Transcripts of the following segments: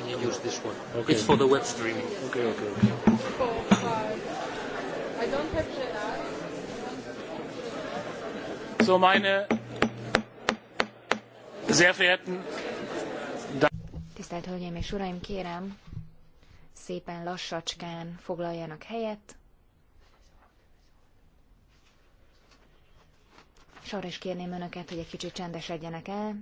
can you use this one? Okay. It's for the web streaming. Okay, okay, okay. I don't have So meine sehr verehrten Tisztelt Hölgyeim és Uraim, kérem, szépen lassacskán foglaljanak helyet, és arra is kérném Önöket, hogy egy kicsit csendesedjenek el,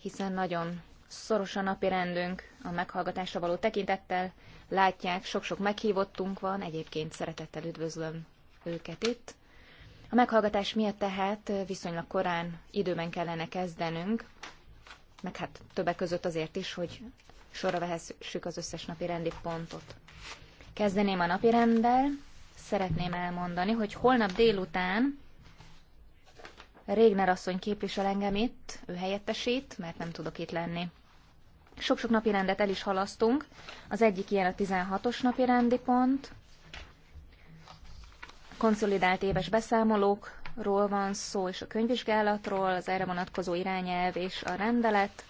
hiszen nagyon szoros a napi rendünk a meghallgatásra való tekintettel. Látják, sok-sok meghívottunk van, egyébként szeretettel üdvözlöm őket itt. A meghallgatás miatt tehát viszonylag korán időben kellene kezdenünk, meg hát többek között azért is, hogy sorra vehessük az összes napi rendi pontot. Kezdeném a napi rendel. Szeretném elmondani, hogy holnap délután Régner asszony képvisel engem itt, ő helyettesít, mert nem tudok itt lenni. Sok-sok napi rendet el is halasztunk. Az egyik ilyen a 16-os napi rendi pont. Konszolidált éves beszámolókról van szó, és a könyvvizsgálatról, az erre vonatkozó irányelv és a rendelet.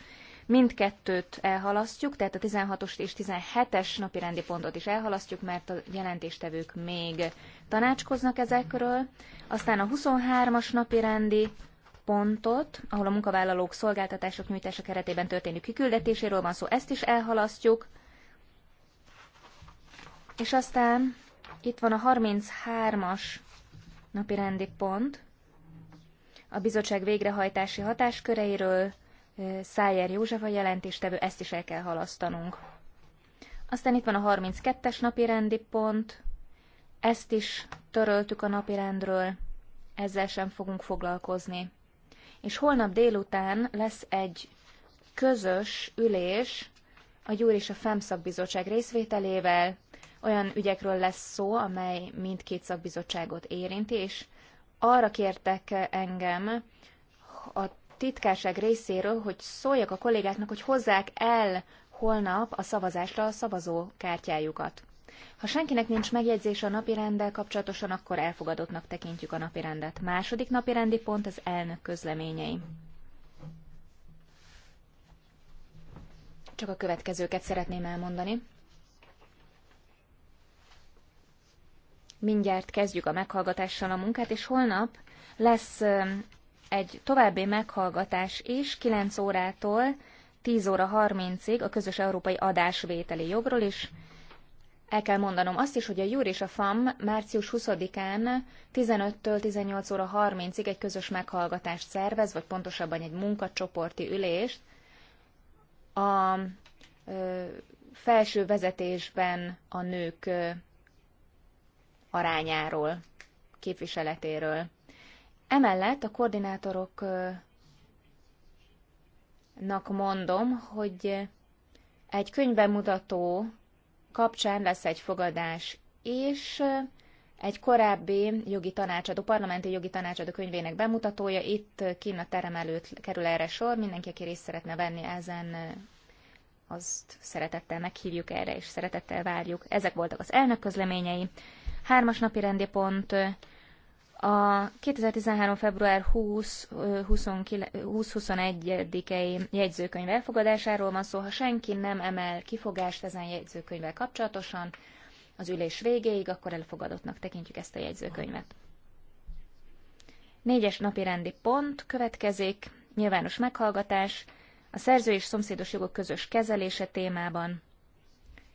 Mindkettőt elhalasztjuk, tehát a 16-os és 17-es napi rendi pontot is elhalasztjuk, mert a jelentéstevők még tanácskoznak ezekről. Aztán a 23-as napi rendi pontot, ahol a munkavállalók szolgáltatások nyújtása keretében történő kiküldetéséről van szó, ezt is elhalasztjuk. És aztán itt van a 33-as napi rendi pont, a bizottság végrehajtási hatásköreiről, Szájer József a jelentéstevő, ezt is el kell halasztanunk. Aztán itt van a 32-es napi rendi pont, ezt is töröltük a napirendről, ezzel sem fogunk foglalkozni és holnap délután lesz egy közös ülés a Gyúr és a FEM szakbizottság részvételével. Olyan ügyekről lesz szó, amely mindkét szakbizottságot érinti, és arra kértek engem a titkárság részéről, hogy szóljak a kollégáknak, hogy hozzák el holnap a szavazásra a szavazókártyájukat. Ha senkinek nincs megjegyzése a napirenddel kapcsolatosan, akkor elfogadottnak tekintjük a napirendet. Második napirendi pont az elnök közleményei. Csak a következőket szeretném elmondani. Mindjárt kezdjük a meghallgatással a munkát, és holnap lesz egy további meghallgatás is 9 órától 10 óra 30-ig a közös európai adásvételi jogról is. El kell mondanom azt is, hogy a Júr és a FAM március 20-án 15-től 18 óra 30-ig egy közös meghallgatást szervez, vagy pontosabban egy munkacsoporti ülést. A ö, felső vezetésben a nők ö, arányáról, képviseletéről. Emellett a koordinátoroknak mondom, hogy egy könyvemutató kapcsán lesz egy fogadás, és egy korábbi jogi tanácsadó, parlamenti jogi tanácsadó könyvének bemutatója. Itt kinn a terem előtt kerül erre sor. Mindenki, aki részt szeretne venni ezen, azt szeretettel meghívjuk erre, és szeretettel várjuk. Ezek voltak az elnök közleményei. Hármas napi rendi pont, a 2013. február 20-21-i jegyzőkönyv elfogadásáról van szó, ha senki nem emel kifogást ezen jegyzőkönyvvel kapcsolatosan az ülés végéig, akkor elfogadottnak tekintjük ezt a jegyzőkönyvet. Négyes napi rendi pont következik, nyilvános meghallgatás, a szerző és szomszédos jogok közös kezelése témában.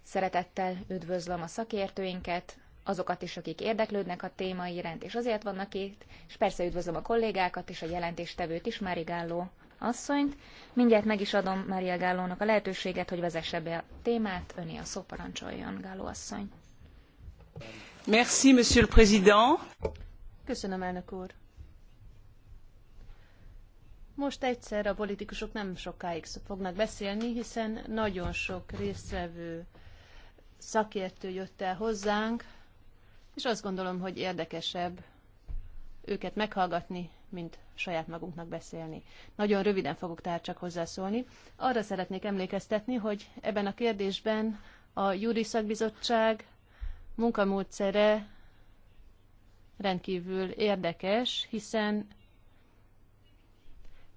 Szeretettel üdvözlöm a szakértőinket, azokat is, akik érdeklődnek a téma iránt, és azért vannak itt, és persze üdvözlöm a kollégákat és a jelentéstevőt is, Mári Gálló asszonyt. Mindjárt meg is adom Mária Gállónak a lehetőséget, hogy vezesse be a témát, öné a szó parancsoljon, Gálló asszony. Merci, monsieur le président. Köszönöm, elnök úr. Most egyszer a politikusok nem sokáig fognak beszélni, hiszen nagyon sok résztvevő szakértő jött el hozzánk, és azt gondolom, hogy érdekesebb őket meghallgatni, mint saját magunknak beszélni. Nagyon röviden fogok tehát csak hozzászólni. Arra szeretnék emlékeztetni, hogy ebben a kérdésben a Júri Szakbizottság munkamódszere rendkívül érdekes, hiszen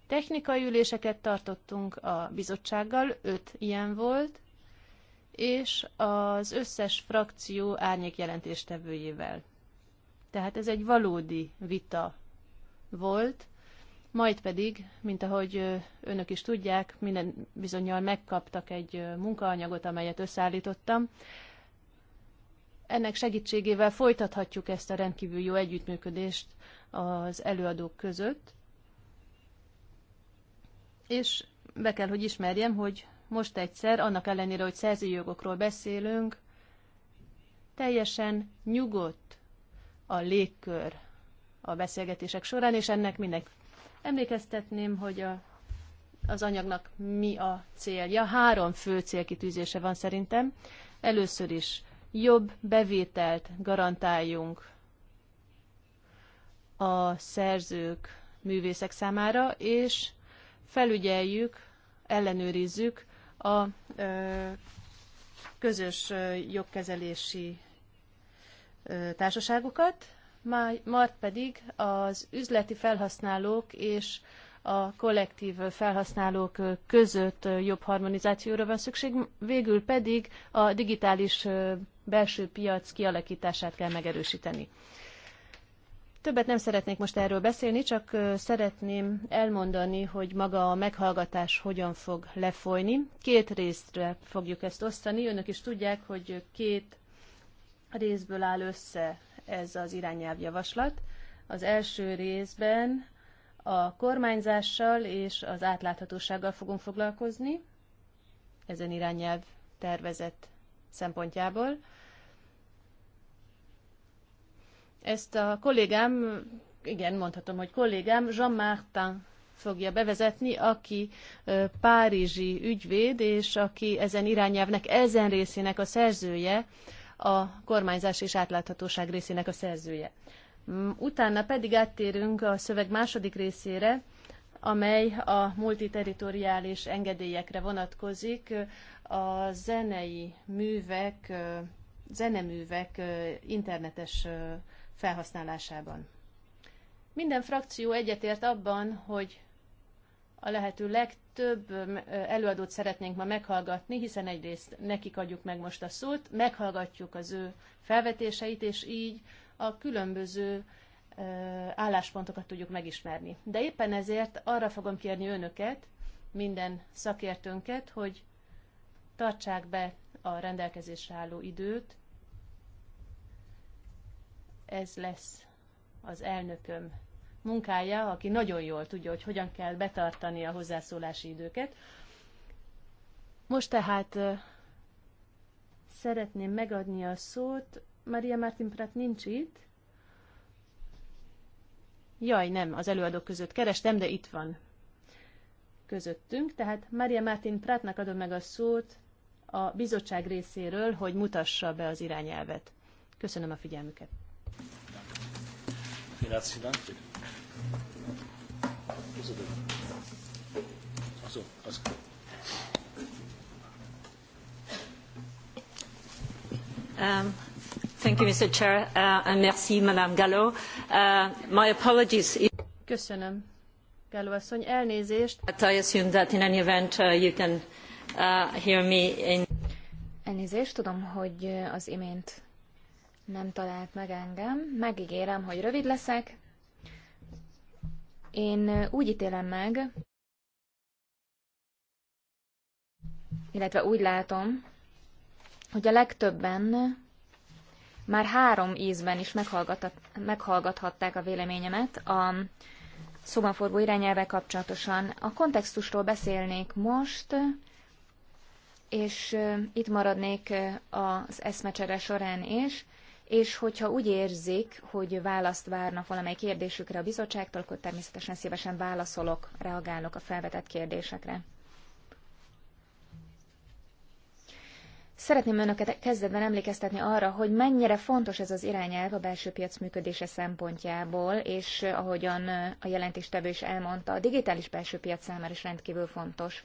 technikai üléseket tartottunk a bizottsággal, öt ilyen volt, és az összes frakció árnyék jelentéstevőjével. Tehát ez egy valódi vita volt, majd pedig, mint ahogy önök is tudják, minden bizonyal megkaptak egy munkaanyagot, amelyet összeállítottam. Ennek segítségével folytathatjuk ezt a rendkívül jó együttműködést az előadók között, és be kell, hogy ismerjem, hogy most egyszer, annak ellenére, hogy szerzőjogokról beszélünk, teljesen nyugodt a légkör a beszélgetések során, és ennek minek Emlékeztetném, hogy a, az anyagnak mi a célja. Három fő célkitűzése van szerintem. Először is jobb bevételt garantáljunk a szerzők, művészek számára, és felügyeljük, ellenőrizzük a közös jogkezelési társaságokat, majd pedig az üzleti felhasználók és a kollektív felhasználók között jobb harmonizációra van szükség, végül pedig a digitális belső piac kialakítását kell megerősíteni. Többet nem szeretnék most erről beszélni, csak szeretném elmondani, hogy maga a meghallgatás hogyan fog lefolyni. Két részre fogjuk ezt osztani. Önök is tudják, hogy két részből áll össze ez az irányelvjavaslat. Az első részben a kormányzással és az átláthatósággal fogunk foglalkozni, ezen irányelv tervezett szempontjából. Ezt a kollégám, igen, mondhatom, hogy kollégám, Jean Martin fogja bevezetni, aki párizsi ügyvéd, és aki ezen irányelvnek, ezen részének a szerzője, a kormányzás és átláthatóság részének a szerzője. Utána pedig áttérünk a szöveg második részére, amely a multiterritoriális engedélyekre vonatkozik, a zenei művek, zeneművek internetes felhasználásában. Minden frakció egyetért abban, hogy a lehető legtöbb um, előadót szeretnénk ma meghallgatni, hiszen egyrészt nekik adjuk meg most a szót, meghallgatjuk az ő felvetéseit, és így a különböző uh, álláspontokat tudjuk megismerni. De éppen ezért arra fogom kérni önöket, minden szakértőnket, hogy tartsák be a rendelkezésre álló időt, ez lesz az elnököm munkája, aki nagyon jól tudja, hogy hogyan kell betartani a hozzászólási időket. Most tehát szeretném megadni a szót. Maria Martin Pratt nincs itt. Jaj, nem, az előadók között kerestem, de itt van közöttünk. Tehát Maria Martin Prattnak adom meg a szót a bizottság részéről, hogy mutassa be az irányelvet. Köszönöm a figyelmüket. Grazie, Dante. So, Pascal. Um, thank you, Mr. Chair, uh, and merci, Madame Gallo. Uh, my apologies. If... Köszönöm, Gallo asszony. Elnézést. But I assume that in any event uh, you can uh, hear me in... Elnézést, tudom, hogy uh, az imént nem talált meg engem. Megígérem, hogy rövid leszek. Én úgy ítélem meg, illetve úgy látom, hogy a legtöbben már három ízben is meghallgathatták a véleményemet a szobaforgó irányelve kapcsolatosan. A kontextusról beszélnék most, és itt maradnék az eszmecsere során is és hogyha úgy érzik, hogy választ várnak valamely kérdésükre a bizottságtól, akkor természetesen szívesen válaszolok, reagálok a felvetett kérdésekre. Szeretném önöket kezdetben emlékeztetni arra, hogy mennyire fontos ez az irányelv a belső piac működése szempontjából, és ahogyan a jelentéstevő is elmondta, a digitális belső piac számára is rendkívül fontos.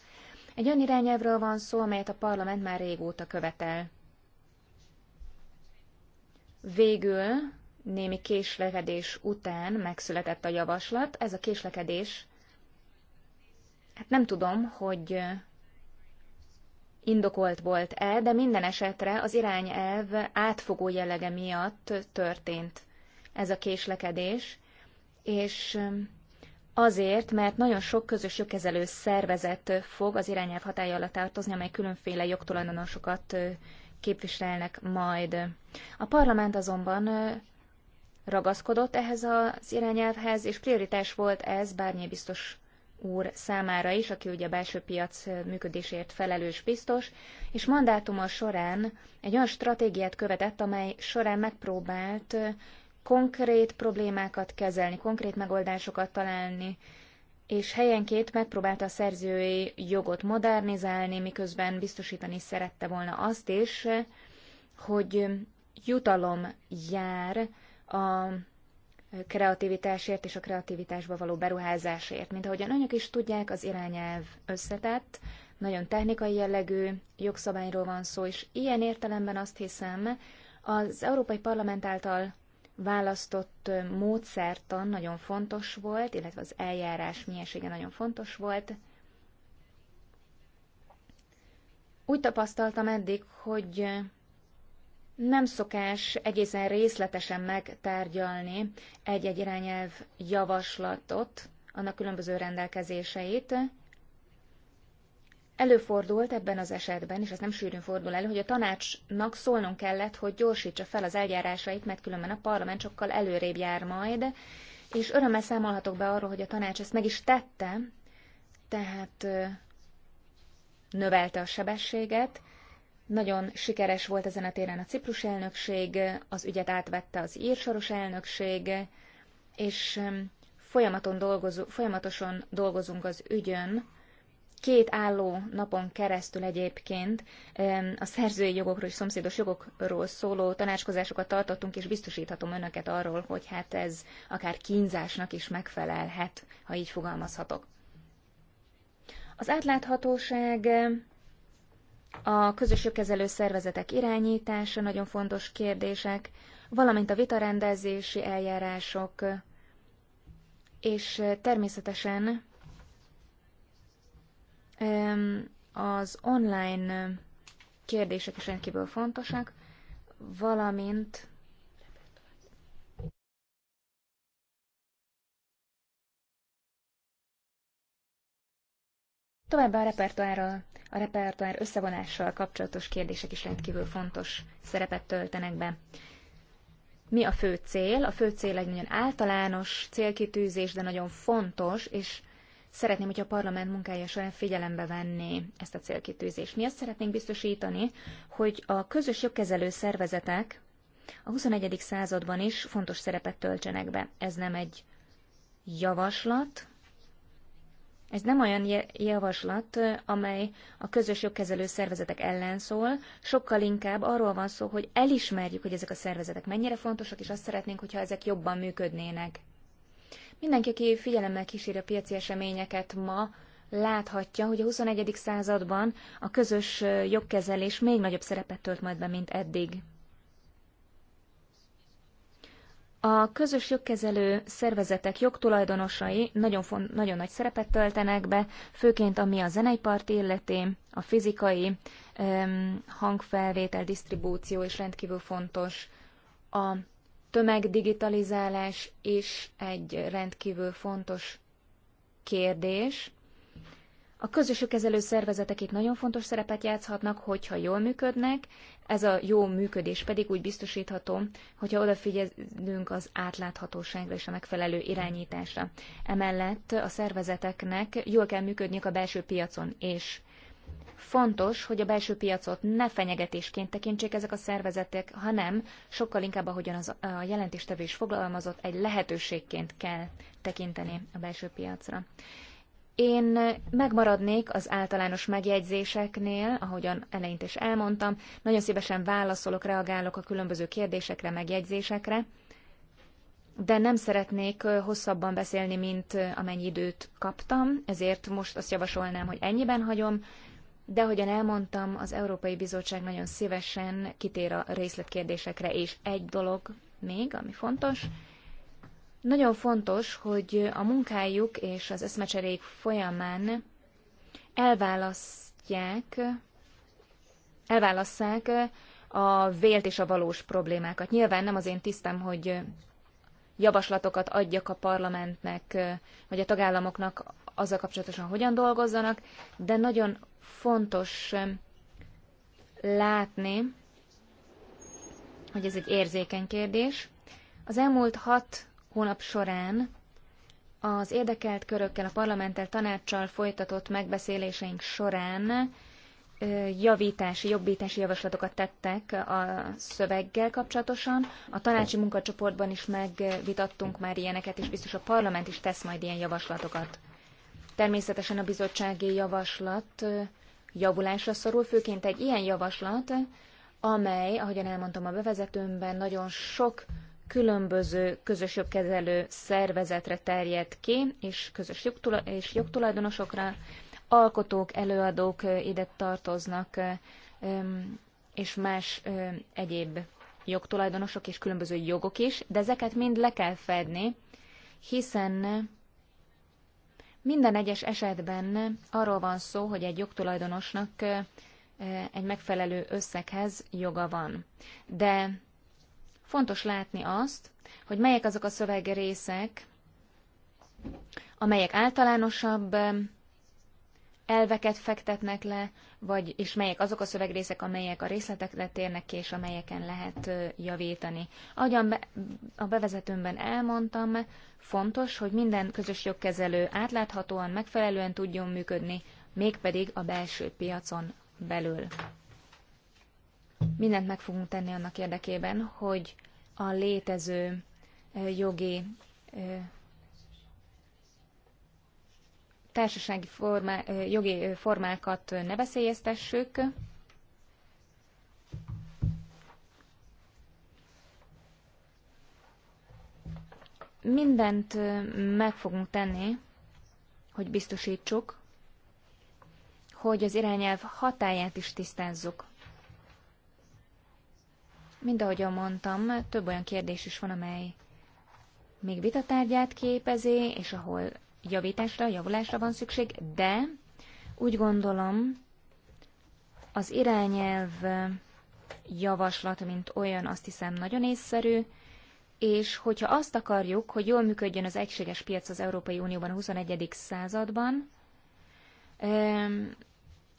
Egy olyan irányelvről van szó, amelyet a parlament már régóta követel. Végül némi késlekedés után megszületett a javaslat. Ez a késlekedés, hát nem tudom, hogy indokolt volt-e, de minden esetre az irányelv átfogó jellege miatt történt ez a késlekedés, és azért, mert nagyon sok közös jogkezelő szervezet fog az irányelv hatája alatt tartozni, amely különféle jogtulajdonosokat képviselnek majd. A parlament azonban ragaszkodott ehhez az irányelvhez, és prioritás volt ez Bárnyé biztos úr számára is, aki ugye a belső piac működésért felelős biztos, és mandátuma során egy olyan stratégiát követett, amely során megpróbált konkrét problémákat kezelni, konkrét megoldásokat találni, és helyenként megpróbálta a szerzői jogot modernizálni, miközben biztosítani szerette volna azt is, hogy jutalom jár a kreativitásért és a kreativitásba való beruházásért. Mint ahogyan önök is tudják, az irányelv összetett, nagyon technikai jellegű jogszabályról van szó, és ilyen értelemben azt hiszem, az Európai Parlament által választott módszertan nagyon fontos volt, illetve az eljárás miensége nagyon fontos volt. Úgy tapasztaltam eddig, hogy nem szokás egészen részletesen megtárgyalni egy-egy irányelv javaslatot, annak különböző rendelkezéseit, Előfordult ebben az esetben, és ez nem sűrűn fordul elő, hogy a tanácsnak szólnunk kellett, hogy gyorsítsa fel az eljárásait, mert különben a parlament sokkal előrébb jár majd, és örömmel számolhatok be arról, hogy a tanács ezt meg is tette, tehát növelte a sebességet, nagyon sikeres volt ezen a téren a ciprus elnökség, az ügyet átvette az írsoros elnökség, és folyamaton dolgozunk, folyamatosan dolgozunk az ügyön, két álló napon keresztül egyébként a szerzői jogokról és szomszédos jogokról szóló tanácskozásokat tartottunk, és biztosíthatom önöket arról, hogy hát ez akár kínzásnak is megfelelhet, ha így fogalmazhatok. Az átláthatóság a közös jogkezelő szervezetek irányítása nagyon fontos kérdések, valamint a vitarendezési eljárások, és természetesen az online kérdések is rendkívül fontosak, valamint Továbbá a repertoárral, a repertoár összevonással kapcsolatos kérdések is rendkívül fontos szerepet töltenek be. Mi a fő cél? A fő cél egy nagyon általános célkitűzés, de nagyon fontos, és Szeretném, hogy a parlament munkája során figyelembe venné ezt a célkitűzést. Mi azt szeretnénk biztosítani, hogy a közös jogkezelő szervezetek a 21. században is fontos szerepet töltsenek be. Ez nem egy javaslat, ez nem olyan javaslat, amely a közös jogkezelő szervezetek ellen szól, sokkal inkább arról van szó, hogy elismerjük, hogy ezek a szervezetek mennyire fontosak, és azt szeretnénk, hogyha ezek jobban működnének. Mindenki, aki figyelemmel kíséri a piaci eseményeket ma, láthatja, hogy a 21. században a közös jogkezelés még nagyobb szerepet tölt majd be, mint eddig. A közös jogkezelő szervezetek jogtulajdonosai nagyon, font, nagyon nagy szerepet töltenek be, főként ami a zeneipart illeti, a fizikai hangfelvétel, disztribúció is rendkívül fontos. A tömegdigitalizálás is egy rendkívül fontos kérdés. A kezelő szervezetek itt nagyon fontos szerepet játszhatnak, hogyha jól működnek, ez a jó működés pedig úgy biztosítható, hogyha odafigyelünk az átláthatóságra és a megfelelő irányításra. Emellett a szervezeteknek jól kell működniük a belső piacon, és Fontos, hogy a belső piacot ne fenyegetésként tekintsék ezek a szervezetek, hanem sokkal inkább, ahogyan az, a jelentéstevő is foglalmazott, egy lehetőségként kell tekinteni a belső piacra. Én megmaradnék az általános megjegyzéseknél, ahogyan eleint is elmondtam. Nagyon szívesen válaszolok, reagálok a különböző kérdésekre, megjegyzésekre, de nem szeretnék hosszabban beszélni, mint amennyi időt kaptam, ezért most azt javasolnám, hogy ennyiben hagyom, de ahogyan elmondtam, az Európai Bizottság nagyon szívesen kitér a részletkérdésekre, és egy dolog még, ami fontos, nagyon fontos, hogy a munkájuk és az eszmecserék folyamán elválasztják, elválasztják a vélt és a valós problémákat. Nyilván nem az én tisztem, hogy javaslatokat adjak a parlamentnek, vagy a tagállamoknak azzal kapcsolatosan hogyan dolgozzanak, de nagyon fontos eh, látni, hogy ez egy érzékeny kérdés. Az elmúlt hat hónap során az érdekelt körökkel, a parlamenttel, tanácssal folytatott megbeszéléseink során eh, javítási, jobbítási javaslatokat tettek a szöveggel kapcsolatosan. A tanácsi munkacsoportban is megvitattunk már ilyeneket, és biztos a parlament is tesz majd ilyen javaslatokat. Természetesen a bizottsági javaslat javulásra szorul, főként egy ilyen javaslat, amely, ahogyan elmondtam a bevezetőmben, nagyon sok különböző közös jogkezelő szervezetre terjed ki, és közös jogtula- és jogtulajdonosokra, alkotók, előadók ide tartoznak, és más egyéb jogtulajdonosok és különböző jogok is, de ezeket mind le kell fedni, hiszen minden egyes esetben arról van szó, hogy egy jogtulajdonosnak egy megfelelő összeghez joga van. De fontos látni azt, hogy melyek azok a szövegrészek, amelyek általánosabb elveket fektetnek le, vagy, és melyek azok a szövegrészek, amelyek a részletekre térnek ki, és amelyeken lehet javítani. Ahogyan be, a bevezetőmben elmondtam, fontos, hogy minden közös jogkezelő átláthatóan, megfelelően tudjon működni, mégpedig a belső piacon belül. Mindent meg fogunk tenni annak érdekében, hogy a létező jogi társasági formá, jogi formákat ne veszélyeztessük. Mindent meg fogunk tenni, hogy biztosítsuk, hogy az irányelv hatáját is tisztázzuk. Mind ahogyan mondtam, több olyan kérdés is van, amely még vitatárgyát képezi, és ahol javításra, javulásra van szükség, de úgy gondolom, az irányelv javaslat, mint olyan, azt hiszem nagyon észszerű, és hogyha azt akarjuk, hogy jól működjön az egységes piac az Európai Unióban a 21. században,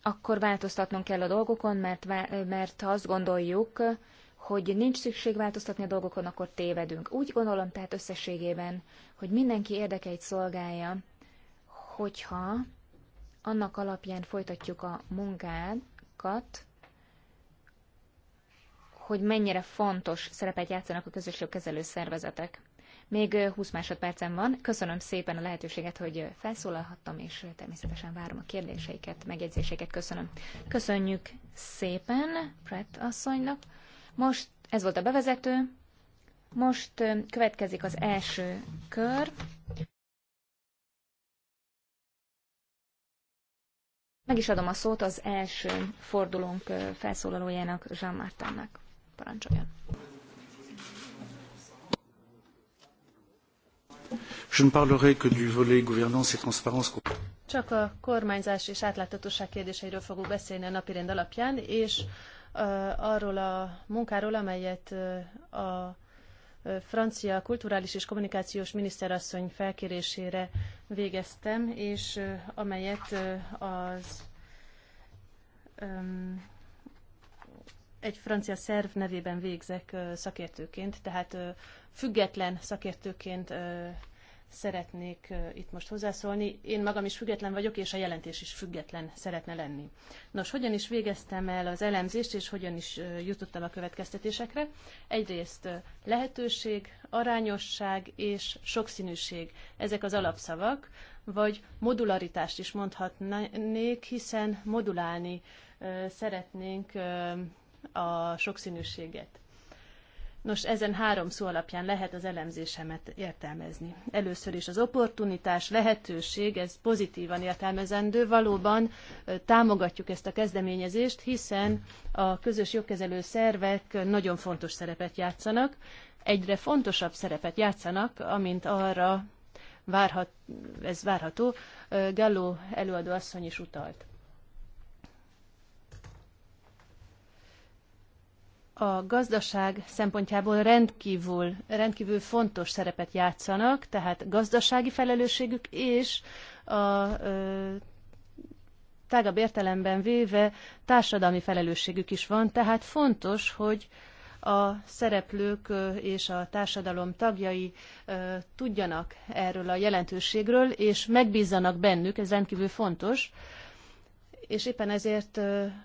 akkor változtatnunk kell a dolgokon, mert, mert azt gondoljuk, hogy nincs szükség változtatni a dolgokon, akkor tévedünk. Úgy gondolom tehát összességében, hogy mindenki érdekeit szolgálja, hogyha annak alapján folytatjuk a munkánkat, hogy mennyire fontos szerepet játszanak a közösségkezelő szervezetek. Még 20 másodpercem van. Köszönöm szépen a lehetőséget, hogy felszólalhattam, és természetesen várom a kérdéseiket, megjegyzéseiket. Köszönöm. Köszönjük szépen Pratt asszonynak. Most ez volt a bevezető, most következik az első kör. Meg is adom a szót az első fordulónk felszólalójának, Jean Martinnak. Parancsoljon. Je ne parlerai que du volet gouvernance et transparence. Csak a kormányzás és átláthatóság kérdéseiről fogok beszélni a napirend alapján, és arról a munkáról, amelyet a francia kulturális és kommunikációs miniszterasszony felkérésére végeztem, és amelyet az egy francia szerv nevében végzek szakértőként, tehát független szakértőként szeretnék itt most hozzászólni. Én magam is független vagyok, és a jelentés is független szeretne lenni. Nos, hogyan is végeztem el az elemzést, és hogyan is jutottam a következtetésekre? Egyrészt lehetőség, arányosság és sokszínűség. Ezek az alapszavak, vagy modularitást is mondhatnék, hiszen modulálni szeretnénk a sokszínűséget. Nos, ezen három szó alapján lehet az elemzésemet értelmezni. Először is az opportunitás, lehetőség, ez pozitívan értelmezendő. Valóban támogatjuk ezt a kezdeményezést, hiszen a közös jogkezelő szervek nagyon fontos szerepet játszanak, egyre fontosabb szerepet játszanak, amint arra várhat, ez várható, Gallo előadó asszony is utalt. a gazdaság szempontjából rendkívül, rendkívül fontos szerepet játszanak, tehát gazdasági felelősségük és a ö, tágabb értelemben véve társadalmi felelősségük is van, tehát fontos, hogy a szereplők és a társadalom tagjai tudjanak erről a jelentőségről, és megbízzanak bennük, ez rendkívül fontos, és éppen ezért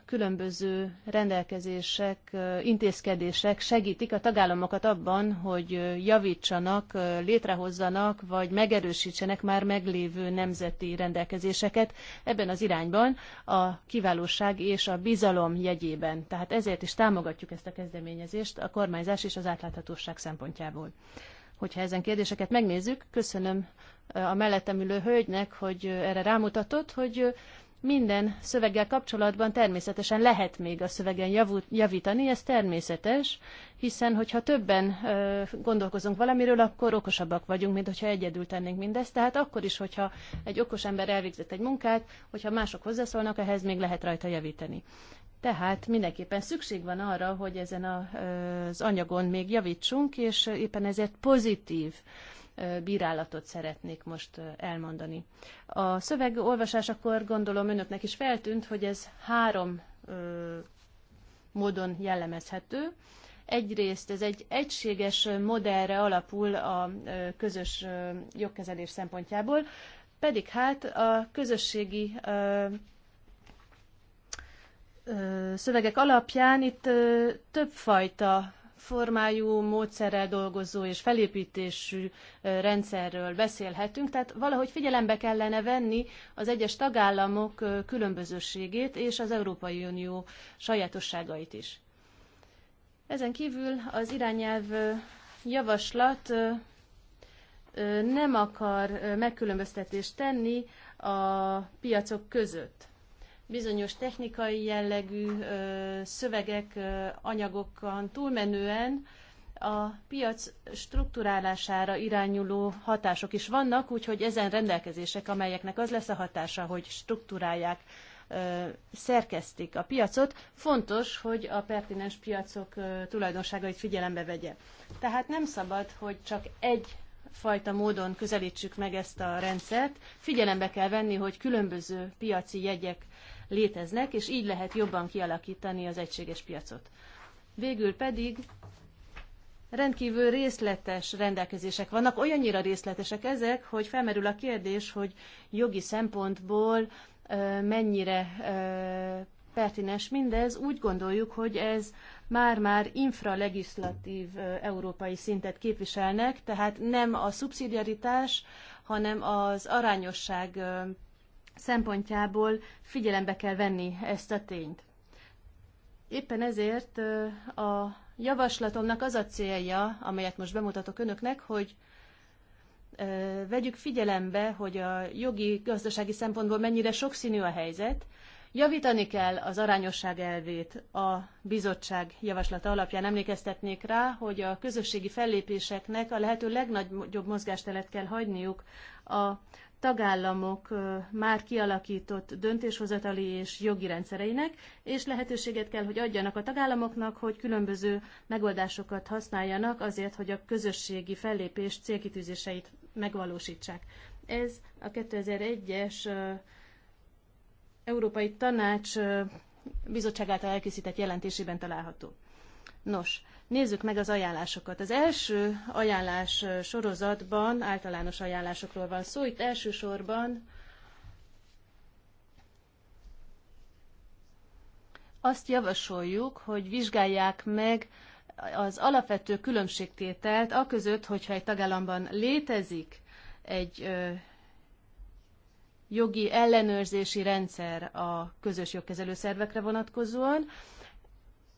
különböző rendelkezések, intézkedések segítik a tagállamokat abban, hogy javítsanak, létrehozzanak, vagy megerősítsenek már meglévő nemzeti rendelkezéseket ebben az irányban a kiválóság és a bizalom jegyében. Tehát ezért is támogatjuk ezt a kezdeményezést a kormányzás és az átláthatóság szempontjából. Hogyha ezen kérdéseket megnézzük, köszönöm a mellettem ülő hölgynek, hogy erre rámutatott, hogy minden szöveggel kapcsolatban természetesen lehet még a szövegen javítani, ez természetes, hiszen hogyha többen ö, gondolkozunk valamiről, akkor okosabbak vagyunk, mint hogyha egyedül tennénk mindezt. Tehát akkor is, hogyha egy okos ember elvégzett egy munkát, hogyha mások hozzászólnak, ehhez még lehet rajta javítani. Tehát mindenképpen szükség van arra, hogy ezen a, az anyagon még javítsunk, és éppen ezért pozitív bírálatot szeretnék most elmondani. A szöveg olvasásakor gondolom önöknek is feltűnt, hogy ez három módon jellemezhető. Egyrészt ez egy egységes modellre alapul a közös jogkezelés szempontjából, pedig hát a közösségi szövegek alapján itt többfajta formájú, módszerrel dolgozó és felépítésű rendszerről beszélhetünk, tehát valahogy figyelembe kellene venni az egyes tagállamok különbözőségét és az Európai Unió sajátosságait is. Ezen kívül az irányelv javaslat nem akar megkülönböztetést tenni a piacok között bizonyos technikai jellegű szövegek, anyagokon túlmenően a piac strukturálására irányuló hatások is vannak, úgyhogy ezen rendelkezések, amelyeknek az lesz a hatása, hogy struktúrálják, szerkesztik a piacot, fontos, hogy a pertinens piacok tulajdonságait figyelembe vegye. Tehát nem szabad, hogy csak egy fajta módon közelítsük meg ezt a rendszert. Figyelembe kell venni, hogy különböző piaci jegyek léteznek, és így lehet jobban kialakítani az egységes piacot. Végül pedig rendkívül részletes rendelkezések vannak, olyannyira részletesek ezek, hogy felmerül a kérdés, hogy jogi szempontból mennyire pertinens mindez. Úgy gondoljuk, hogy ez már-már infralegislatív európai szintet képviselnek, tehát nem a szubszidiaritás, hanem az arányosság szempontjából figyelembe kell venni ezt a tényt. Éppen ezért a javaslatomnak az a célja, amelyet most bemutatok önöknek, hogy vegyük figyelembe, hogy a jogi, gazdasági szempontból mennyire sokszínű a helyzet, Javítani kell az arányosság elvét a bizottság javaslata alapján. Emlékeztetnék rá, hogy a közösségi fellépéseknek a lehető legnagyobb mozgástelet kell hagyniuk a tagállamok már kialakított döntéshozatali és jogi rendszereinek, és lehetőséget kell, hogy adjanak a tagállamoknak, hogy különböző megoldásokat használjanak azért, hogy a közösségi fellépés célkitűzéseit megvalósítsák. Ez a 2001-es Európai Tanács bizottság által elkészített jelentésében található. Nos, Nézzük meg az ajánlásokat. Az első ajánlás sorozatban általános ajánlásokról van szó. Itt elsősorban azt javasoljuk, hogy vizsgálják meg az alapvető különbségtételt a között, hogyha egy tagállamban létezik egy ö, jogi ellenőrzési rendszer a közös jogkezelő szervekre vonatkozóan,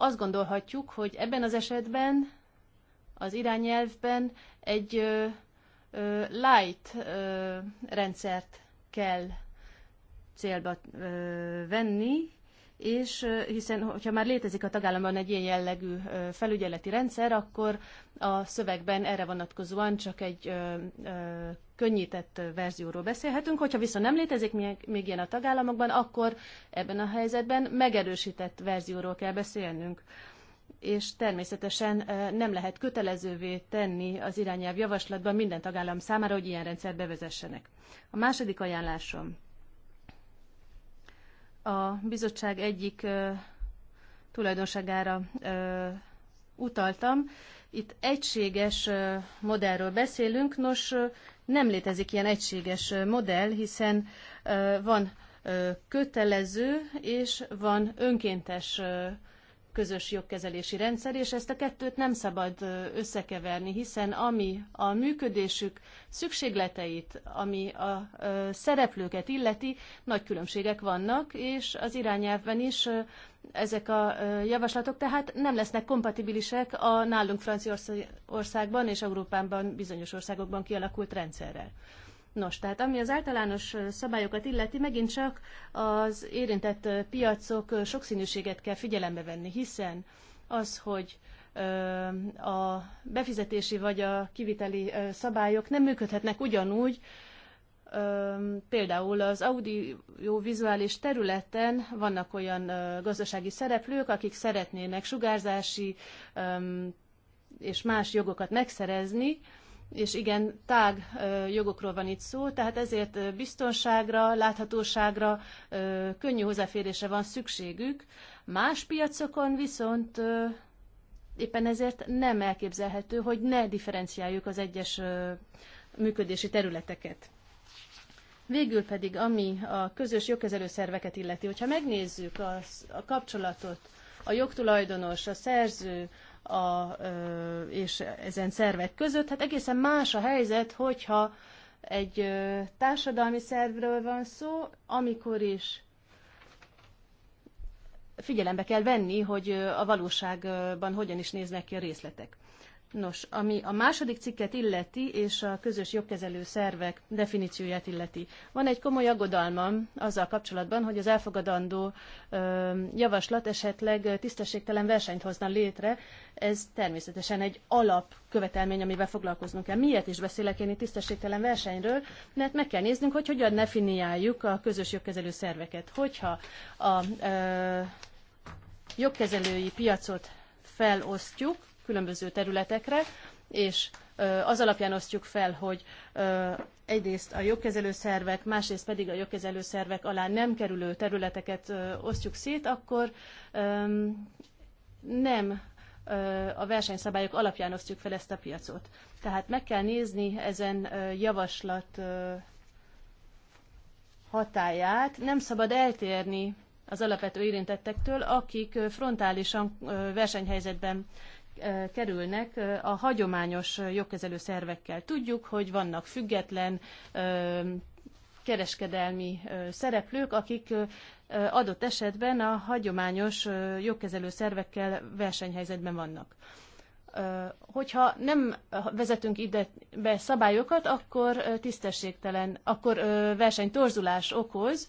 azt gondolhatjuk, hogy ebben az esetben, az irányelvben egy ö, ö, light ö, rendszert kell célba ö, venni, és hiszen, hogyha már létezik a tagállamban egy ilyen jellegű felügyeleti rendszer, akkor a szövegben erre vonatkozóan csak egy könnyített verzióról beszélhetünk. Hogyha viszont nem létezik még, még ilyen a tagállamokban, akkor ebben a helyzetben megerősített verzióról kell beszélnünk és természetesen nem lehet kötelezővé tenni az irányelv javaslatban minden tagállam számára, hogy ilyen rendszert bevezessenek. A második ajánlásom a bizottság egyik ö, tulajdonságára ö, utaltam. Itt egységes ö, modellről beszélünk, nos ö, nem létezik ilyen egységes ö, modell, hiszen ö, van ö, kötelező és van önkéntes ö, közös jogkezelési rendszer, és ezt a kettőt nem szabad összekeverni, hiszen ami a működésük szükségleteit, ami a szereplőket illeti, nagy különbségek vannak, és az irányelvben is ezek a javaslatok tehát nem lesznek kompatibilisek a nálunk Franciaországban és Európában bizonyos országokban kialakult rendszerrel. Nos, tehát ami az általános szabályokat illeti, megint csak az érintett piacok sokszínűséget kell figyelembe venni, hiszen az, hogy a befizetési vagy a kiviteli szabályok nem működhetnek ugyanúgy, például az audiovizuális területen vannak olyan gazdasági szereplők, akik szeretnének sugárzási és más jogokat megszerezni, és igen, tág jogokról van itt szó, tehát ezért biztonságra, láthatóságra, könnyű hozzáférésre van szükségük. Más piacokon viszont éppen ezért nem elképzelhető, hogy ne differenciáljuk az egyes működési területeket. Végül pedig, ami a közös jogkezelő szerveket illeti, hogyha megnézzük a, a kapcsolatot, a jogtulajdonos, a szerző, a, és ezen szervek között. Hát egészen más a helyzet, hogyha egy társadalmi szervről van szó, amikor is figyelembe kell venni, hogy a valóságban hogyan is néznek ki a részletek. Nos, ami a második cikket illeti, és a közös jogkezelő szervek definícióját illeti. Van egy komoly aggodalmam azzal kapcsolatban, hogy az elfogadandó ö, javaslat esetleg tisztességtelen versenyt hozna létre. Ez természetesen egy alapkövetelmény, amivel foglalkoznunk kell. Miért is beszélek én itt tisztességtelen versenyről? Mert meg kell néznünk, hogy hogyan definiáljuk a közös jogkezelő szerveket. Hogyha a ö, jogkezelői piacot felosztjuk, különböző területekre, és az alapján osztjuk fel, hogy egyrészt a jogkezelő szervek, másrészt pedig a jogkezelő szervek alá nem kerülő területeket osztjuk szét, akkor nem a versenyszabályok alapján osztjuk fel ezt a piacot. Tehát meg kell nézni ezen javaslat hatáját. Nem szabad eltérni az alapvető érintettektől, akik frontálisan versenyhelyzetben kerülnek a hagyományos jogkezelő szervekkel. Tudjuk, hogy vannak független kereskedelmi szereplők, akik adott esetben a hagyományos jogkezelő szervekkel versenyhelyzetben vannak. Hogyha nem vezetünk ide be szabályokat, akkor tisztességtelen, akkor versenytorzulás okoz,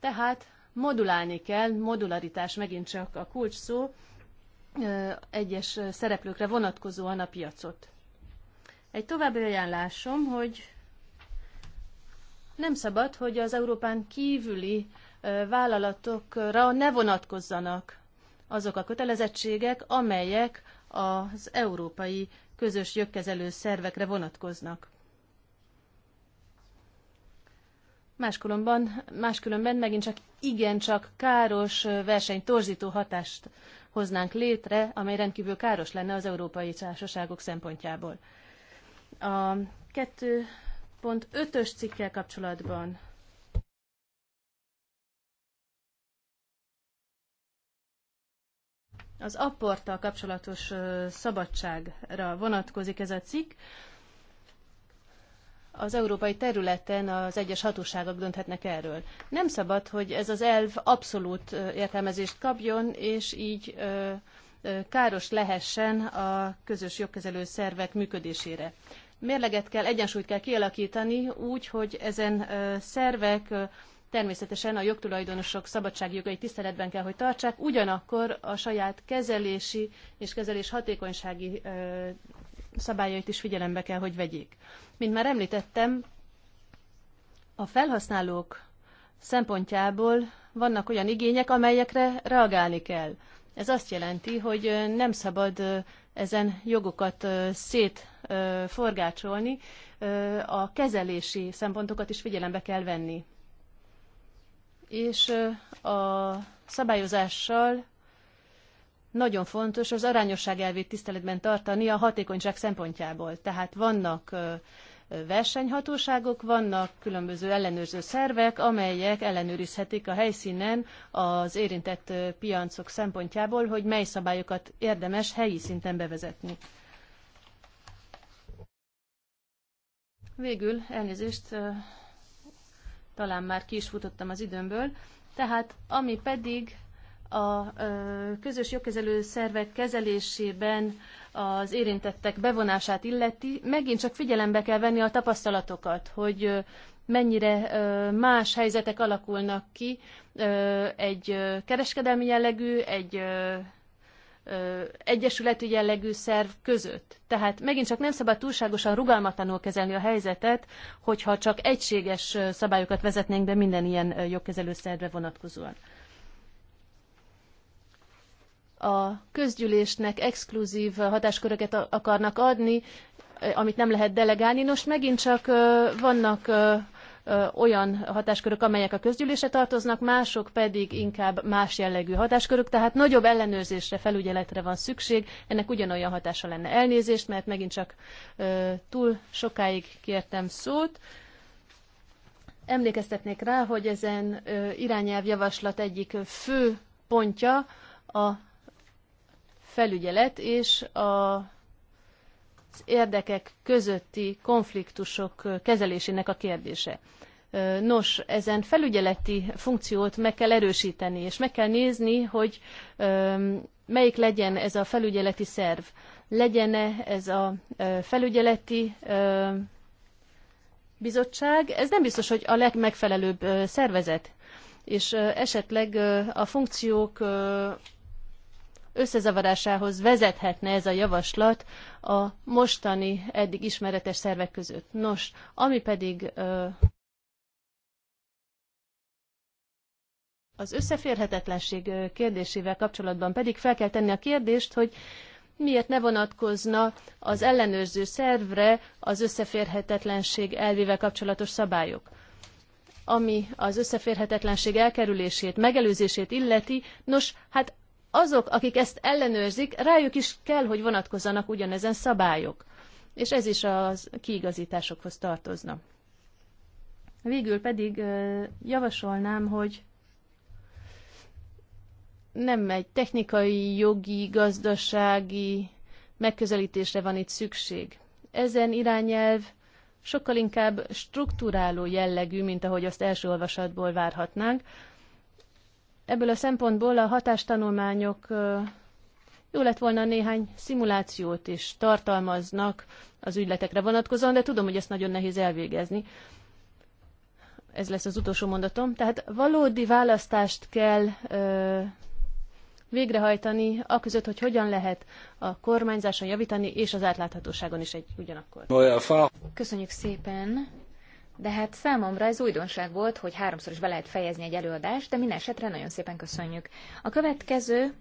tehát modulálni kell, modularitás megint csak a kulcs szó, egyes szereplőkre vonatkozóan a piacot. Egy további ajánlásom, hogy nem szabad, hogy az Európán kívüli vállalatokra ne vonatkozzanak azok a kötelezettségek, amelyek az európai közös jogkezelő szervekre vonatkoznak. Máskülönben, máskülönben megint csak igencsak káros versenytorzító hatást hoznánk létre, amely rendkívül káros lenne az európai társaságok szempontjából. A 2.5-ös cikkel kapcsolatban az apporttal kapcsolatos szabadságra vonatkozik ez a cikk az európai területen az egyes hatóságok dönthetnek erről. Nem szabad, hogy ez az elv abszolút értelmezést kapjon, és így káros lehessen a közös jogkezelő szervek működésére. Mérleget kell, egyensúlyt kell kialakítani úgy, hogy ezen szervek természetesen a jogtulajdonosok szabadságjogai tiszteletben kell, hogy tartsák, ugyanakkor a saját kezelési és kezelés hatékonysági szabályait is figyelembe kell, hogy vegyék. Mint már említettem, a felhasználók szempontjából vannak olyan igények, amelyekre reagálni kell. Ez azt jelenti, hogy nem szabad ezen jogokat szétforgácsolni, a kezelési szempontokat is figyelembe kell venni. És a szabályozással nagyon fontos az arányosság elvét tiszteletben tartani a hatékonyság szempontjából. Tehát vannak versenyhatóságok, vannak különböző ellenőrző szervek, amelyek ellenőrizhetik a helyszínen az érintett piacok szempontjából, hogy mely szabályokat érdemes helyi szinten bevezetni. Végül elnézést, talán már ki is futottam az időmből, tehát ami pedig a közös jogkezelő szervek kezelésében az érintettek bevonását illeti, megint csak figyelembe kell venni a tapasztalatokat, hogy mennyire más helyzetek alakulnak ki egy kereskedelmi jellegű, egy egyesületi jellegű szerv között. Tehát megint csak nem szabad túlságosan rugalmatlanul kezelni a helyzetet, hogyha csak egységes szabályokat vezetnénk be minden ilyen jogkezelő szervre vonatkozóan a közgyűlésnek exkluzív hatásköröket akarnak adni, eh, amit nem lehet delegálni. Nos, megint csak eh, vannak eh, olyan hatáskörök, amelyek a közgyűlésre tartoznak, mások pedig inkább más jellegű hatáskörök, tehát nagyobb ellenőrzésre, felügyeletre van szükség, ennek ugyanolyan hatása lenne elnézést, mert megint csak túl sokáig kértem szót. Emlékeztetnék rá, hogy ezen irányelvjavaslat egyik fő pontja a felügyelet és a az érdekek közötti konfliktusok kezelésének a kérdése. Nos, ezen felügyeleti funkciót meg kell erősíteni, és meg kell nézni, hogy melyik legyen ez a felügyeleti szerv. Legyen-e ez a felügyeleti bizottság? Ez nem biztos, hogy a legmegfelelőbb szervezet, és esetleg a funkciók összezavarásához vezethetne ez a javaslat a mostani eddig ismeretes szervek között. Nos, ami pedig az összeférhetetlenség kérdésével kapcsolatban pedig fel kell tenni a kérdést, hogy miért ne vonatkozna az ellenőrző szervre az összeférhetetlenség elvével kapcsolatos szabályok ami az összeférhetetlenség elkerülését, megelőzését illeti, nos, hát azok, akik ezt ellenőrzik, rájuk is kell, hogy vonatkozzanak ugyanezen szabályok. És ez is az kiigazításokhoz tartozna. Végül pedig javasolnám, hogy nem egy technikai, jogi, gazdasági megközelítésre van itt szükség. Ezen irányelv sokkal inkább strukturáló jellegű, mint ahogy azt első olvasatból várhatnánk, Ebből a szempontból a hatástanulmányok jó lett volna néhány szimulációt is tartalmaznak az ügyletekre vonatkozóan, de tudom, hogy ezt nagyon nehéz elvégezni. Ez lesz az utolsó mondatom. Tehát valódi választást kell ö, végrehajtani, aközött, hogy hogyan lehet a kormányzáson javítani, és az átláthatóságon is egy ugyanakkor. Köszönjük szépen! De hát számomra ez újdonság volt, hogy háromszor is be lehet fejezni egy előadást, de minden esetre nagyon szépen köszönjük. A következő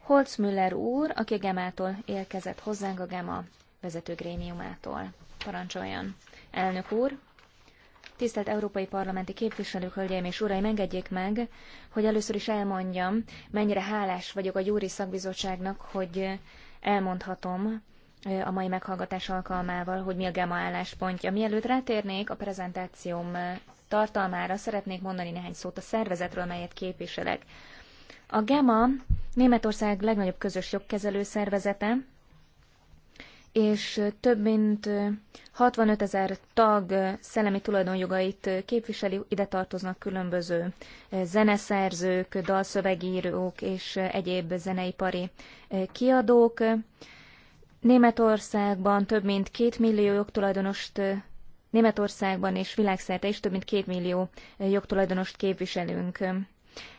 Holzmüller úr, aki a Gemától érkezett hozzánk, a Gema vezető grémiumától. Parancsoljon. Elnök úr, Tisztelt Európai Parlamenti képviselők, hölgyeim és uraim, engedjék meg, hogy először is elmondjam, mennyire hálás vagyok a Júri Szakbizottságnak, hogy elmondhatom, a mai meghallgatás alkalmával, hogy mi a GEMA álláspontja. Mielőtt rátérnék a prezentációm tartalmára, szeretnék mondani néhány szót a szervezetről, melyet képviselek. A GEMA Németország legnagyobb közös jogkezelő szervezete, és több mint 65 ezer tag szellemi tulajdonjogait képviseli, ide tartoznak különböző zeneszerzők, dalszövegírók és egyéb zeneipari kiadók. Németországban több mint két millió jogtulajdonost Németországban és világszerte is több mint két millió jogtulajdonost képviselünk.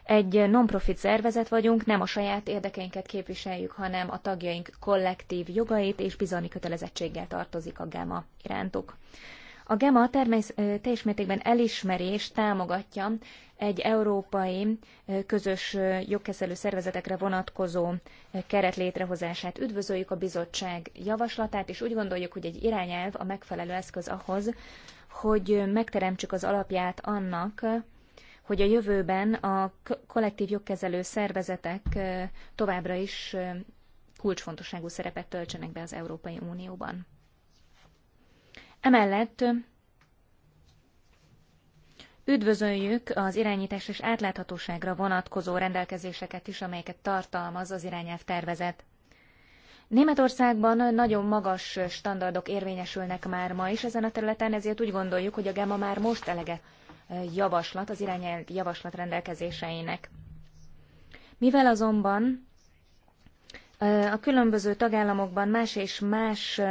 Egy non-profit szervezet vagyunk, nem a saját érdekeinket képviseljük, hanem a tagjaink kollektív jogait és bizalmi kötelezettséggel tartozik a GAMA irántuk. A GEMA teljes mértékben elismeri és támogatja egy európai közös jogkezelő szervezetekre vonatkozó keret létrehozását. Üdvözöljük a bizottság javaslatát, és úgy gondoljuk, hogy egy irányelv a megfelelő eszköz ahhoz, hogy megteremtsük az alapját annak, hogy a jövőben a kollektív jogkezelő szervezetek továbbra is kulcsfontosságú szerepet töltsenek be az Európai Unióban. Emellett üdvözöljük az irányítás és átláthatóságra vonatkozó rendelkezéseket is, amelyeket tartalmaz az irányelv tervezet. Németországban nagyon magas standardok érvényesülnek már ma is ezen a területen, ezért úgy gondoljuk, hogy a GEMA már most elege javaslat, az irányelv javaslat rendelkezéseinek. Mivel azonban a különböző tagállamokban más és más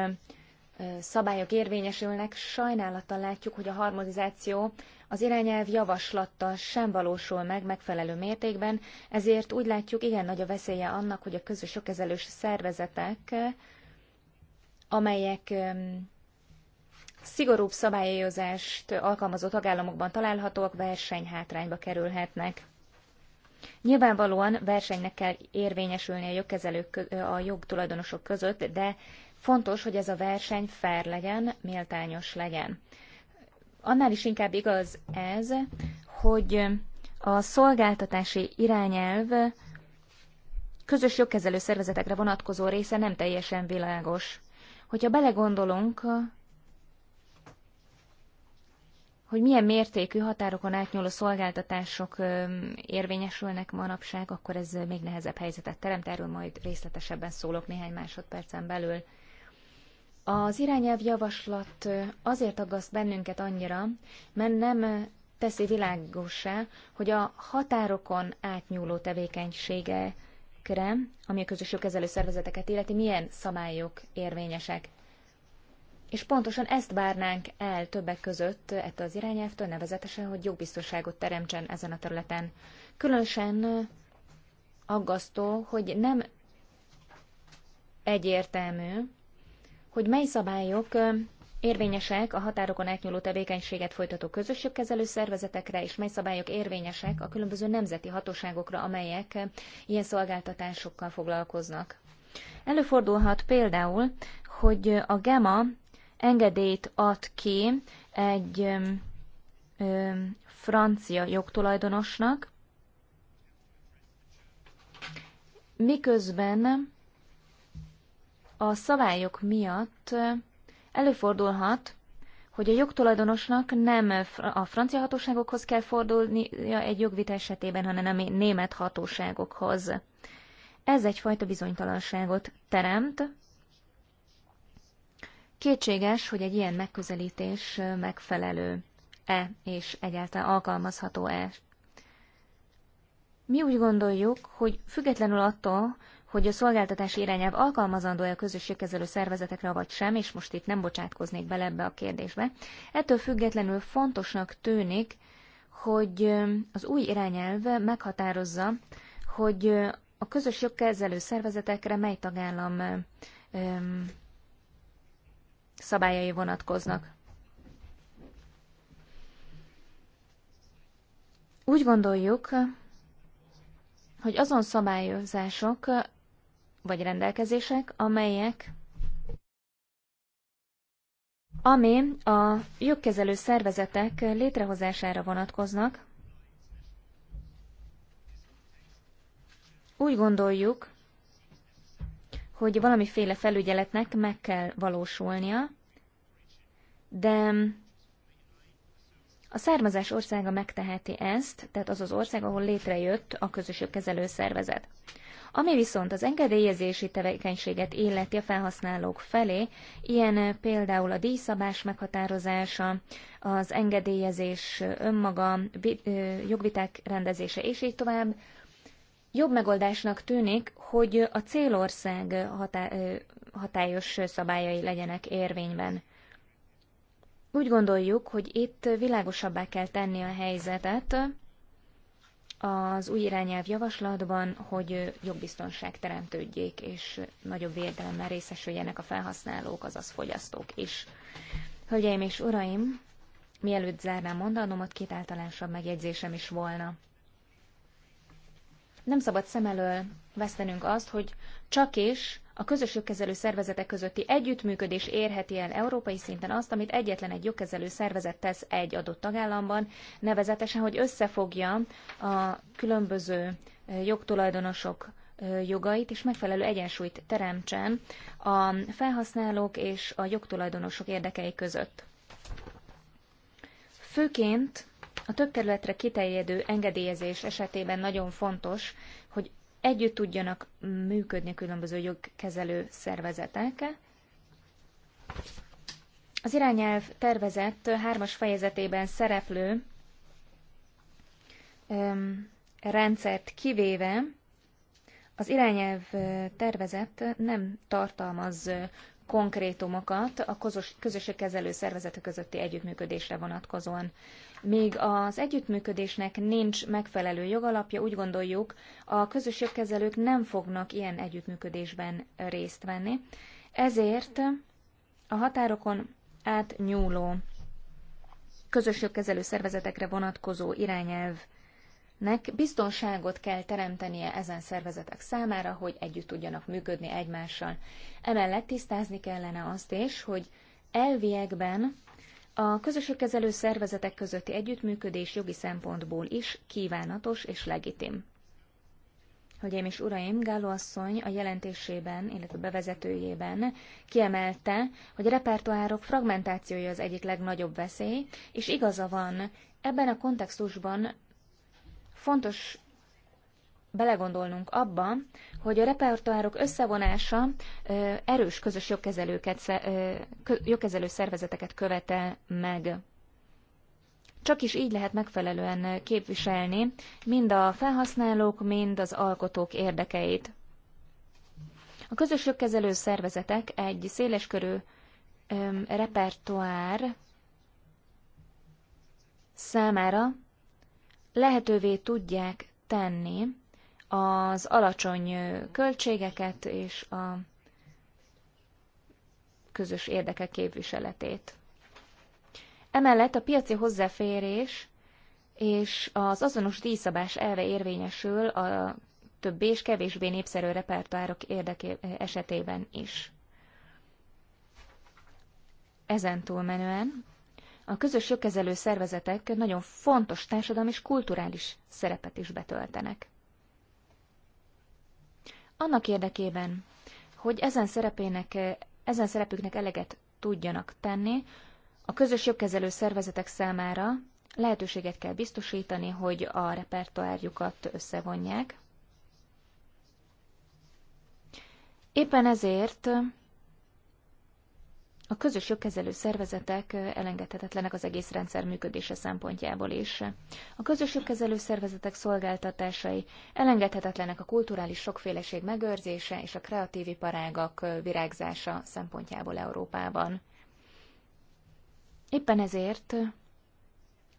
szabályok érvényesülnek, sajnálattal látjuk, hogy a harmonizáció az irányelv javaslattal sem valósul meg megfelelő mértékben, ezért úgy látjuk, igen nagy a veszélye annak, hogy a közös jogkezelős szervezetek, amelyek szigorúbb szabályozást alkalmazó tagállamokban találhatóak, versenyhátrányba kerülhetnek. Nyilvánvalóan versenynek kell érvényesülni a jogkezelők, a jogtulajdonosok között, de Fontos, hogy ez a verseny fair legyen, méltányos legyen. Annál is inkább igaz ez, hogy a szolgáltatási irányelv közös jogkezelő szervezetekre vonatkozó része nem teljesen világos. Hogyha belegondolunk, hogy milyen mértékű határokon átnyúló szolgáltatások érvényesülnek manapság, akkor ez még nehezebb helyzetet teremt, erről majd részletesebben szólok néhány másodpercen belül. Az irányelvjavaslat javaslat azért aggaszt bennünket annyira, mert nem teszi világosá, hogy a határokon átnyúló tevékenységekre, ami a közös jogkezelő szervezeteket illeti, milyen szabályok érvényesek. És pontosan ezt várnánk el többek között ettől az irányelvtől, nevezetesen, hogy jogbiztonságot teremtsen ezen a területen. Különösen aggasztó, hogy nem egyértelmű, hogy mely szabályok érvényesek a határokon átnyúló tevékenységet folytató kezelő szervezetekre, és mely szabályok érvényesek a különböző nemzeti hatóságokra, amelyek ilyen szolgáltatásokkal foglalkoznak. Előfordulhat például, hogy a GEMA engedélyt ad ki egy ö, francia jogtulajdonosnak, miközben a szabályok miatt előfordulhat, hogy a jogtulajdonosnak nem a francia hatóságokhoz kell fordulnia egy jogvita esetében, hanem a német hatóságokhoz. Ez egyfajta bizonytalanságot teremt. Kétséges, hogy egy ilyen megközelítés megfelelő-e és egyáltalán alkalmazható-e. Mi úgy gondoljuk, hogy függetlenül attól, hogy a szolgáltatási irányelv alkalmazandó a közösségkezelő szervezetekre, vagy sem, és most itt nem bocsátkoznék bele ebbe a kérdésbe. Ettől függetlenül fontosnak tűnik, hogy az új irányelv meghatározza, hogy a közös jogkezelő szervezetekre mely tagállam öm, szabályai vonatkoznak. Úgy gondoljuk, hogy azon szabályozások, vagy rendelkezések, amelyek ami a jogkezelő szervezetek létrehozására vonatkoznak. Úgy gondoljuk, hogy valamiféle felügyeletnek meg kell valósulnia, de a származás országa megteheti ezt, tehát az az ország, ahol létrejött a közös kezelő szervezet. Ami viszont az engedélyezési tevékenységet illeti a felhasználók felé, ilyen eh, például a díjszabás meghatározása, az engedélyezés eh, önmaga, eh, jogviták rendezése és így tovább, Jobb megoldásnak tűnik, hogy a célország hatályos szabályai legyenek érvényben. Úgy gondoljuk, hogy itt világosabbá kell tenni a helyzetet, az új irányelv javaslatban, hogy jogbiztonság teremtődjék, és nagyobb védelemmel részesüljenek a felhasználók, azaz fogyasztók is. Hölgyeim és uraim, mielőtt zárnám mondanomat, két általánosabb megjegyzésem is volna. Nem szabad szem elől vesztenünk azt, hogy csak is a jogkezelő szervezetek közötti együttműködés érheti el európai szinten azt, amit egyetlen egy jogkezelő szervezet tesz egy adott tagállamban, nevezetesen, hogy összefogja a különböző jogtulajdonosok jogait, és megfelelő egyensúlyt teremtsen a felhasználók és a jogtulajdonosok érdekei között. Főként a több területre kiterjedő engedélyezés esetében nagyon fontos, együtt tudjanak működni a különböző jogkezelő szervezetek. Az irányelv tervezett hármas fejezetében szereplő öm, rendszert kivéve az irányelv tervezet nem tartalmaz konkrétumokat a közösség kezelő szervezetek közötti együttműködésre vonatkozóan. Míg az együttműködésnek nincs megfelelő jogalapja, úgy gondoljuk, a közösségkezelők nem fognak ilyen együttműködésben részt venni. Ezért a határokon átnyúló közösségkezelő szervezetekre vonatkozó irányelv nek biztonságot kell teremtenie ezen szervezetek számára, hogy együtt tudjanak működni egymással. Emellett tisztázni kellene azt is, hogy elviekben a közösségkezelő szervezetek közötti együttműködés jogi szempontból is kívánatos és legitim. Hölgyeim és Uraim, Gáló asszony a jelentésében, illetve bevezetőjében kiemelte, hogy a repertoárok fragmentációja az egyik legnagyobb veszély, és igaza van, ebben a kontextusban fontos belegondolnunk abba, hogy a repertoárok összevonása erős közös jogkezelőket, jogkezelő szervezeteket követel meg. Csak is így lehet megfelelően képviselni mind a felhasználók, mind az alkotók érdekeit. A közös jogkezelő szervezetek egy széleskörű repertoár számára lehetővé tudják tenni az alacsony költségeket és a közös érdekek képviseletét. Emellett a piaci hozzáférés és az azonos díjszabás elve érvényesül a több és kevésbé népszerű repertoárok érdeké esetében is. Ezen túlmenően a közös jogkezelő szervezetek nagyon fontos társadalmi és kulturális szerepet is betöltenek. Annak érdekében, hogy ezen, szerepének, ezen szerepüknek eleget tudjanak tenni, a közös jogkezelő szervezetek számára lehetőséget kell biztosítani, hogy a repertoárjukat összevonják. Éppen ezért a közös jogkezelő szervezetek elengedhetetlenek az egész rendszer működése szempontjából is. A közös jogkezelő szervezetek szolgáltatásai elengedhetetlenek a kulturális sokféleség megőrzése és a kreatív iparágak virágzása szempontjából Európában. Éppen ezért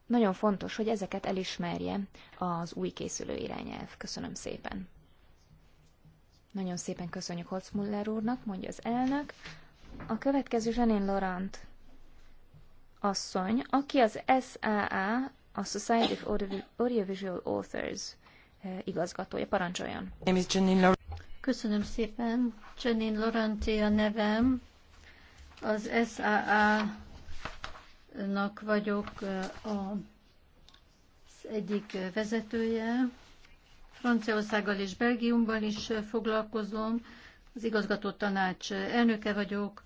nagyon fontos, hogy ezeket elismerje az új készülő irányelv. Köszönöm szépen. Nagyon szépen köszönjük Holzmuller úrnak, mondja az elnök. A következő Janine Laurent asszony, aki az SAA, a Society of Audiovisual Authors eh, igazgatója. Parancsoljon! Köszönöm szépen. Janine Laurent a nevem. Az SAA-nak vagyok eh, az egyik vezetője. Franciaországgal és Belgiumban is eh, foglalkozom. Az igazgató tanács elnöke vagyok,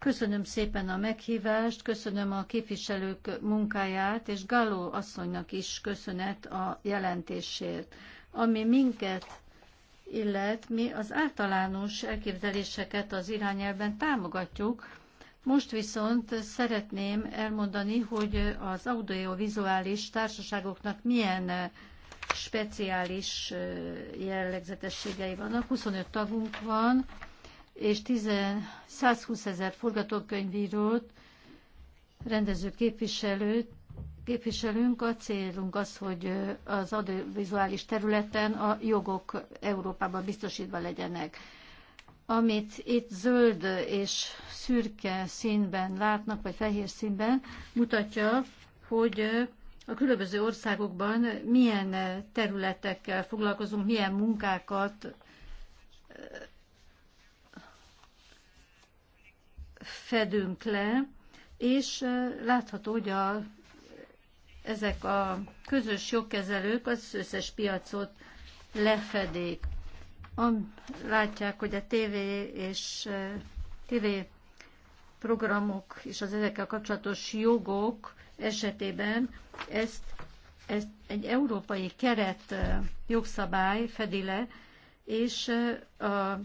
Köszönöm szépen a meghívást, köszönöm a képviselők munkáját, és Galó asszonynak is köszönet a jelentésért. Ami minket illet, mi az általános elképzeléseket az irányelben támogatjuk, most viszont szeretném elmondani, hogy az audiovizuális társaságoknak milyen speciális jellegzetességei vannak. 25 tagunk van, és 10, 120 ezer forgatókönyvírót, rendező képviselőt, képviselünk. A célunk az, hogy az audiovizuális területen a jogok Európában biztosítva legyenek. Amit itt zöld és szürke színben látnak, vagy fehér színben, mutatja, hogy a különböző országokban milyen területekkel foglalkozunk, milyen munkákat fedünk le, és látható, hogy a, ezek a közös jogkezelők az összes piacot lefedék. látják, hogy a TV és TV programok és az ezekkel kapcsolatos jogok esetében ezt, ezt egy európai keret jogszabály fedi le, és a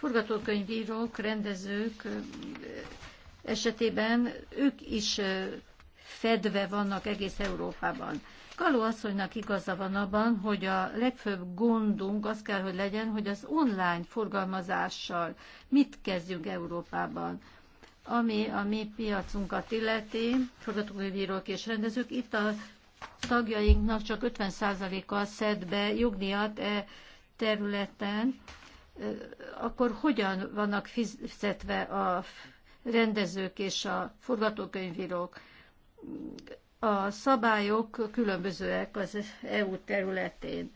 forgatókönyvírók, rendezők esetében ők is fedve vannak egész Európában. Kaló asszonynak igaza van abban, hogy a legfőbb gondunk az kell, hogy legyen, hogy az online forgalmazással mit kezdjünk Európában. Ami a mi piacunkat illeti, forgatókönyvírók és rendezők, itt a tagjainknak csak 50%-a szed be jogdíjat e területen, akkor hogyan vannak fizetve a rendezők és a forgatókönyvírók? A szabályok különbözőek az EU területén.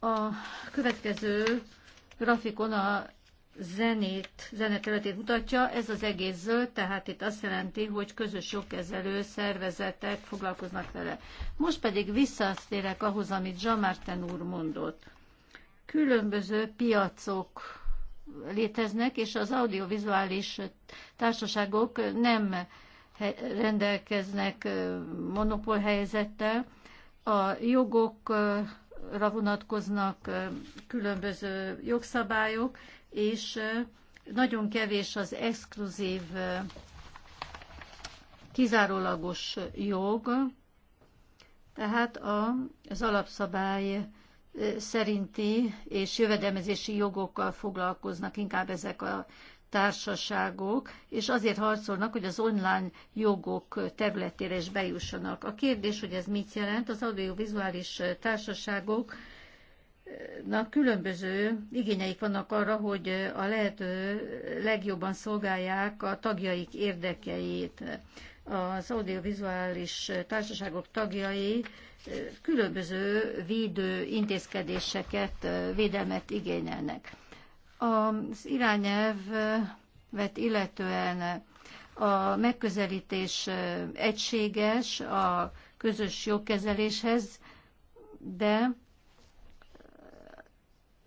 A következő grafikon a zenét, zeneterületét mutatja. Ez az egész zöld, tehát itt azt jelenti, hogy közös jogkezelő szervezetek foglalkoznak vele. Most pedig visszatérek ahhoz, amit Martin úr mondott. Különböző piacok léteznek, és az audiovizuális társaságok nem rendelkeznek monopólhelyzettel. A jogokra vonatkoznak különböző jogszabályok, és nagyon kevés az exkluzív kizárólagos jog, tehát az alapszabály szerinti és jövedelmezési jogokkal foglalkoznak inkább ezek a társaságok, és azért harcolnak, hogy az online jogok területére is bejussanak. A kérdés, hogy ez mit jelent, az audiovizuális társaságok Na, különböző igényeik vannak arra, hogy a lehető legjobban szolgálják a tagjaik érdekeit az audiovizuális társaságok tagjai eh, különböző védő intézkedéseket, eh, védelmet igényelnek. Az irányelvet illetően a megközelítés eh, egységes a közös jogkezeléshez, de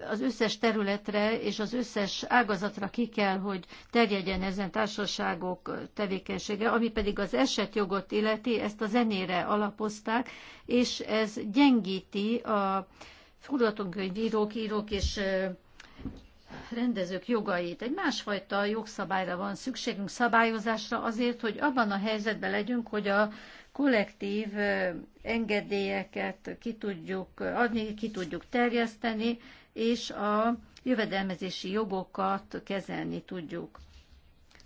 az összes területre és az összes ágazatra ki kell, hogy terjedjen ezen társaságok tevékenysége, ami pedig az esetjogot illeti, ezt a zenére alapozták, és ez gyengíti a forgatókönyvírók, írók és rendezők jogait. Egy másfajta jogszabályra van szükségünk, szabályozásra azért, hogy abban a helyzetben legyünk, hogy a kollektív engedélyeket ki tudjuk adni, ki tudjuk terjeszteni, és a jövedelmezési jogokat kezelni tudjuk.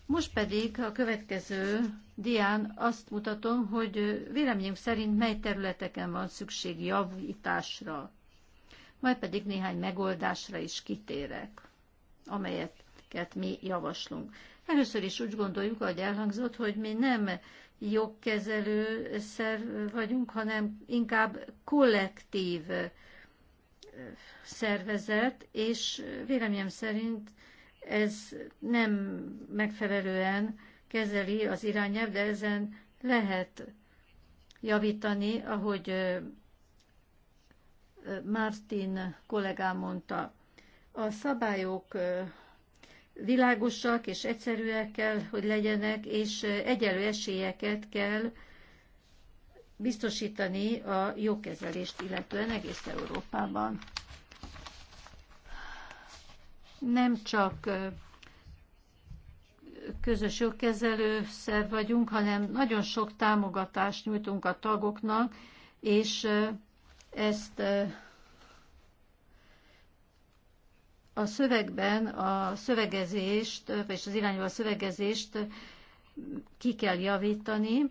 Most pedig a következő dián azt mutatom, hogy véleményünk szerint mely területeken van szükség javításra, majd pedig néhány megoldásra is kitérek, amelyeket mi javaslunk. Először is úgy gondoljuk, ahogy elhangzott, hogy mi nem jogkezelő szerv vagyunk, hanem inkább kollektív szervezet, és véleményem szerint ez nem megfelelően kezeli az irányelv, de ezen lehet javítani, ahogy Martin kollégám mondta. A szabályok világosak és egyszerűek kell, hogy legyenek, és egyelő esélyeket kell biztosítani a jogkezelést illetően egész Európában. Nem csak közös jogkezelő szerv vagyunk, hanem nagyon sok támogatást nyújtunk a tagoknak, és ezt a szövegben a szövegezést, és az irányba a szövegezést ki kell javítani,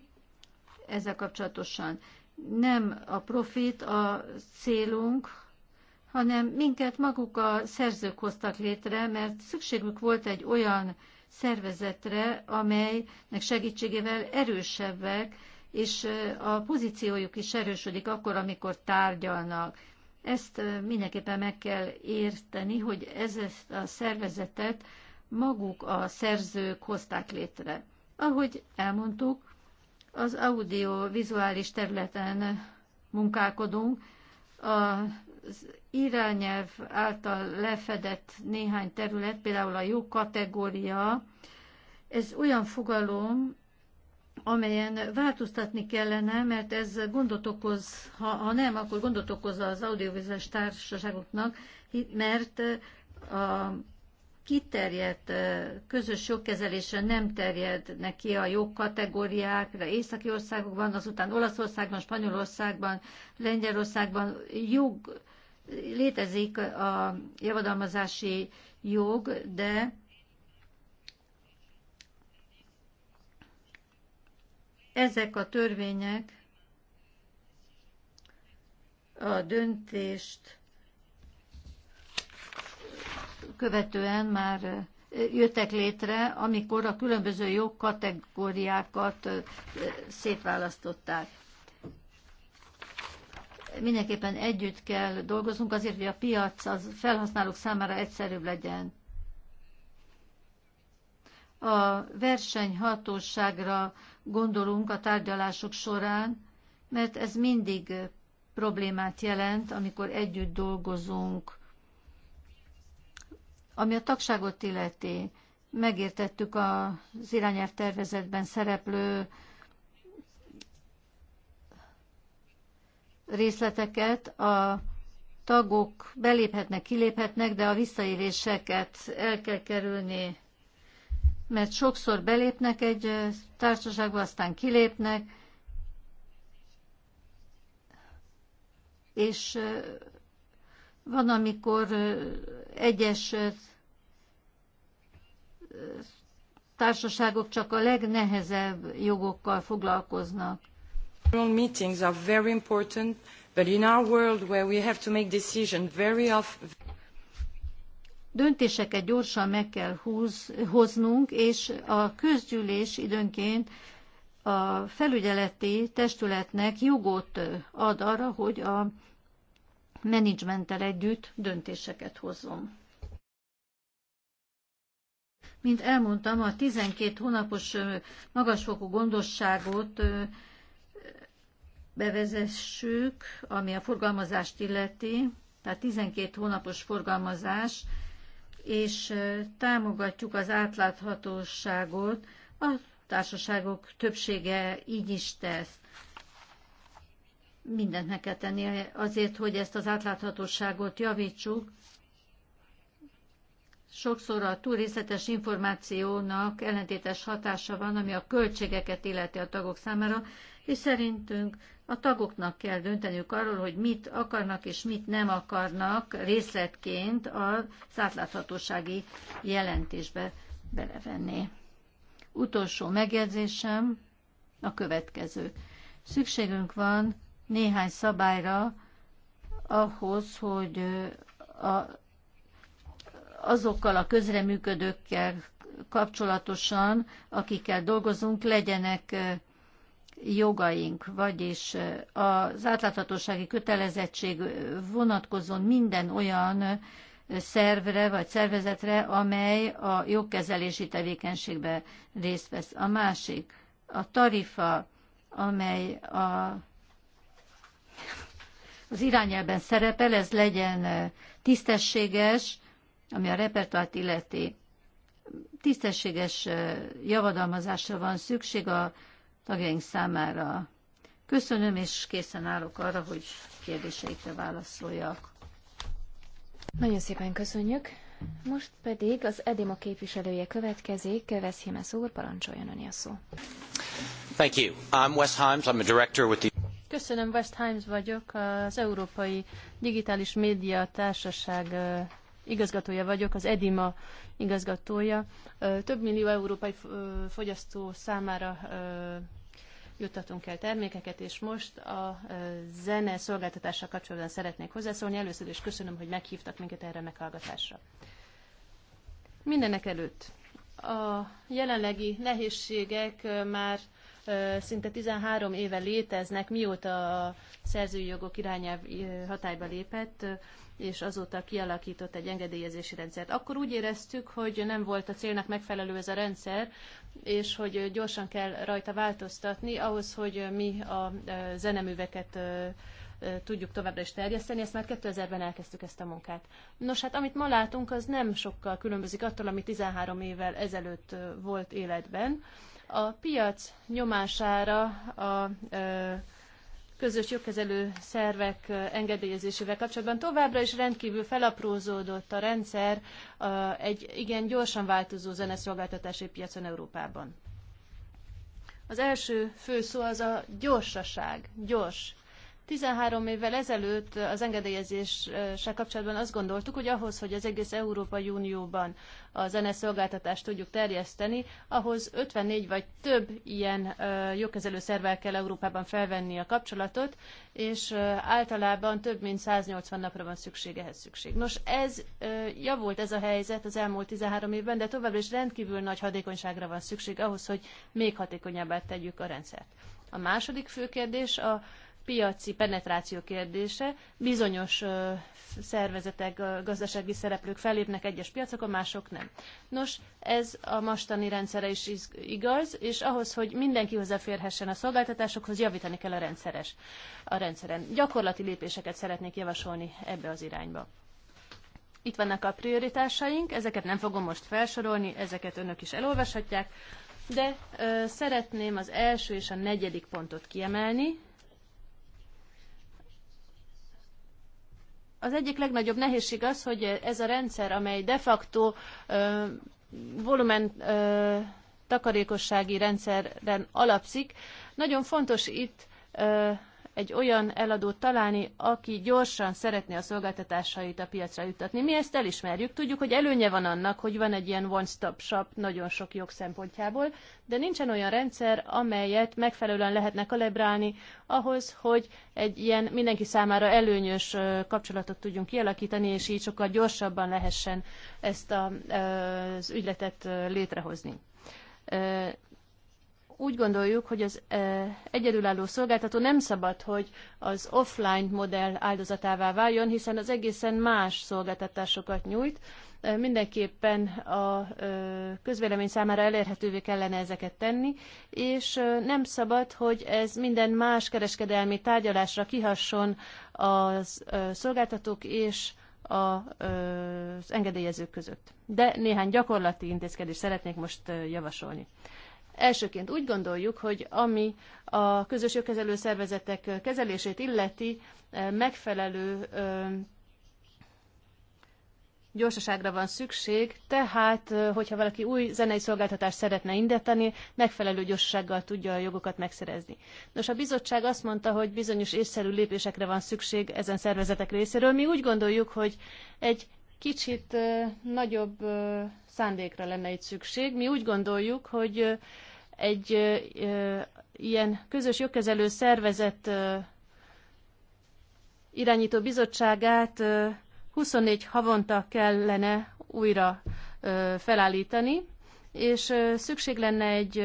ezzel kapcsolatosan. Nem a profit a célunk, hanem minket maguk a szerzők hoztak létre, mert szükségük volt egy olyan szervezetre, amelynek segítségével erősebbek, és a pozíciójuk is erősödik akkor, amikor tárgyalnak. Ezt mindenképpen meg kell érteni, hogy ez a szervezetet maguk a szerzők hozták létre. Ahogy elmondtuk, az audiovizuális területen munkálkodunk. Az irányelv által lefedett néhány terület, például a jó kategória, ez olyan fogalom, amelyen változtatni kellene, mert ez gondot okoz, ha, ha nem, akkor gondot okoz az audiovizuális társaságoknak, mert a kiterjedt közös jogkezelése nem terjed neki a jogkategóriákra. Északi országokban, azután Olaszországban, Spanyolországban, Lengyelországban jog létezik a javadalmazási jog, de ezek a törvények a döntést követően már jöttek létre, amikor a különböző jogkategóriákat szétválasztották. Mindenképpen együtt kell dolgoznunk azért, hogy a piac az felhasználók számára egyszerűbb legyen. A versenyhatóságra gondolunk a tárgyalások során, mert ez mindig problémát jelent, amikor együtt dolgozunk ami a tagságot illeti, megértettük az irányelv tervezetben szereplő részleteket, a tagok beléphetnek, kiléphetnek, de a visszaéléseket el kell kerülni, mert sokszor belépnek egy társaságba, aztán kilépnek, és van, amikor egyes társaságok csak a legnehezebb jogokkal foglalkoznak. Meetings are very important, but in our world where we have to make decisions very often döntéseket gyorsan meg kell húz, hoznunk, és a közgyűlés időnként a felügyeleti testületnek jogot ad arra, hogy a menedzsmenttel együtt döntéseket hozzon. Mint elmondtam, a 12 hónapos magasfokú gondosságot bevezessük, ami a forgalmazást illeti, tehát 12 hónapos forgalmazás, és támogatjuk az átláthatóságot, a társaságok többsége így is tesz. Mindent meg kell tenni azért, hogy ezt az átláthatóságot javítsuk, sokszor a túl részletes információnak ellentétes hatása van, ami a költségeket illeti a tagok számára, és szerintünk a tagoknak kell dönteniük arról, hogy mit akarnak és mit nem akarnak részletként az átláthatósági jelentésbe belevenni. Utolsó megjegyzésem a következő. Szükségünk van néhány szabályra ahhoz, hogy a azokkal a közreműködőkkel kapcsolatosan, akikkel dolgozunk, legyenek jogaink, vagyis az átláthatósági kötelezettség vonatkozón minden olyan szervre vagy szervezetre, amely a jogkezelési tevékenységbe részt vesz. A másik, a tarifa, amely a, az irányelben szerepel, ez legyen tisztességes, ami a repertoárt illeti, tisztességes javadalmazásra van szükség a tagjaink számára. Köszönöm, és készen állok arra, hogy kérdéseikre válaszoljak. Nagyon szépen köszönjük. Most pedig az EDIMA képviselője következik, Wes Himes úr, parancsoljon öni a szó. Thank you. I'm Wes Himes, I'm a director with the... Köszönöm, West Himes vagyok, az Európai Digitális Média Társaság igazgatója vagyok, az EDIMA igazgatója. Több millió európai fogyasztó számára juttatunk el termékeket, és most a zene szolgáltatása kapcsolatban szeretnék hozzászólni. Először is köszönöm, hogy meghívtak minket erre a meghallgatásra. Mindenek előtt a jelenlegi nehézségek már szinte 13 éve léteznek, mióta a szerzői jogok irányába hatályba lépett és azóta kialakított egy engedélyezési rendszert. Akkor úgy éreztük, hogy nem volt a célnak megfelelő ez a rendszer, és hogy gyorsan kell rajta változtatni ahhoz, hogy mi a e, zeneműveket e, e, tudjuk továbbra is terjeszteni, ezt már 2000-ben elkezdtük ezt a munkát. Nos, hát amit ma látunk, az nem sokkal különbözik attól, ami 13 évvel ezelőtt volt életben. A piac nyomására a, a közös jogkezelő szervek engedélyezésével kapcsolatban továbbra is rendkívül felaprózódott a rendszer egy igen gyorsan változó zeneszolgáltatási piacon Európában. Az első fő szó az a gyorsaság, gyors 13 évvel ezelőtt az engedélyezéssel kapcsolatban azt gondoltuk, hogy ahhoz, hogy az egész Európai Unióban a zeneszolgáltatást tudjuk terjeszteni, ahhoz 54 vagy több ilyen jogkezelő szervel kell Európában felvenni a kapcsolatot, és általában több mint 180 napra van szükség ehhez szükség. Nos, ez javult ez a helyzet az elmúlt 13 évben, de továbbra is rendkívül nagy hatékonyságra van szükség ahhoz, hogy még hatékonyabbá tegyük a rendszert. A második fő kérdés a piaci penetráció kérdése. Bizonyos szervezetek, gazdasági szereplők felépnek egyes piacokon, mások nem. Nos, ez a mostani rendszere is igaz, és ahhoz, hogy mindenki hozzáférhessen a szolgáltatásokhoz, javítani kell a, rendszeres, a rendszeren. Gyakorlati lépéseket szeretnék javasolni ebbe az irányba. Itt vannak a prioritásaink, ezeket nem fogom most felsorolni, ezeket önök is elolvashatják, de ö, szeretném az első és a negyedik pontot kiemelni, Az egyik legnagyobb nehézség az, hogy ez a rendszer, amely de facto ö, volumen ö, takarékossági rendszeren alapszik, nagyon fontos itt egy olyan eladót találni, aki gyorsan szeretné a szolgáltatásait a piacra juttatni. Mi ezt elismerjük, tudjuk, hogy előnye van annak, hogy van egy ilyen one-stop shop nagyon sok jog szempontjából, de nincsen olyan rendszer, amelyet megfelelően lehetne kalibrálni ahhoz, hogy egy ilyen mindenki számára előnyös kapcsolatot tudjunk kialakítani, és így sokkal gyorsabban lehessen ezt a, az ügyletet létrehozni úgy gondoljuk, hogy az e, egyedülálló szolgáltató nem szabad, hogy az offline modell áldozatává váljon, hiszen az egészen más szolgáltatásokat nyújt. E, mindenképpen a e, közvélemény számára elérhetővé kellene ezeket tenni, és nem szabad, hogy ez minden más kereskedelmi tárgyalásra kihasson a szolgáltatók és a, az engedélyezők között. De néhány gyakorlati intézkedést szeretnék most javasolni. Elsőként úgy gondoljuk, hogy ami a közös jogkezelő szervezetek kezelését illeti, megfelelő gyorsaságra van szükség, tehát hogyha valaki új zenei szolgáltatást szeretne indítani, megfelelő gyorsasággal tudja a jogokat megszerezni. Nos, a bizottság azt mondta, hogy bizonyos észszerű lépésekre van szükség ezen szervezetek részéről. Mi úgy gondoljuk, hogy egy kicsit nagyobb szándékra lenne itt szükség. Mi úgy gondoljuk, hogy egy ilyen közös jogkezelő szervezet irányító bizottságát 24 havonta kellene újra felállítani, és szükség lenne egy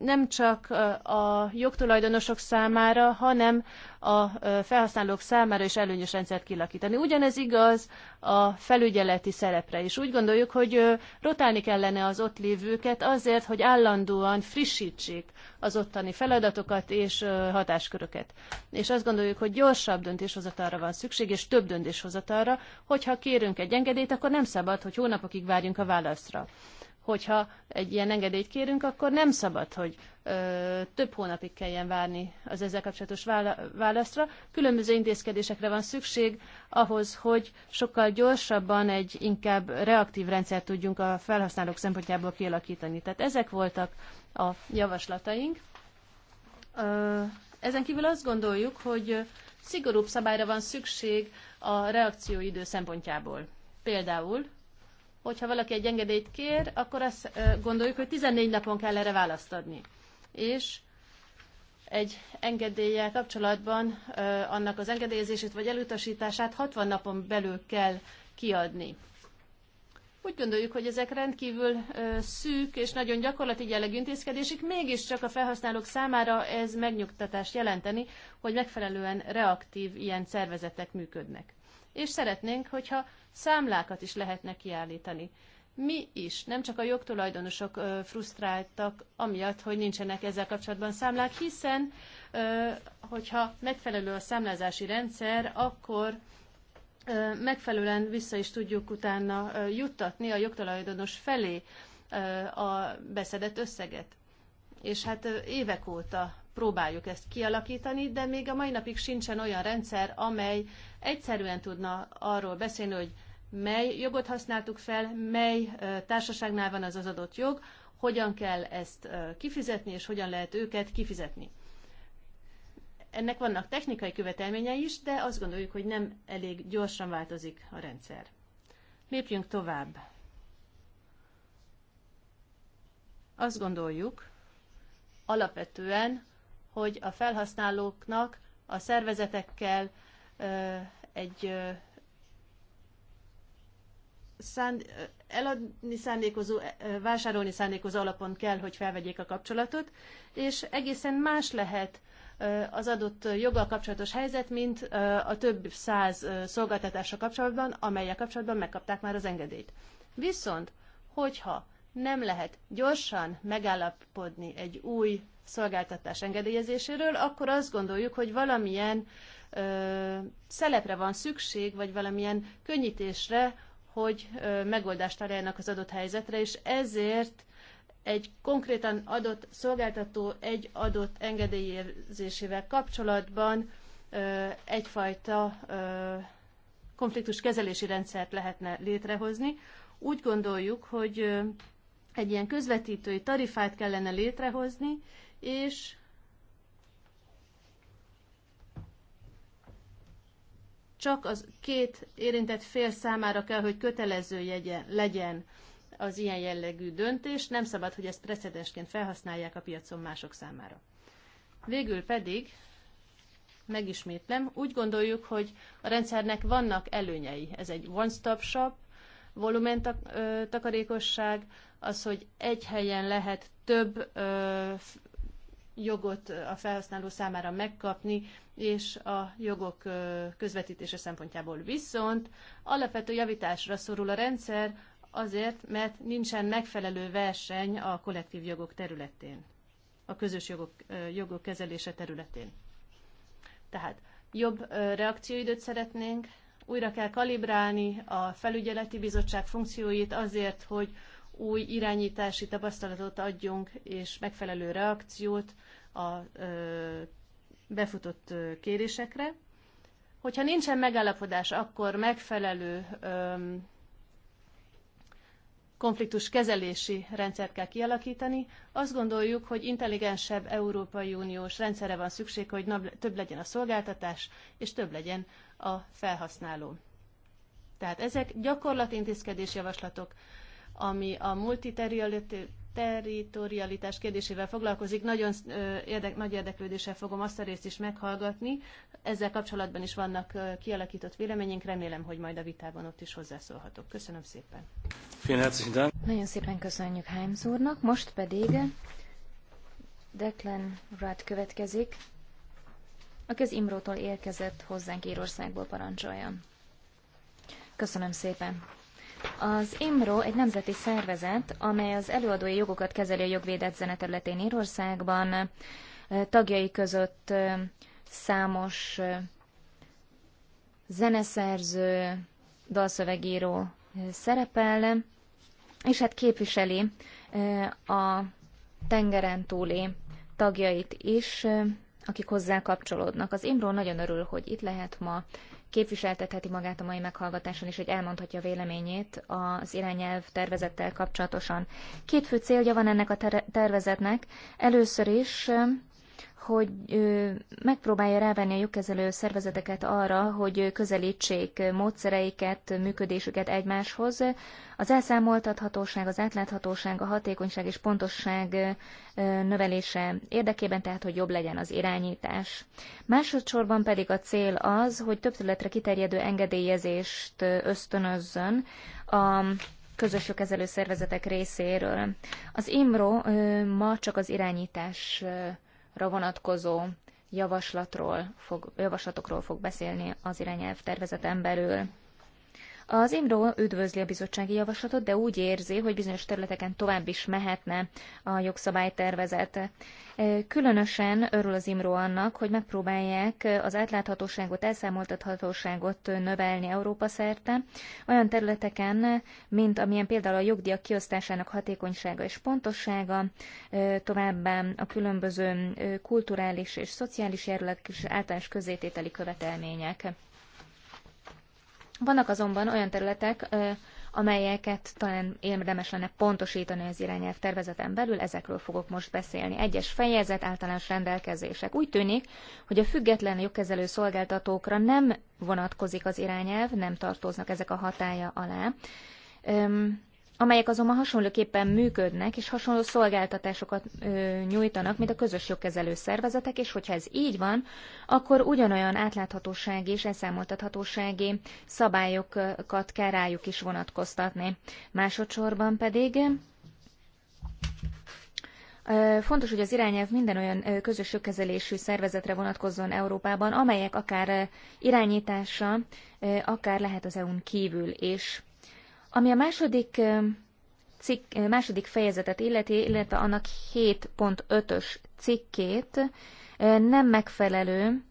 nem csak a jogtulajdonosok számára, hanem a felhasználók számára is előnyös rendszert kilakítani. Ugyanez igaz a felügyeleti szerepre is. Úgy gondoljuk, hogy rotálni kellene az ott lévőket azért, hogy állandóan frissítsék az ottani feladatokat és hatásköröket. És azt gondoljuk, hogy gyorsabb döntéshozatalra van szükség, és több döntéshozatalra, hogyha kérünk egy engedélyt, akkor nem szabad, hogy hónapokig várjunk a válaszra hogyha egy ilyen engedélyt kérünk, akkor nem szabad, hogy ö, több hónapig kelljen várni az ezzel kapcsolatos válaszra. Különböző intézkedésekre van szükség ahhoz, hogy sokkal gyorsabban egy inkább reaktív rendszert tudjunk a felhasználók szempontjából kialakítani. Tehát ezek voltak a javaslataink. Ö, ezen kívül azt gondoljuk, hogy szigorúbb szabályra van szükség a reakcióidő szempontjából. Például hogyha valaki egy engedélyt kér, akkor azt gondoljuk, hogy 14 napon kell erre választ adni. És egy engedéllyel kapcsolatban annak az engedélyezését vagy elutasítását 60 napon belül kell kiadni. Úgy gondoljuk, hogy ezek rendkívül szűk és nagyon gyakorlati jellegű intézkedések, mégiscsak a felhasználók számára ez megnyugtatást jelenteni, hogy megfelelően reaktív ilyen szervezetek működnek és szeretnénk, hogyha számlákat is lehetne kiállítani. Mi is, nem csak a jogtulajdonosok ö, frusztráltak amiatt, hogy nincsenek ezzel kapcsolatban számlák, hiszen ö, hogyha megfelelő a számlázási rendszer, akkor ö, megfelelően vissza is tudjuk utána ö, juttatni a jogtulajdonos felé ö, a beszedett összeget és hát évek óta próbáljuk ezt kialakítani, de még a mai napig sincsen olyan rendszer, amely egyszerűen tudna arról beszélni, hogy mely jogot használtuk fel, mely társaságnál van az az adott jog, hogyan kell ezt kifizetni, és hogyan lehet őket kifizetni. Ennek vannak technikai követelményei is, de azt gondoljuk, hogy nem elég gyorsan változik a rendszer. Lépjünk tovább. Azt gondoljuk, alapvetően, hogy a felhasználóknak a szervezetekkel egy szánd, eladni szándékozó, vásárolni szándékozó alapon kell, hogy felvegyék a kapcsolatot, és egészen más lehet az adott joggal kapcsolatos helyzet, mint a több száz szolgáltatásra kapcsolatban, amelyek kapcsolatban megkapták már az engedélyt. Viszont, hogyha nem lehet gyorsan megállapodni egy új szolgáltatás engedélyezéséről, akkor azt gondoljuk, hogy valamilyen ö, szelepre van szükség, vagy valamilyen könnyítésre, hogy ö, megoldást találjanak az adott helyzetre, és ezért egy konkrétan adott szolgáltató egy adott engedélyezésével kapcsolatban ö, egyfajta ö, konfliktus kezelési rendszert lehetne létrehozni. Úgy gondoljuk, hogy egy ilyen közvetítői tarifát kellene létrehozni, és csak az két érintett fél számára kell, hogy kötelező jegye, legyen az ilyen jellegű döntés, nem szabad, hogy ezt precedensként felhasználják a piacon mások számára. Végül pedig, megismétlem, úgy gondoljuk, hogy a rendszernek vannak előnyei. Ez egy one-stop shop, volumentakarékosság, az, hogy egy helyen lehet több ö, jogot a felhasználó számára megkapni, és a jogok közvetítése szempontjából viszont alapvető javításra szorul a rendszer azért, mert nincsen megfelelő verseny a kollektív jogok területén, a közös jogok, jogok kezelése területén. Tehát jobb reakcióidőt szeretnénk, újra kell kalibrálni a felügyeleti bizottság funkcióit azért, hogy új irányítási tapasztalatot adjunk, és megfelelő reakciót a befutott kérésekre. Hogyha nincsen megállapodás, akkor megfelelő konfliktus kezelési rendszert kell kialakítani. Azt gondoljuk, hogy intelligensebb Európai Uniós rendszerre van szükség, hogy több legyen a szolgáltatás, és több legyen a felhasználó. Tehát ezek gyakorlati intézkedésjavaslatok. javaslatok ami a multiterritorialitás kérdésével foglalkozik. Nagyon érdek, nagy érdeklődéssel fogom azt a részt is meghallgatni. Ezzel kapcsolatban is vannak kialakított véleményünk. Remélem, hogy majd a vitában ott is hozzászólhatok. Köszönöm szépen. Nagyon szépen köszönjük Heimz úrnak. Most pedig Declan Rudd következik, aki az Imrótól érkezett hozzánk Írországból parancsoljon. Köszönöm szépen. Az IMRO egy nemzeti szervezet, amely az előadói jogokat kezeli a jogvédett zene területén Írországban. Tagjai között számos zeneszerző, dalszövegíró szerepel, és hát képviseli a tengeren túli tagjait is, akik hozzá kapcsolódnak. Az IMRO nagyon örül, hogy itt lehet ma, képviseltetheti magát a mai meghallgatáson is, hogy elmondhatja véleményét az irányelv tervezettel kapcsolatosan. Két fő célja van ennek a tervezetnek. Először is hogy megpróbálja rávenni a jogkezelő szervezeteket arra, hogy közelítsék módszereiket, működésüket egymáshoz. Az elszámoltathatóság, az átláthatóság, a hatékonyság és pontosság növelése érdekében, tehát hogy jobb legyen az irányítás. Másodszorban pedig a cél az, hogy több területre kiterjedő engedélyezést ösztönözzön a közös jogkezelő szervezetek részéről. Az IMRO ma csak az irányítás vonatkozó javaslatról fog, javaslatokról fog beszélni az irányelv tervezeten belül. Az Imró üdvözli a bizottsági javaslatot, de úgy érzi, hogy bizonyos területeken tovább is mehetne a jogszabálytervezet. Különösen örül az Imró annak, hogy megpróbálják az átláthatóságot, elszámoltathatóságot növelni Európa szerte, olyan területeken, mint amilyen például a jogdíjak kiosztásának hatékonysága és pontossága, továbbá a különböző kulturális és szociális és általános közétételi követelmények. Vannak azonban olyan területek, amelyeket talán érdemes lenne pontosítani az irányelv tervezeten belül, ezekről fogok most beszélni. Egyes fejezet, általános rendelkezések. Úgy tűnik, hogy a független jogkezelő szolgáltatókra nem vonatkozik az irányelv, nem tartoznak ezek a hatája alá amelyek azonban hasonlóképpen működnek és hasonló szolgáltatásokat ö, nyújtanak, mint a közös jogkezelő szervezetek, és hogyha ez így van, akkor ugyanolyan átláthatósági és elszámoltathatósági szabályokat kell rájuk is vonatkoztatni. Másodszorban pedig Fontos, hogy az irányelv minden olyan közös jogkezelésű szervezetre vonatkozzon Európában, amelyek akár irányítása, akár lehet az EU-n kívül is. Ami a második, cikk, második fejezetet illeti, illetve annak 7.5-ös cikkét, nem megfelelő,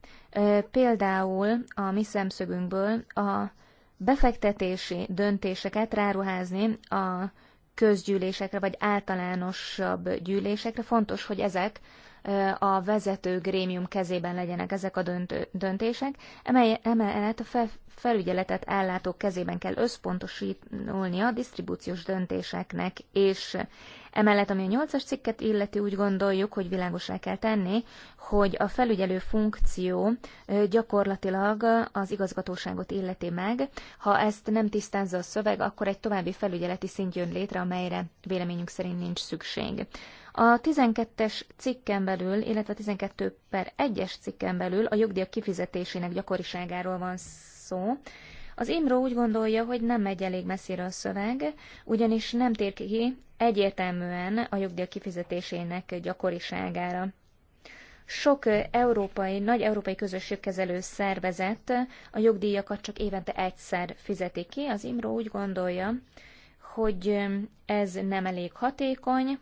például a mi szemszögünkből a befektetési döntéseket ráruházni a közgyűlésekre vagy általánosabb gyűlésekre. Fontos, hogy ezek a vezető grémium kezében legyenek ezek a döntő, döntések, emellett a felügyeletet ellátók kezében kell összpontosítani a disztribúciós döntéseknek, és emellett, ami a 8 cikket illeti, úgy gondoljuk, hogy világosá kell tenni, hogy a felügyelő funkció gyakorlatilag az igazgatóságot illeti meg. Ha ezt nem tisztázza a szöveg, akkor egy további felügyeleti szint jön létre, amelyre véleményünk szerint nincs szükség. A 12-es cikken belül, illetve a 12 per 1-es cikken belül a jogdíjak kifizetésének gyakoriságáról van szó. Az Imro úgy gondolja, hogy nem megy elég messzire a szöveg, ugyanis nem tér ki egyértelműen a jogdíjak kifizetésének gyakoriságára. Sok európai, nagy európai közösségkezelő szervezet a jogdíjakat csak évente egyszer fizeti ki. Az Imro úgy gondolja, hogy ez nem elég hatékony,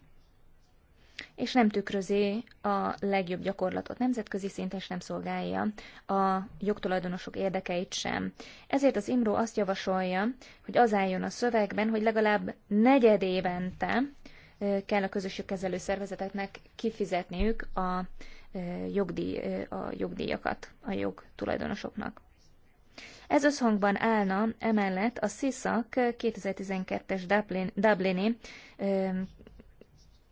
és nem tükrözi a legjobb gyakorlatot nemzetközi szinten, és nem szolgálja a jogtulajdonosok érdekeit sem. Ezért az IMRO azt javasolja, hogy az álljon a szövegben, hogy legalább negyed évente kell a kezelő szervezeteknek kifizetniük a, jogdíj, a jogdíjakat a jogtulajdonosoknak. Ez összhangban állna emellett a SISAC 2012-es Dublin, Dublini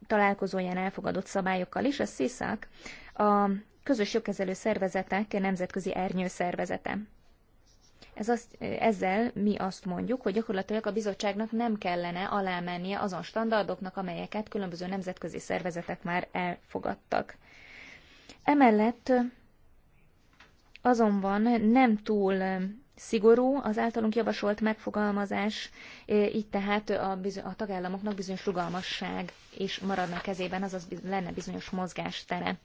találkozóján elfogadott szabályokkal is, a SZISZAK a közös jogkezelő szervezetek nemzetközi ernyő szervezete. Ez azt, ezzel mi azt mondjuk, hogy gyakorlatilag a bizottságnak nem kellene alámennie azon standardoknak, amelyeket különböző nemzetközi szervezetek már elfogadtak. Emellett azonban nem túl szigorú az általunk javasolt megfogalmazás, e, így tehát a, a tagállamoknak bizonyos rugalmasság is maradna kezében, azaz lenne bizonyos mozgástere.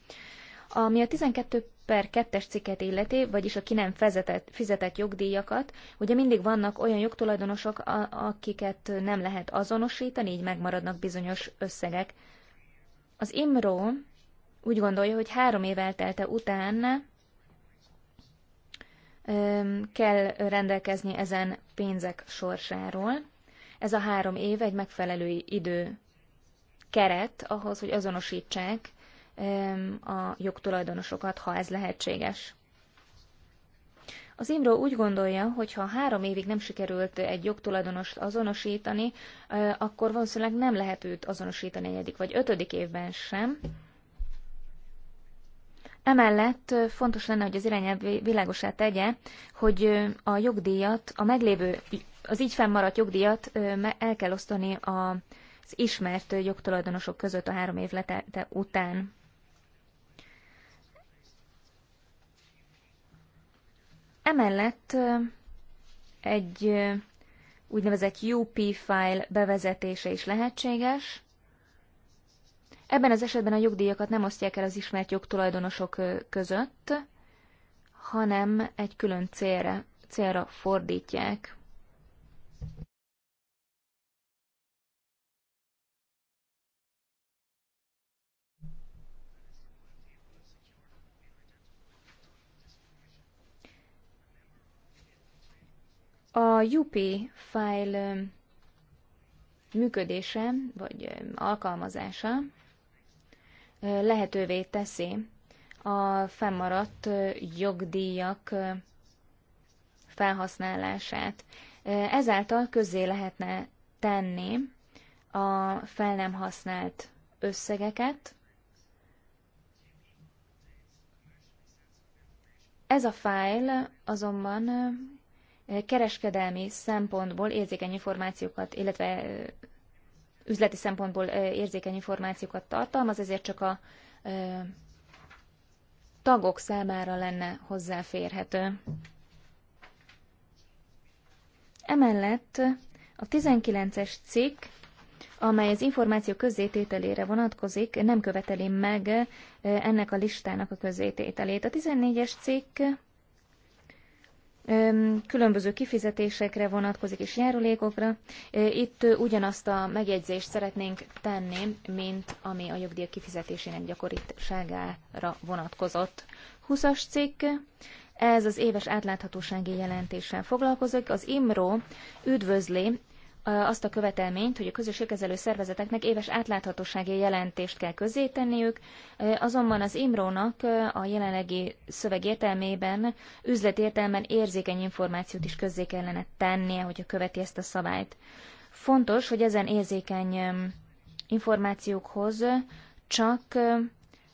Ami a 12 per 2-es cikket illeti, vagyis a ki nem fizetett, fizetett jogdíjakat, ugye mindig vannak olyan jogtulajdonosok, a, akiket nem lehet azonosítani, így megmaradnak bizonyos összegek. Az IMRO úgy gondolja, hogy három év eltelte után kell rendelkezni ezen pénzek sorsáról. Ez a három év egy megfelelő idő keret ahhoz, hogy azonosítsák a jogtulajdonosokat, ha ez lehetséges. Az Imró úgy gondolja, hogy ha három évig nem sikerült egy jogtulajdonost azonosítani, akkor valószínűleg nem lehet őt azonosítani negyedik vagy ötödik évben sem, Emellett fontos lenne, hogy az irányelv világosá tegye, hogy a jogdíjat, a meglévő, az így fennmaradt jogdíjat el kell osztani az ismert jogtulajdonosok között a három év letelte után. Emellett egy úgynevezett UP file bevezetése is lehetséges, Ebben az esetben a jogdíjakat nem osztják el az ismert jogtulajdonosok között, hanem egy külön célra, célra fordítják. A Yupi file működése, vagy alkalmazása lehetővé teszi a fennmaradt jogdíjak felhasználását. Ezáltal közzé lehetne tenni a fel nem használt összegeket. Ez a fájl azonban kereskedelmi szempontból érzékeny információkat, illetve üzleti szempontból érzékeny információkat tartalmaz, ezért csak a tagok számára lenne hozzáférhető. Emellett a 19-es cikk, amely az információ közzétételére vonatkozik, nem követeli meg ennek a listának a közzétételét. A 14-es cikk különböző kifizetésekre vonatkozik és járulékokra. Itt ugyanazt a megjegyzést szeretnénk tenni, mint ami a jogdíj kifizetésének gyakoriságára vonatkozott. 20-as cikk, ez az éves átláthatósági jelentéssel foglalkozik. Az IMRO üdvözli azt a követelményt, hogy a közösségkezelő szervezeteknek éves átláthatósági jelentést kell közzétenniük, azonban az IMRO-nak a jelenlegi szöveg értelmében, üzletértelmen érzékeny információt is közzé kellene tennie, hogyha követi ezt a szabályt. Fontos, hogy ezen érzékeny információkhoz csak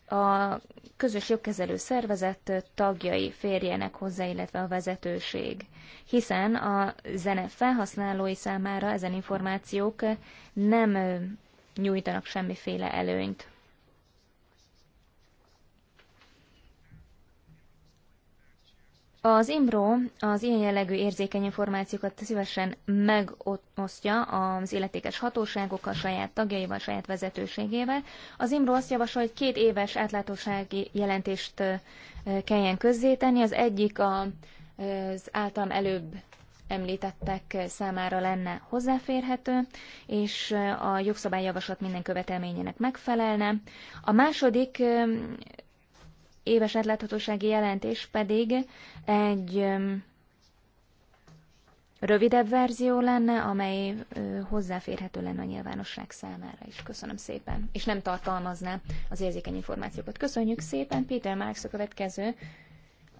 a közös jogkezelő szervezet tagjai férjenek hozzá, illetve a vezetőség. Hiszen a zene felhasználói számára ezen információk nem nyújtanak semmiféle előnyt. Az Imbro az ilyen jellegű érzékeny információkat szívesen megosztja az illetékes hatóságokkal, saját tagjaival, saját vezetőségével. Az Imbro azt javasol, hogy két éves átlátósági jelentést kelljen közzétenni. Az egyik az általam előbb említettek számára lenne hozzáférhető, és a jogszabályjavaslat minden követelményének megfelelne. A második éves átláthatósági jelentés pedig egy rövidebb verzió lenne, amely hozzáférhető lenne a nyilvánosság számára is. Köszönöm szépen. És nem tartalmazná az érzékeny információkat. Köszönjük szépen. Peter Marks a következő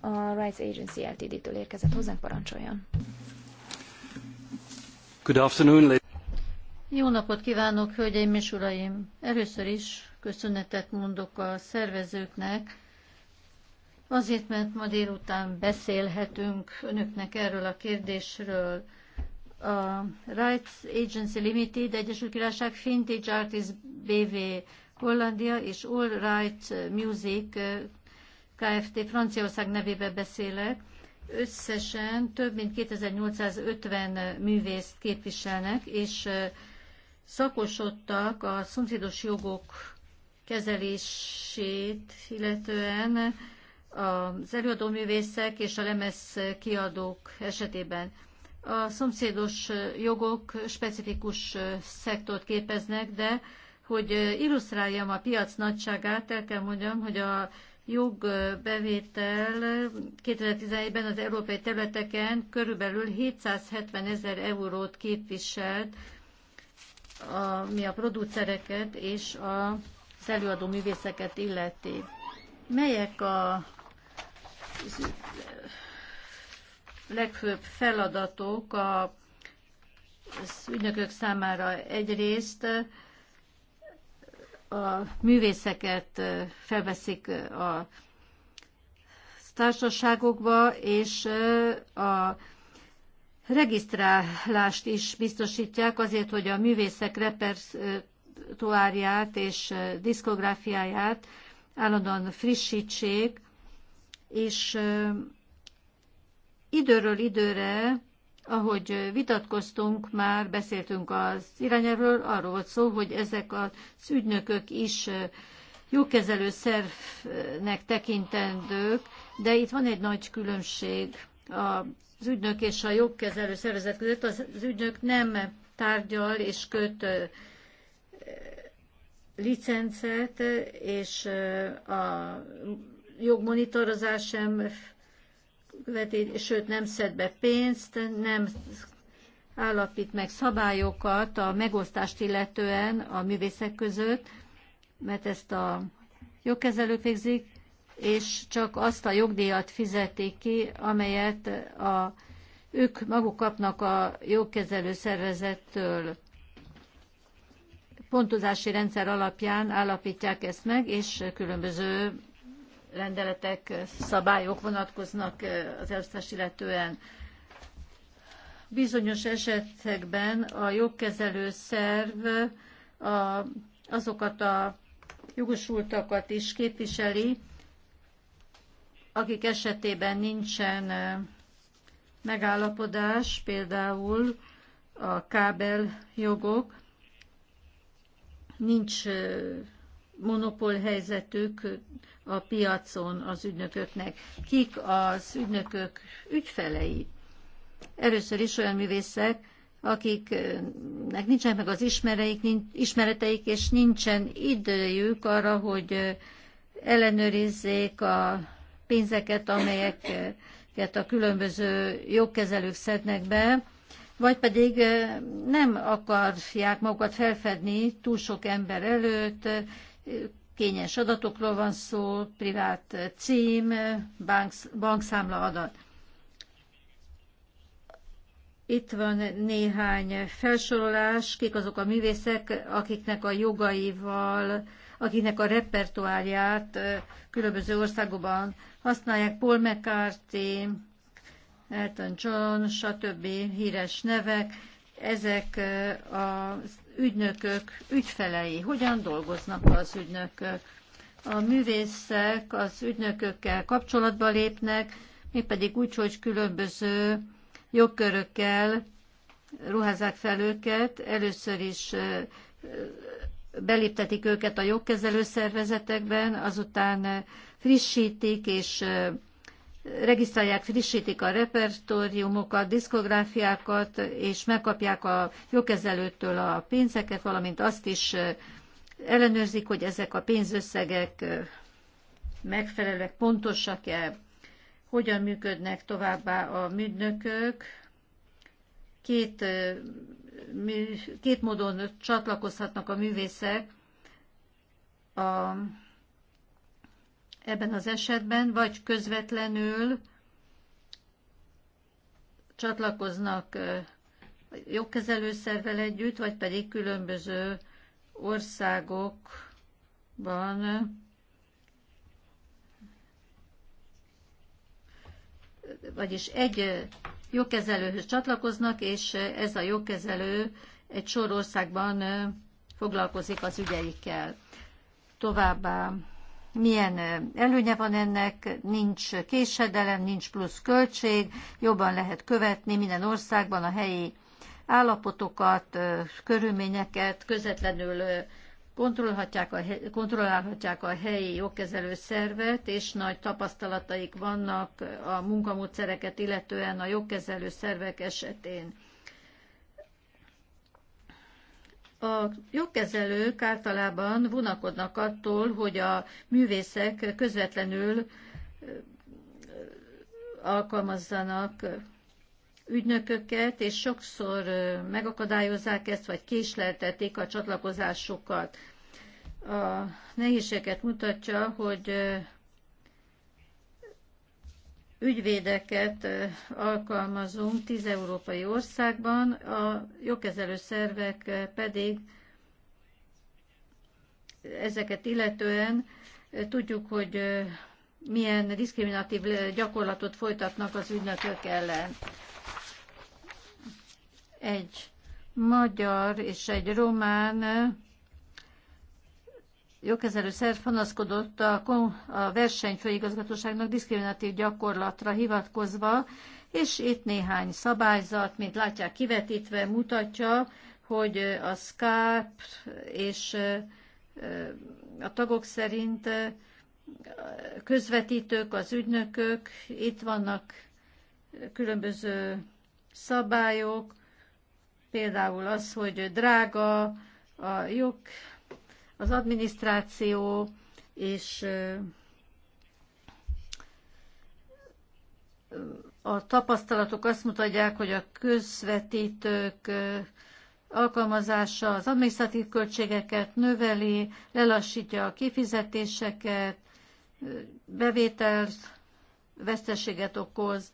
a Rights Agency Ltd-től érkezett hozzánk, parancsoljon. Good afternoon, Jó napot kívánok, hölgyeim és uraim! Először is köszönetet mondok a szervezőknek, Azért, mert ma délután beszélhetünk önöknek erről a kérdésről. A Rights Agency Limited, Egyesült Királyság Vintage Artist BV Hollandia és All Rights Music eh, Kft. Franciaország nevébe beszélek. Összesen több mint 2850 művészt képviselnek, és eh, szakosodtak a szomszédos jogok kezelését, illetően az előadó művészek és a lemez kiadók esetében. A szomszédos jogok specifikus szektort képeznek, de hogy illusztráljam a piac nagyságát, el kell mondjam, hogy a jogbevétel 2011 ben az európai területeken körülbelül 770 ezer eurót képviselt, ami a producereket és az előadó művészeket illeti. Melyek a legfőbb feladatok a ügynökök számára egyrészt a művészeket felveszik a társaságokba, és a regisztrálást is biztosítják azért, hogy a művészek repertoárját és diszkográfiáját állandóan frissítsék, és időről időre, ahogy vitatkoztunk, már beszéltünk az irányáról, arról volt szó, hogy ezek az ügynökök is jókezelő szervnek tekintendők, de itt van egy nagy különbség az ügynök és a jogkezelő szervezet között. Az ügynök nem tárgyal és köt licencet, és a jogmonitorozás sem követi, sőt nem szed be pénzt, nem állapít meg szabályokat a megosztást illetően a művészek között, mert ezt a jogkezelők végzik, és csak azt a jogdíjat fizetik ki, amelyet a, ők maguk kapnak a jogkezelő szervezettől. Pontozási rendszer alapján állapítják ezt meg, és különböző rendeletek, szabályok vonatkoznak eh, az elosztást illetően. Bizonyos esetekben a jogkezelő szerv a, azokat a jogosultakat is képviseli, akik esetében nincsen eh, megállapodás, például a kábel jogok, nincs eh, monopól helyzetük, a piacon az ügynököknek, kik az ügynökök ügyfelei. Először is olyan művészek, akiknek nincsenek meg az ismereik, ismereteik, és nincsen időjük arra, hogy ellenőrizzék a pénzeket, amelyeket a különböző jogkezelők szednek be, vagy pedig nem akarják magukat felfedni túl sok ember előtt, kényes adatokról van szó, privát cím, banksz, bankszámla adat. Itt van néhány felsorolás, kik azok a művészek, akiknek a jogaival, akiknek a repertoárját különböző országokban használják. Paul McCarthy, Elton John, stb. híres nevek. Ezek az ügynökök ügyfelei, hogyan dolgoznak az ügynökök. A művészek az ügynökökkel kapcsolatba lépnek, mi pedig úgy, hogy különböző jogkörökkel ruházák fel őket. Először is beléptetik őket a jogkezelő szervezetekben, azután frissítik és regisztrálják, frissítik a repertóriumokat, diszkográfiákat, és megkapják a jogkezelőtől a pénzeket, valamint azt is ellenőrzik, hogy ezek a pénzösszegek megfelelőek, pontosak-e, hogyan működnek továbbá a műnökök. Két, két módon csatlakozhatnak a művészek a ebben az esetben, vagy közvetlenül csatlakoznak jogkezelő szervel együtt, vagy pedig különböző országokban vagyis egy jogkezelőhöz csatlakoznak, és ez a jogkezelő egy sor országban foglalkozik az ügyeikkel. Továbbá milyen előnye van ennek, nincs késedelem, nincs plusz költség, jobban lehet követni minden országban a helyi állapotokat, körülményeket, közvetlenül kontrollhatják a, kontrollálhatják a helyi jogkezelő szervet, és nagy tapasztalataik vannak a munkamódszereket, illetően a jogkezelő szervek esetén. A jogkezelők általában vonakodnak attól, hogy a művészek közvetlenül alkalmazzanak ügynököket, és sokszor megakadályozzák ezt, vagy késleltetik a csatlakozásukat. A nehézséget mutatja, hogy ügyvédeket alkalmazunk tíz európai országban, a jogkezelő szervek pedig ezeket illetően tudjuk, hogy milyen diszkriminatív gyakorlatot folytatnak az ügynökök ellen. Egy magyar és egy román jogkezelő szerv panaszkodott a, a versenyfőigazgatóságnak diszkriminatív gyakorlatra hivatkozva, és itt néhány szabályzat, mint látják kivetítve, mutatja, hogy a SCAP és a tagok szerint közvetítők, az ügynökök, itt vannak különböző szabályok, például az, hogy drága a jog, az adminisztráció és a tapasztalatok azt mutatják, hogy a közvetítők alkalmazása az adminisztratív költségeket növeli, lelassítja a kifizetéseket, bevételt, veszteséget okoz,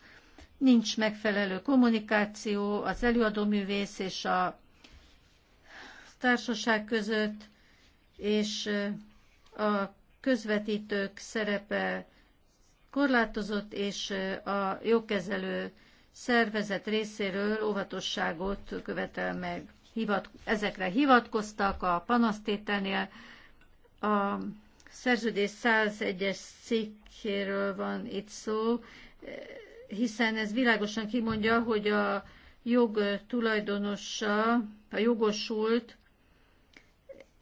nincs megfelelő kommunikáció az előadóművész és a társaság között, és a közvetítők szerepe korlátozott, és a jogkezelő szervezet részéről óvatosságot követel meg. Hivat, ezekre hivatkoztak a panasztételnél. A szerződés 101-es cikkéről van itt szó, hiszen ez világosan kimondja, hogy a jog tulajdonosa, a jogosult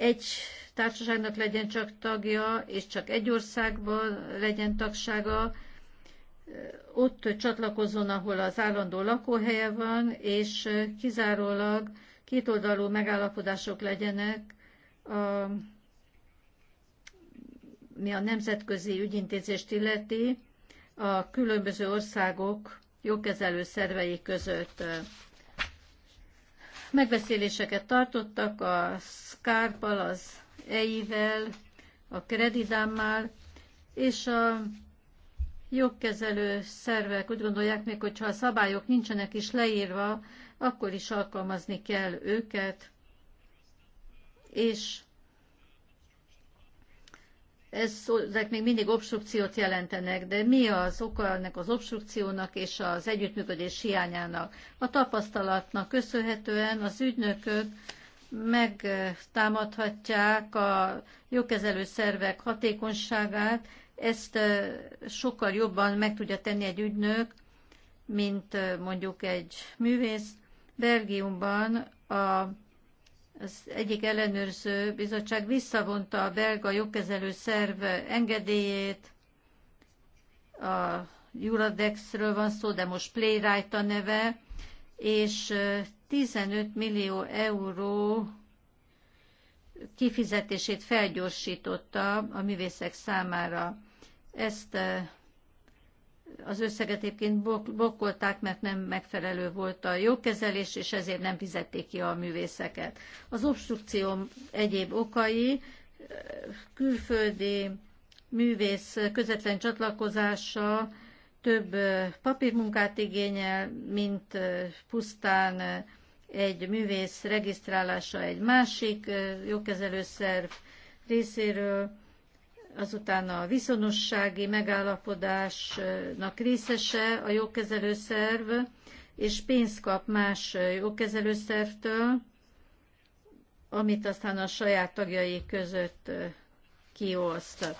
egy társaságnak legyen csak tagja, és csak egy országban legyen tagsága, ott csatlakozzon, ahol az állandó lakóhelye van, és kizárólag kétoldalú megállapodások legyenek a, mi a nemzetközi ügyintézést illeti a különböző országok jogkezelő szervei között. Megbeszéléseket tartottak a Skárpal, az EI-vel, a kredidámmal és a jogkezelő szervek úgy gondolják még, hogyha a szabályok nincsenek is leírva, akkor is alkalmazni kell őket, és ez, ezek még mindig obstrukciót jelentenek, de mi az oka ennek az obstrukciónak és az együttműködés hiányának? A tapasztalatnak köszönhetően az ügynökök megtámadhatják a jogkezelő szervek hatékonyságát, ezt sokkal jobban meg tudja tenni egy ügynök, mint mondjuk egy művész. Belgiumban a az egyik ellenőrző bizottság visszavonta a belga jogkezelő szerv engedélyét, a Juradexről van szó, de most Playwright a neve, és 15 millió euró kifizetését felgyorsította a művészek számára. Ezt az összeget egyébként bokkolták, mert nem megfelelő volt a jogkezelés, és ezért nem fizették ki a művészeket. Az obstrukció egyéb okai külföldi művész közvetlen csatlakozása több papírmunkát igényel, mint pusztán egy művész regisztrálása egy másik jogkezelőszerv részéről azután a viszonossági megállapodásnak részese a jogkezelőszerv, és pénzt kap más jogkezelőszervtől, amit aztán a saját tagjai között kioszt.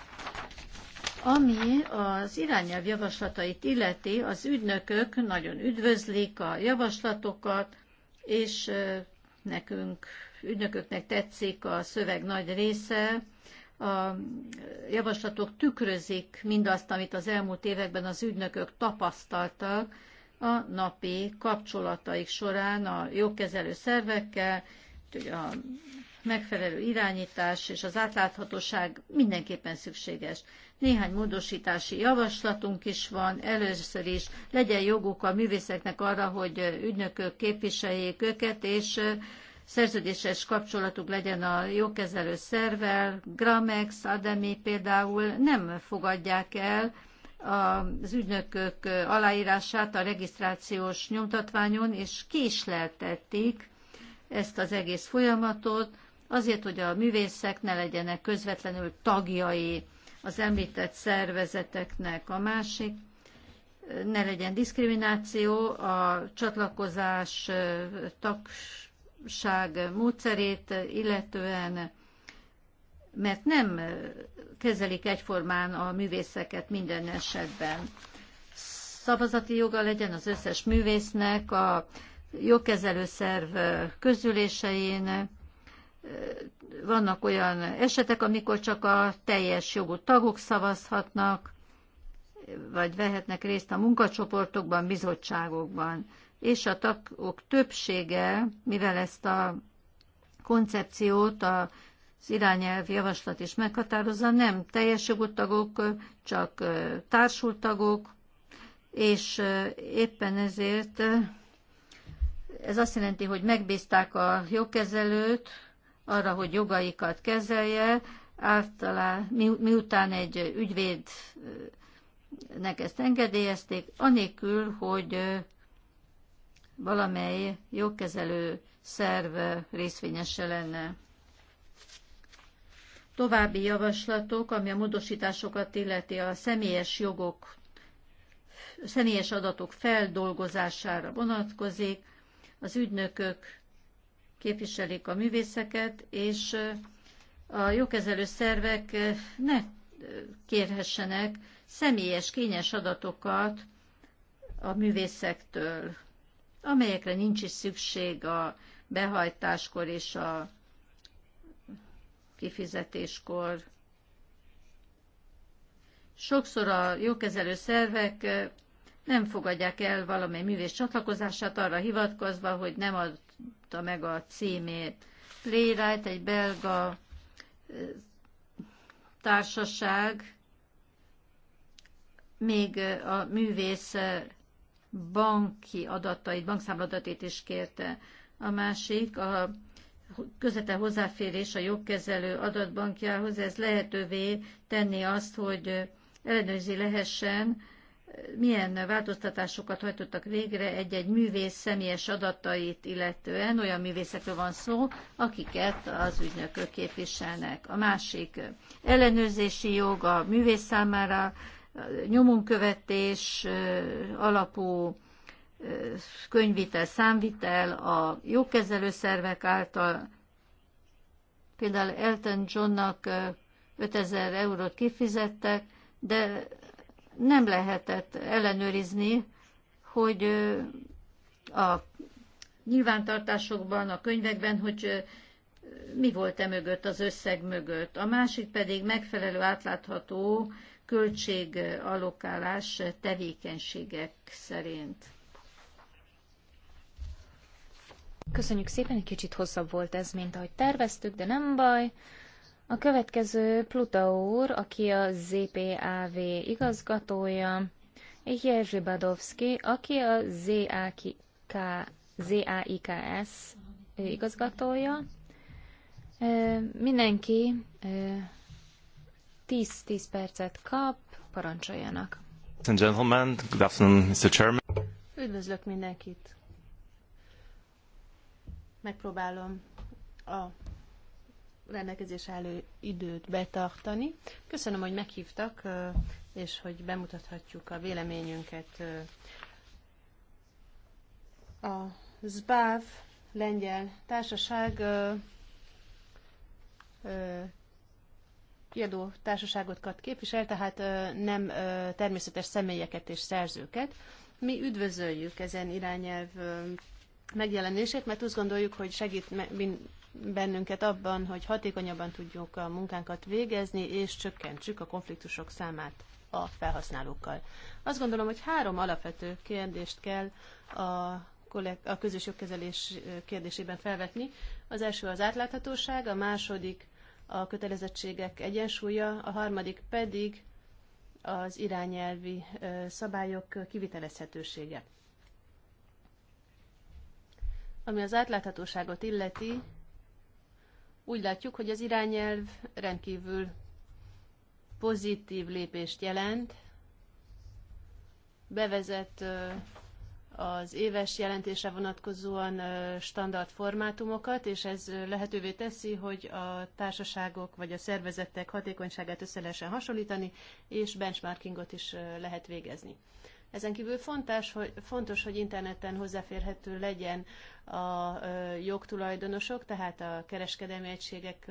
Ami az irányelv javaslatait illeti, az ügynökök nagyon üdvözlik a javaslatokat, és nekünk, ügynököknek tetszik a szöveg nagy része, a javaslatok tükrözik mindazt, amit az elmúlt években az ügynökök tapasztaltak a napi kapcsolataik során a jogkezelő szervekkel, a megfelelő irányítás és az átláthatóság mindenképpen szükséges. Néhány módosítási javaslatunk is van. Először is legyen joguk a művészeknek arra, hogy ügynökök képviseljék őket, és szerződéses kapcsolatuk legyen a jogkezelő szervvel, Gramex, Ademi például nem fogadják el az ügynökök aláírását a regisztrációs nyomtatványon, és késleltették ezt az egész folyamatot, azért, hogy a művészek ne legyenek közvetlenül tagjai az említett szervezeteknek. A másik ne legyen diszkrimináció a csatlakozás tag, bíróság módszerét illetően, mert nem kezelik egyformán a művészeket minden esetben. Szavazati joga legyen az összes művésznek, a jogkezelőszerv közülésein, vannak olyan esetek, amikor csak a teljes jogú tagok szavazhatnak, vagy vehetnek részt a munkacsoportokban, bizottságokban és a tagok többsége, mivel ezt a koncepciót az irányelv javaslat is meghatározza, nem teljes jogú tagok, csak társult tagok, és éppen ezért ez azt jelenti, hogy megbízták a jogkezelőt arra, hogy jogaikat kezelje, általá, miután egy ügyvédnek ezt engedélyezték, anélkül, hogy valamely jogkezelő szerv részvényese lenne. További javaslatok, ami a módosításokat illeti a személyes jogok, személyes adatok feldolgozására vonatkozik, az ügynökök képviselik a művészeket, és a jogkezelő szervek ne kérhessenek személyes kényes adatokat a művészektől amelyekre nincs is szükség a behajtáskor és a kifizetéskor. Sokszor a jókezelő szervek nem fogadják el valamely művész csatlakozását arra hivatkozva, hogy nem adta meg a címét. Playwright, egy belga társaság, még a művész banki adatait, bankszámladatét is kérte. A másik a közvetlen hozzáférés a jogkezelő adatbankjához, ez lehetővé tenni azt, hogy ellenőrizni lehessen, milyen változtatásokat hajtottak végre egy-egy művész személyes adatait illetően, olyan művészekről van szó, akiket az ügynökök képviselnek. A másik ellenőrzési jog a művész számára, nyomonkövetés alapú könyvitel, számvitel a jogkezelő szervek által. Például Elton Johnnak 5000 eurót kifizettek, de nem lehetett ellenőrizni, hogy a nyilvántartásokban, a könyvekben, hogy mi volt e mögött, az összeg mögött. A másik pedig megfelelő átlátható költségallokálás tevékenységek szerint. Köszönjük szépen, egy kicsit hosszabb volt ez, mint ahogy terveztük, de nem baj. A következő Pluta úr, aki a ZPAV igazgatója, és Jerzy Badowski, aki a ZAK, ZAIKS igazgatója. Mindenki 10-10 percet kap, parancsoljanak. Ladies and gentlemen, good afternoon, Mr. Chairman. Üdvözlök mindenkit. Megpróbálom a rendelkezés elő időt betartani. Köszönöm, hogy meghívtak, és hogy bemutathatjuk a véleményünket. A ZBÁV lengyel társaság kiadó társaságokat képvisel, tehát nem természetes személyeket és szerzőket. Mi üdvözöljük ezen irányelv megjelenését, mert úgy gondoljuk, hogy segít bennünket abban, hogy hatékonyabban tudjuk a munkánkat végezni, és csökkentsük a konfliktusok számát a felhasználókkal. Azt gondolom, hogy három alapvető kérdést kell a, a közös jogkezelés kérdésében felvetni. Az első az átláthatóság, a második a kötelezettségek egyensúlya, a harmadik pedig az irányelvi szabályok kivitelezhetősége. Ami az átláthatóságot illeti, úgy látjuk, hogy az irányelv rendkívül pozitív lépést jelent, bevezet az éves jelentésre vonatkozóan standard formátumokat, és ez lehetővé teszi, hogy a társaságok vagy a szervezetek hatékonyságát össze lehessen hasonlítani, és benchmarkingot is lehet végezni. Ezen kívül fontos, hogy, fontos, hogy interneten hozzáférhető legyen a jogtulajdonosok, tehát a kereskedelmi egységek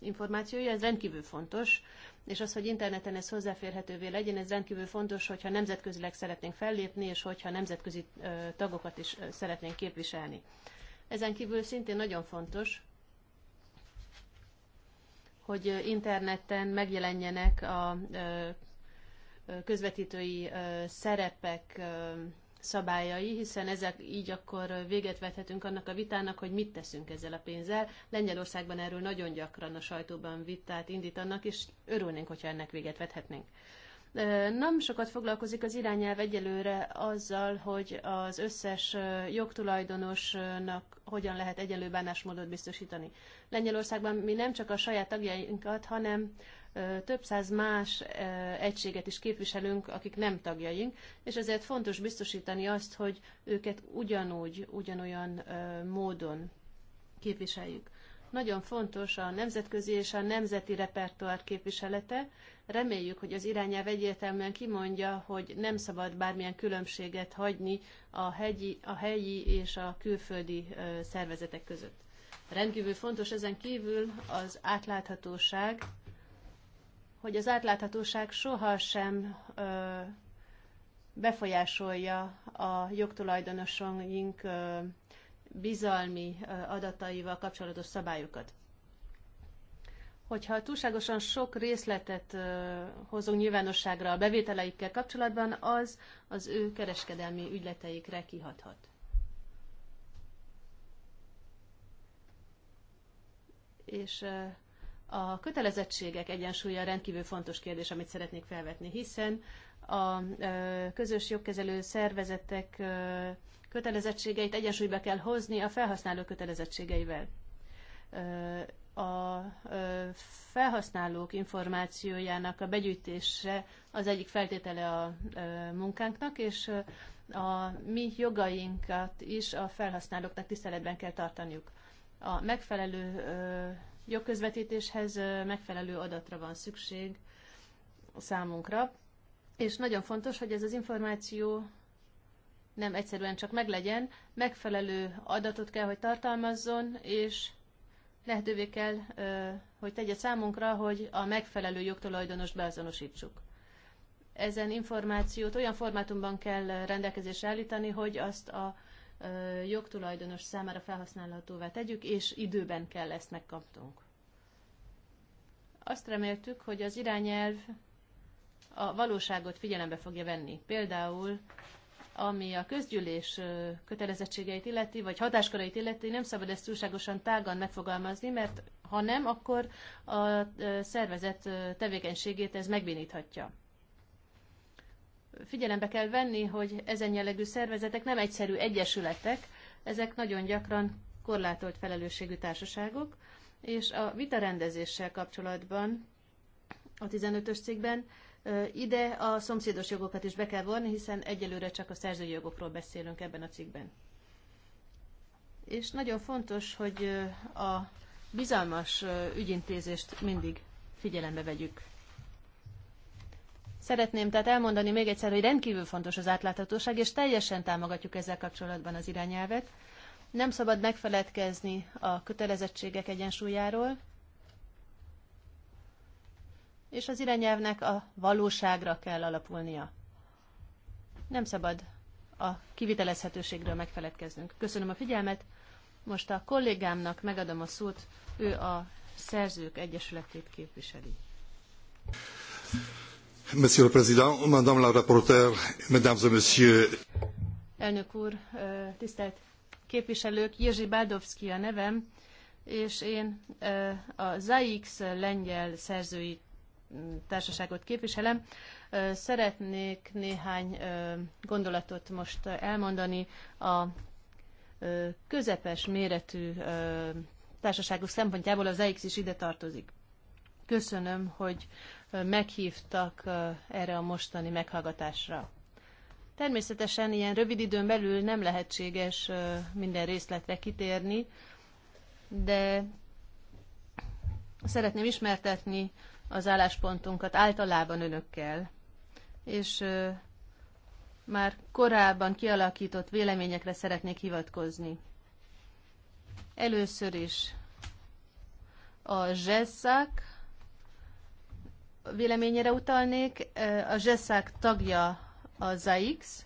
információja, ez rendkívül fontos, és az, hogy interneten ez hozzáférhetővé legyen, ez rendkívül fontos, hogyha nemzetközileg szeretnénk fellépni, és hogyha nemzetközi tagokat is szeretnénk képviselni. Ezen kívül szintén nagyon fontos, hogy interneten megjelenjenek a közvetítői szerepek szabályai, hiszen ezek így akkor véget vethetünk annak a vitának, hogy mit teszünk ezzel a pénzzel. Lengyelországban erről nagyon gyakran a sajtóban vitát indítanak, és örülnénk, hogyha ennek véget vethetnénk. Nem sokat foglalkozik az irányelv egyelőre azzal, hogy az összes jogtulajdonosnak hogyan lehet egyenlő bánásmódot biztosítani. Lengyelországban mi nem csak a saját tagjainkat, hanem több száz más egységet is képviselünk, akik nem tagjaink, és ezért fontos biztosítani azt, hogy őket ugyanúgy, ugyanolyan módon képviseljük. Nagyon fontos a nemzetközi és a nemzeti repertoár képviselete. Reméljük, hogy az irányelv egyértelműen kimondja, hogy nem szabad bármilyen különbséget hagyni a, hegyi, a helyi és a külföldi szervezetek között. Rendkívül fontos ezen kívül az átláthatóság, hogy az átláthatóság sohasem ö, befolyásolja a jogtulajdonosaink ö, bizalmi ö, adataival kapcsolatos szabályokat. Hogyha túlságosan sok részletet ö, hozunk nyilvánosságra a bevételeikkel kapcsolatban, az az ő kereskedelmi ügyleteikre kihathat. És ö, a kötelezettségek egyensúlya rendkívül fontos kérdés, amit szeretnék felvetni, hiszen a közös jogkezelő szervezetek kötelezettségeit egyensúlyba kell hozni a felhasználó kötelezettségeivel. A felhasználók információjának a begyűjtése az egyik feltétele a munkánknak, és a mi jogainkat is a felhasználóknak tiszteletben kell tartaniuk. A megfelelő jogközvetítéshez megfelelő adatra van szükség számunkra, és nagyon fontos, hogy ez az információ nem egyszerűen csak meglegyen, megfelelő adatot kell, hogy tartalmazzon, és lehetővé kell, hogy tegye számunkra, hogy a megfelelő jogtulajdonost beazonosítsuk. Ezen információt olyan formátumban kell rendelkezésre állítani, hogy azt a jogtulajdonos számára felhasználhatóvá tegyük, és időben kell ezt megkaptunk. Azt reméltük, hogy az irányelv a valóságot figyelembe fogja venni. Például, ami a közgyűlés kötelezettségeit illeti, vagy hatásköreit illeti, nem szabad ezt túlságosan tágan megfogalmazni, mert ha nem, akkor a szervezet tevékenységét ez megbéníthatja figyelembe kell venni, hogy ezen jellegű szervezetek nem egyszerű egyesületek, ezek nagyon gyakran korlátolt felelősségű társaságok, és a vitarendezéssel kapcsolatban a 15-ös cikkben ide a szomszédos jogokat is be kell vonni, hiszen egyelőre csak a szerzői jogokról beszélünk ebben a cikkben. És nagyon fontos, hogy a bizalmas ügyintézést mindig figyelembe vegyük. Szeretném tehát elmondani még egyszer, hogy rendkívül fontos az átláthatóság, és teljesen támogatjuk ezzel kapcsolatban az irányelvet. Nem szabad megfeledkezni a kötelezettségek egyensúlyáról, és az irányelvnek a valóságra kell alapulnia. Nem szabad a kivitelezhetőségről megfeledkeznünk. Köszönöm a figyelmet. Most a kollégámnak megadom a szót, ő a Szerzők Egyesületét képviseli. Monsieur le Président, Madame la Rapporteur, Mesdames et Messieurs. Elnök úr, tisztelt képviselők, Jerzy Bádowski a nevem, és én a ZAIX lengyel szerzői társaságot képviselem. Szeretnék néhány gondolatot most elmondani a közepes méretű társaságok szempontjából az EIX is ide tartozik. Köszönöm, hogy meghívtak erre a mostani meghallgatásra. Természetesen ilyen rövid időn belül nem lehetséges minden részletre kitérni, de szeretném ismertetni az álláspontunkat általában önökkel, és már korábban kialakított véleményekre szeretnék hivatkozni. Először is a zsesszák, véleményére utalnék. A Zseszák tagja a ZAIX.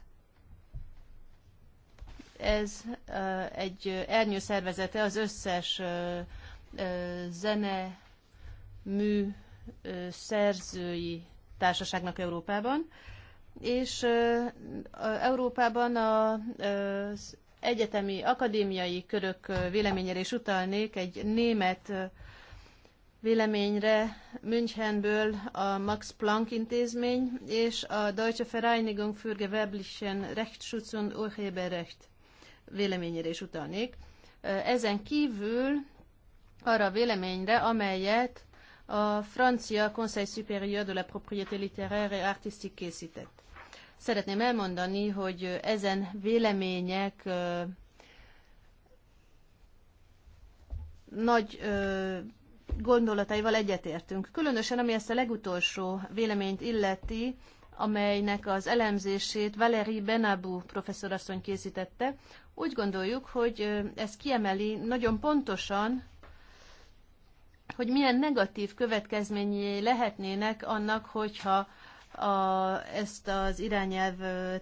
Ez egy ernyő szervezete az összes zene, mű szerzői társaságnak Európában, és Európában az egyetemi, akadémiai körök véleményére is utalnék, egy német véleményre Münchenből a Max Planck intézmény és a Deutsche Vereinigung für gewerblichen Rechtsschutz und Urheberrecht véleményére is utalnék. Ezen kívül arra a véleményre, amelyet a francia Conseil supérieur de la propriété littéraire et artistique készített. Szeretném elmondani, hogy ezen vélemények nagy gondolataival egyetértünk. Különösen, ami ezt a legutolsó véleményt illeti, amelynek az elemzését Valérie Benabou professzorasszony készítette. Úgy gondoljuk, hogy ez kiemeli nagyon pontosan, hogy milyen negatív következményei lehetnének annak, hogyha a, ezt az irányelv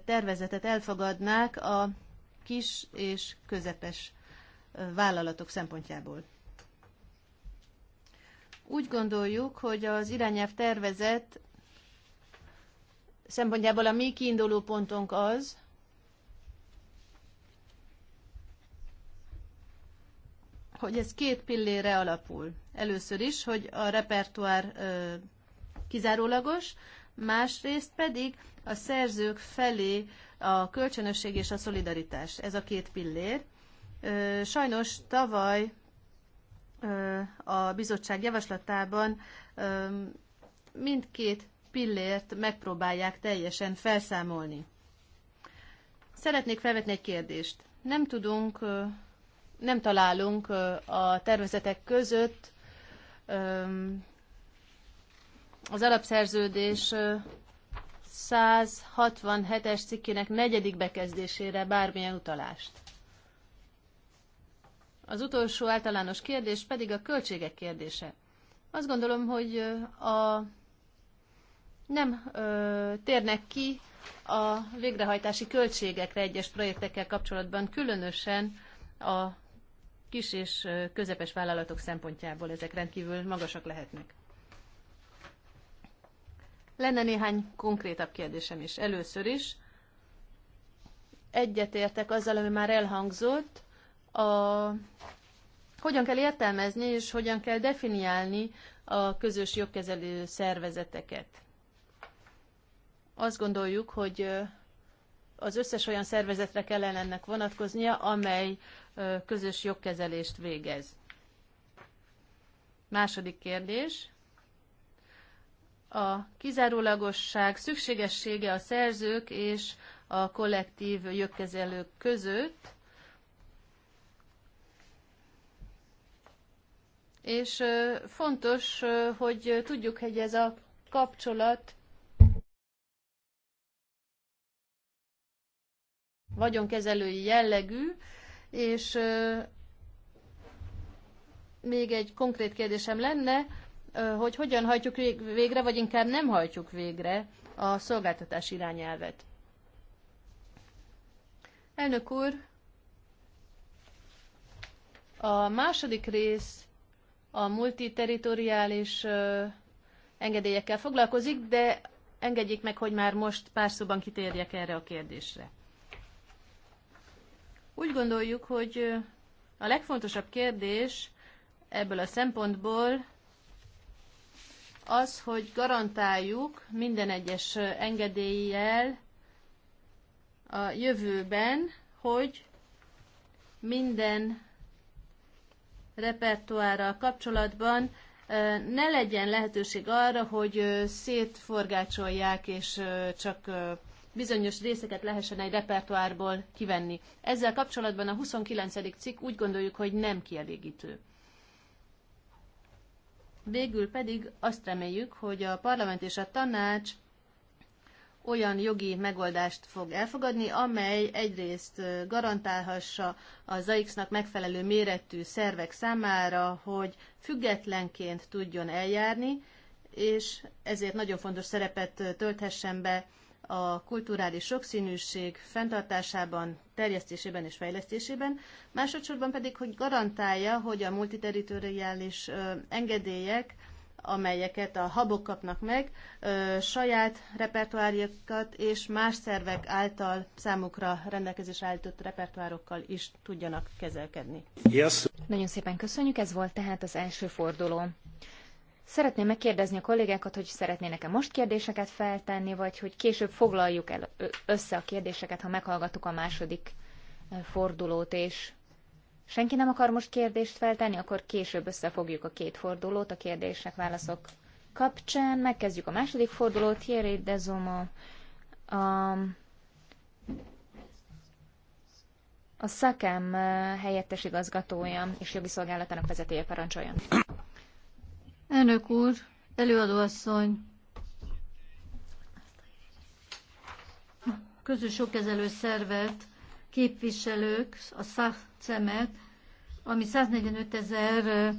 tervezetet elfogadnák a kis és közepes vállalatok szempontjából. Úgy gondoljuk, hogy az irányelv tervezet szempontjából a mi kiinduló pontunk az, hogy ez két pillére alapul. Először is, hogy a repertoár kizárólagos, másrészt pedig a szerzők felé a kölcsönösség és a szolidaritás. Ez a két pillér. sajnos tavaly a bizottság javaslatában mindkét pillért megpróbálják teljesen felszámolni. Szeretnék felvetni egy kérdést. Nem tudunk, nem találunk a tervezetek között az alapszerződés 167-es cikkének negyedik bekezdésére bármilyen utalást. Az utolsó általános kérdés pedig a költségek kérdése. Azt gondolom, hogy a nem ö, térnek ki a végrehajtási költségekre egyes projektekkel kapcsolatban, különösen a kis és közepes vállalatok szempontjából ezek rendkívül magasak lehetnek. Lenne néhány konkrétabb kérdésem is. Először is egyetértek azzal, ami már elhangzott, a, hogyan kell értelmezni és hogyan kell definiálni a közös jogkezelő szervezeteket. Azt gondoljuk, hogy az összes olyan szervezetre kellene ennek vonatkoznia, amely közös jogkezelést végez. Második kérdés. A kizárólagosság szükségessége a szerzők és a kollektív jogkezelők között és fontos, hogy tudjuk, hogy ez a kapcsolat vagyonkezelői jellegű, és még egy konkrét kérdésem lenne, hogy hogyan hajtjuk végre, vagy inkább nem hajtjuk végre a szolgáltatás irányelvet. Elnök úr, a második rész a multiterritoriális engedélyekkel foglalkozik, de engedjék meg, hogy már most pár szóban kitérjek erre a kérdésre. Úgy gondoljuk, hogy a legfontosabb kérdés ebből a szempontból az, hogy garantáljuk minden egyes engedéllyel a jövőben, hogy minden repertoárral kapcsolatban ne legyen lehetőség arra, hogy szétforgácsolják, és csak bizonyos részeket lehessen egy repertoárból kivenni. Ezzel kapcsolatban a 29. cikk úgy gondoljuk, hogy nem kielégítő. Végül pedig azt reméljük, hogy a parlament és a tanács olyan jogi megoldást fog elfogadni, amely egyrészt garantálhassa a AX-nak megfelelő méretű szervek számára, hogy függetlenként tudjon eljárni, és ezért nagyon fontos szerepet tölthessen be a kulturális sokszínűség fenntartásában, terjesztésében és fejlesztésében, másodszorban pedig, hogy garantálja, hogy a multiterritoriális engedélyek amelyeket a habok kapnak meg, saját repertoárjukat és más szervek által számukra rendelkezésre állított repertoárokkal is tudjanak kezelkedni. Yes. Nagyon szépen köszönjük, ez volt tehát az első forduló. Szeretném megkérdezni a kollégákat, hogy szeretnének-e most kérdéseket feltenni, vagy hogy később foglaljuk el össze a kérdéseket, ha meghallgattuk a második fordulót, és senki nem akar most kérdést feltenni, akkor később összefogjuk a két fordulót, a kérdések, válaszok kapcsán. Megkezdjük a második fordulót, Thierry Dezoma a, a szakem eh, helyettes igazgatója és jogi szolgálatának vezetője parancsoljon. Elnök úr, előadóasszony, közös kezelő szervet képviselők a SZACEMET, ami 145 ezer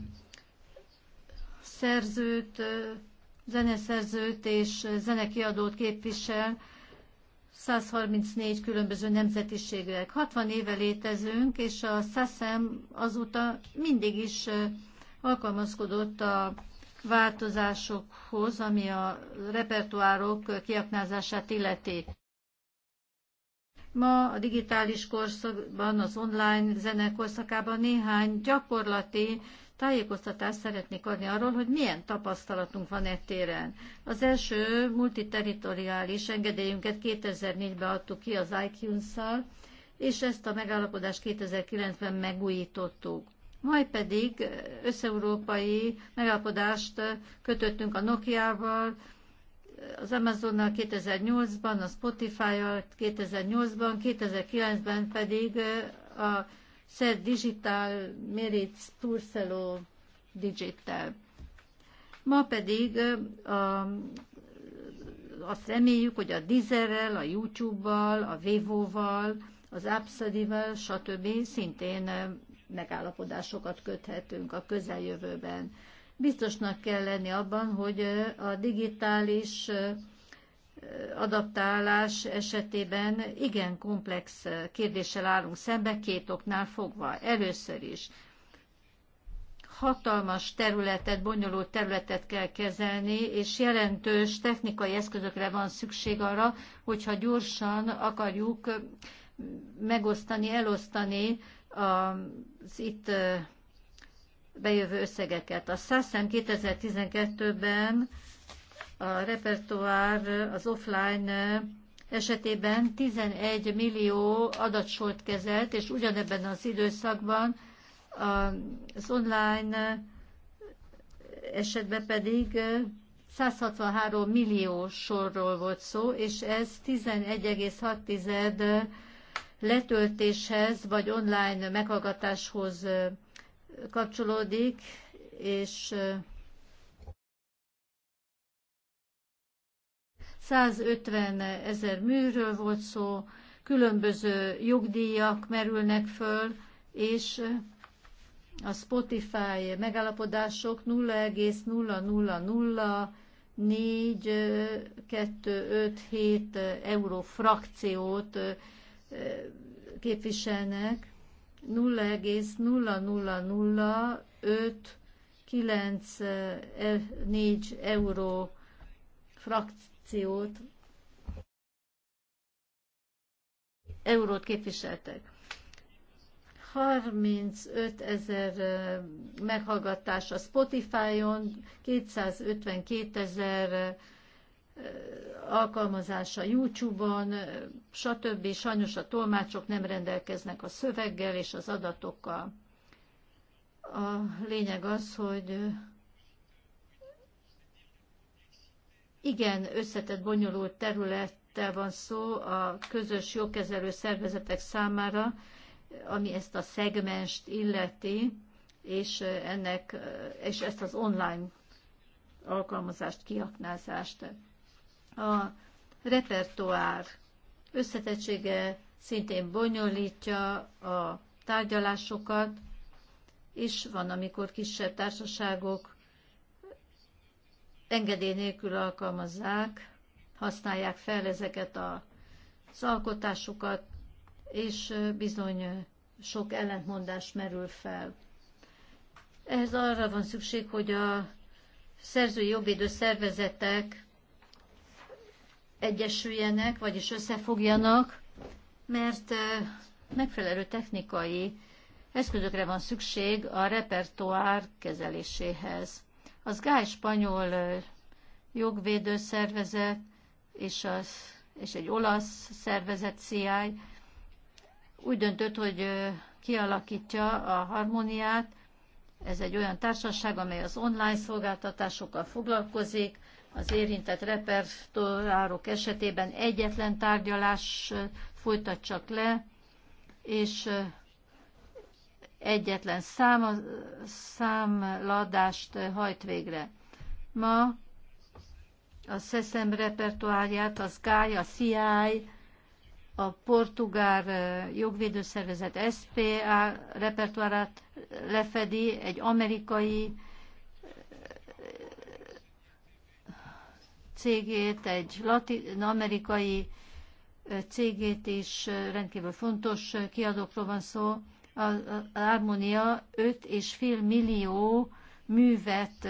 szerzőt, zeneszerzőt és zenekiadót képvisel, 134 különböző nemzetiségűek. 60 éve létezünk, és a SASZEM azóta mindig is alkalmazkodott a változásokhoz, ami a repertoárok kiaknázását illeti. Ma a digitális korszakban, az online zenekorszakában néhány gyakorlati tájékoztatást szeretnék adni arról, hogy milyen tapasztalatunk van e téren. Az első multiterritoriális engedélyünket 2004-ben adtuk ki az iTunes-szal, és ezt a megállapodást 2009-ben megújítottuk. Majd pedig összeurópai megállapodást kötöttünk a Nokia-val, az Amazonnal 2008-ban, a Spotify-al 2008-ban, 2009-ben pedig a Ser Digital Merit Turcelo Digital. Ma pedig a, azt reméljük, hogy a Dizerrel, a YouTube-bal, a vivo val az Absadival, stb. szintén megállapodásokat köthetünk a közeljövőben biztosnak kell lenni abban, hogy a digitális adaptálás esetében igen komplex kérdéssel állunk szembe, két oknál fogva. Először is hatalmas területet, bonyolult területet kell kezelni, és jelentős technikai eszközökre van szükség arra, hogyha gyorsan akarjuk megosztani, elosztani az itt bejövő összegeket. A SASZEM 2012-ben a repertoár az offline esetében 11 millió adatsort kezelt, és ugyanebben az időszakban az online esetben pedig 163 millió sorról volt szó, és ez 11,6 letöltéshez vagy online meghallgatáshoz kapcsolódik, és 150 ezer műről volt szó, különböző jogdíjak merülnek föl, és a Spotify megállapodások 0,0004257 euró frakciót képviselnek, 0,00594 eh, euró frakciót eurót képviseltek. 35 ezer eh, meghallgatás a Spotify-on, 252 ezer eh, alkalmazása YouTube-on, stb. Sajnos a tolmácsok nem rendelkeznek a szöveggel és az adatokkal. A lényeg az, hogy igen, összetett, bonyolult területtel van szó a közös jogkezelő szervezetek számára, ami ezt a szegmenst illeti, és, ennek, és ezt az online alkalmazást, kiaknázást. A repertoár összetettsége szintén bonyolítja a tárgyalásokat, és van, amikor kisebb társaságok engedély nélkül alkalmazzák, használják fel ezeket az alkotásokat, és bizony sok ellentmondás merül fel. Ehhez arra van szükség, hogy a szerzői jogvédő szervezetek egyesüljenek, vagyis összefogjanak, mert megfelelő technikai eszközökre van szükség a repertoár kezeléséhez. Az Gály spanyol jogvédő szervezet és, az, és egy olasz szervezet CI úgy döntött, hogy kialakítja a harmóniát. Ez egy olyan társaság, amely az online szolgáltatásokkal foglalkozik, az érintett repertoárok esetében egyetlen tárgyalás folytatsak csak le, és egyetlen szám, számladást hajt végre. Ma a SESZEM repertoárját, az GÁJ, a CI, a portugál jogvédőszervezet SPA repertoárát lefedi, egy amerikai cégét, egy latin-amerikai cégét is, rendkívül fontos kiadókról van szó. A Harmonia 5,5 millió művet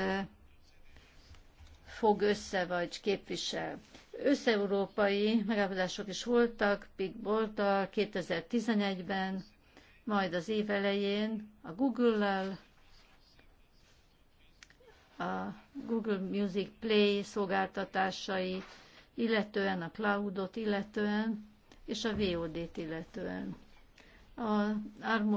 fog össze, vagy képvisel. Összeurópai megállapodások is voltak, Big Bolttal 2011-ben, majd az év elején a Google-lel, a Google Music Play szolgáltatásai, illetően a cloudot, illetően és a VOD-t illetően. A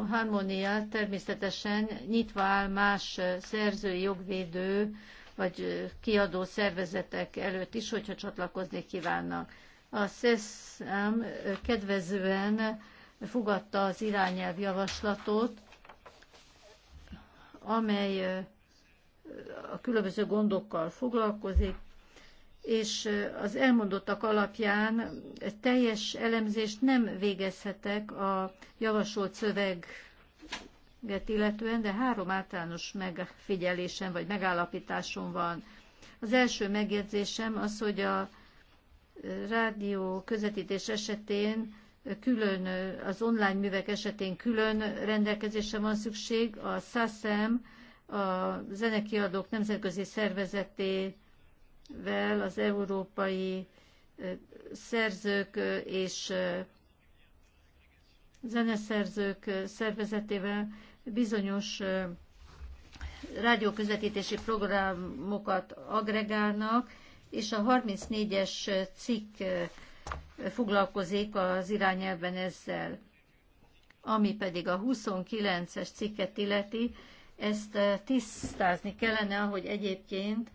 harmónia természetesen nyitva áll más szerzői jogvédő vagy kiadó szervezetek előtt is, hogyha csatlakozni kívánnak. A SESAM kedvezően fogadta az irányelv javaslatot, amely a különböző gondokkal foglalkozik, és az elmondottak alapján egy teljes elemzést nem végezhetek a javasolt szöveget illetően, de három általános megfigyelésem vagy megállapításom van. Az első megjegyzésem az, hogy a rádió közvetítés esetén külön, az online művek esetén külön rendelkezésre van szükség, a SASEM a zenekiadók nemzetközi szervezetével, az európai szerzők és zeneszerzők szervezetével bizonyos rádióközvetítési programokat agregálnak, és a 34-es cikk foglalkozik az irányelven ezzel. Ami pedig a 29-es cikket illeti, ezt eh, tisztázni kellene, ahogy egyébként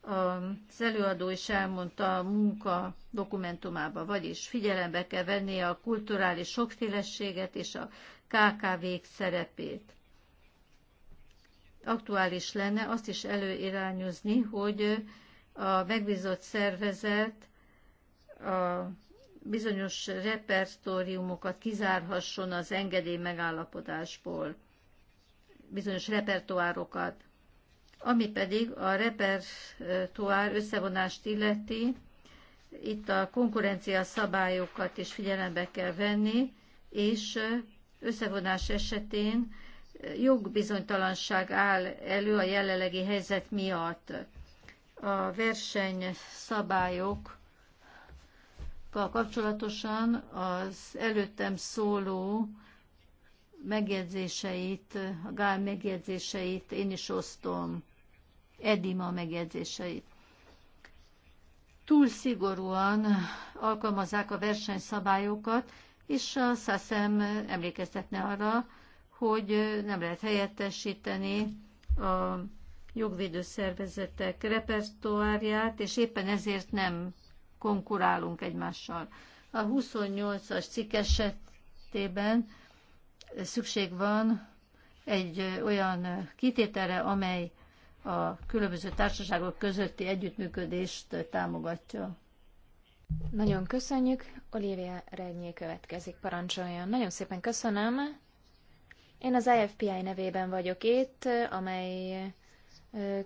az előadó is elmondta a munka dokumentumába, vagyis figyelembe kell vennie a kulturális sokféleséget és a kkv szerepét. Aktuális lenne azt is előirányozni, hogy a megbízott szervezet a bizonyos repertóriumokat kizárhasson az engedély megállapodásból bizonyos repertoárokat. Ami pedig a repertoár összevonást illeti, itt a konkurencia szabályokat is figyelembe kell venni, és összevonás esetén jogbizonytalanság áll elő a jelenlegi helyzet miatt. A versenyszabályokkal kapcsolatosan az előttem szóló megjegyzéseit, a Gál megjegyzéseit, én is osztom Edima megjegyzéseit. Túl szigorúan alkalmazzák a versenyszabályokat, és a SASZEM emlékeztetne arra, hogy nem lehet helyettesíteni a jogvédő szervezetek repertoárját, és éppen ezért nem konkurálunk egymással. A 28-as cikk esetében szükség van egy olyan kitételre, amely a különböző társaságok közötti együttműködést támogatja. Nagyon köszönjük. Olivia Rednyé következik, parancsoljon. Nagyon szépen köszönöm. Én az IFPI nevében vagyok itt, amely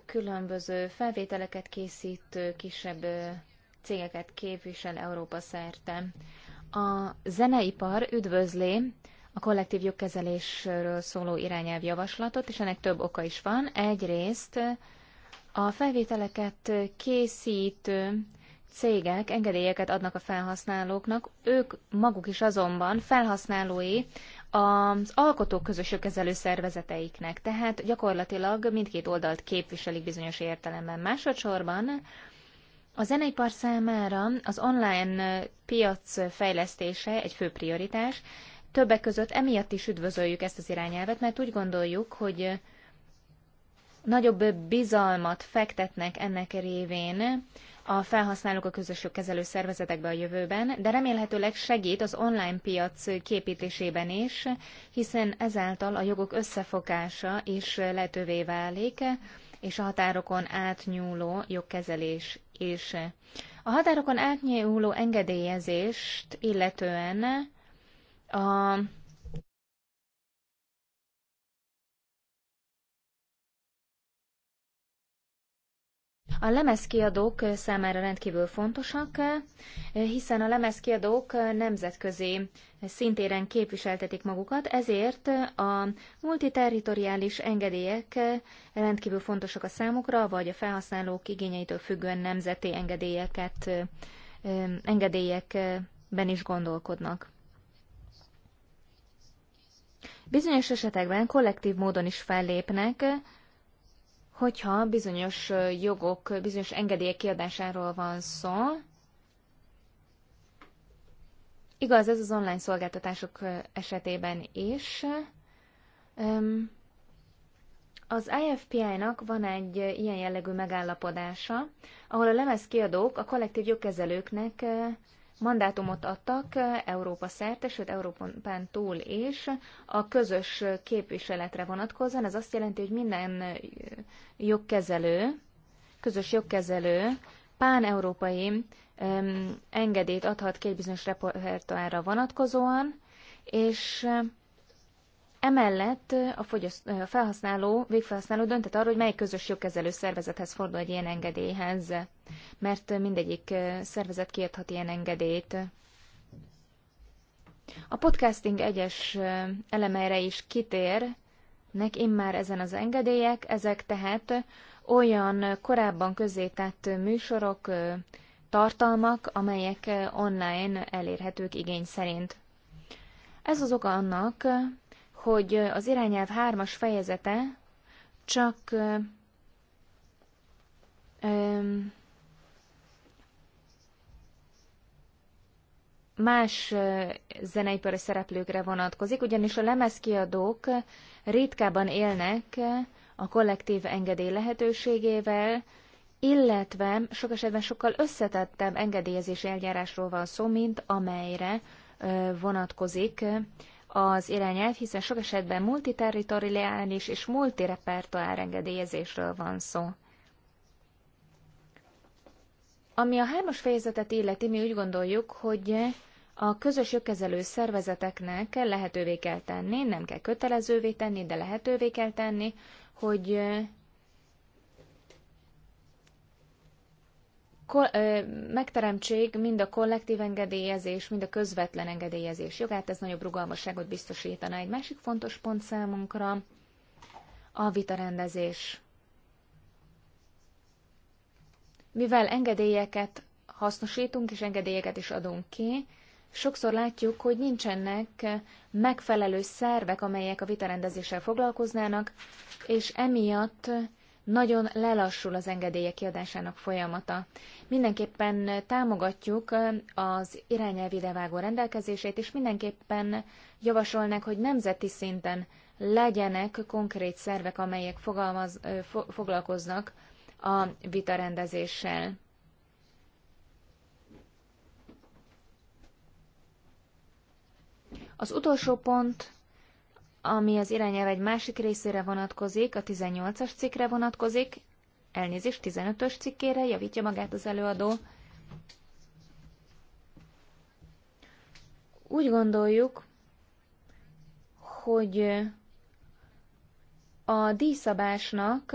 különböző felvételeket készít, kisebb cégeket képvisel Európa szerte. A zeneipar üdvözli a kollektív jogkezelésről szóló irányelv javaslatot, és ennek több oka is van. Egyrészt a felvételeket készítő cégek engedélyeket adnak a felhasználóknak, ők maguk is azonban felhasználói az alkotók közös kezelő szervezeteiknek, tehát gyakorlatilag mindkét oldalt képviselik bizonyos értelemben. Másodszorban a zeneipar számára az online piac fejlesztése egy fő prioritás, Többek között emiatt is üdvözöljük ezt az irányelvet, mert úgy gondoljuk, hogy nagyobb bizalmat fektetnek ennek révén a felhasználók a közösség kezelő szervezetekbe a jövőben, de remélhetőleg segít az online piac képítésében is, hiszen ezáltal a jogok összefogása is lehetővé válik, és a határokon átnyúló jogkezelés is. A határokon átnyúló engedélyezést illetően a A lemezkiadók számára rendkívül fontosak, hiszen a lemezkiadók nemzetközi szintéren képviseltetik magukat, ezért a multiterritoriális engedélyek rendkívül fontosak a számukra, vagy a felhasználók igényeitől függően nemzeti engedélyeket, engedélyekben is gondolkodnak. Bizonyos esetekben kollektív módon is fellépnek, hogyha bizonyos jogok, bizonyos engedélyek kiadásáról van szó. Igaz, ez az online szolgáltatások esetében is. Az IFPI-nak van egy ilyen jellegű megállapodása, ahol a lemezkiadók a kollektív jogkezelőknek mandátumot adtak eh, Európa szerte, sőt Európán túl is, a közös képviseletre vonatkozóan. Ez azt jelenti, hogy minden eh, jogkezelő, közös jogkezelő pán-európai engedélyt adhat két bizonyos repertoárra vonatkozóan, és Emellett a, fogyaszt, a felhasználó, végfelhasználó döntet arról, hogy mely közös jogkezelő szervezethez fordul egy ilyen engedélyhez, mert mindegyik szervezet kiadhat ilyen engedélyt. A podcasting egyes elemeire is kitér, nek immár ezen az engedélyek, ezek tehát olyan korábban közzétett műsorok, tartalmak, amelyek online elérhetők igény szerint. Ez az oka annak, hogy az irányelv hármas fejezete csak más zeneipari szereplőkre vonatkozik, ugyanis a lemezkiadók ritkában élnek a kollektív engedély lehetőségével, illetve sok esetben sokkal összetettebb engedélyezési eljárásról van szó, mint amelyre vonatkozik az irányelv, hiszen sok esetben multiterritoriális és multirepertoár engedélyezésről van szó. Ami a hármas fejezetet illeti, mi úgy gondoljuk, hogy a közös jogkezelő szervezeteknek lehetővé kell tenni, nem kell kötelezővé tenni, de lehetővé kell tenni, hogy megteremtsék mind a kollektív engedélyezés, mind a közvetlen engedélyezés jogát, ez nagyobb rugalmasságot biztosítana. Egy másik fontos pont számunkra a vitarendezés. Mivel engedélyeket hasznosítunk és engedélyeket is adunk ki, sokszor látjuk, hogy nincsenek megfelelő szervek, amelyek a vitarendezéssel foglalkoznának, és emiatt nagyon lelassul az engedélyek kiadásának folyamata. Mindenképpen támogatjuk az irányelv idevágó rendelkezését, és mindenképpen javasolnak, hogy nemzeti szinten legyenek konkrét szervek, amelyek fogalmaz, fo- foglalkoznak a vitarendezéssel. Az utolsó pont ami az irányelv egy másik részére vonatkozik, a 18-as cikkre vonatkozik, elnézést, 15-ös cikkére, javítja magát az előadó. Úgy gondoljuk, hogy a díjszabásnak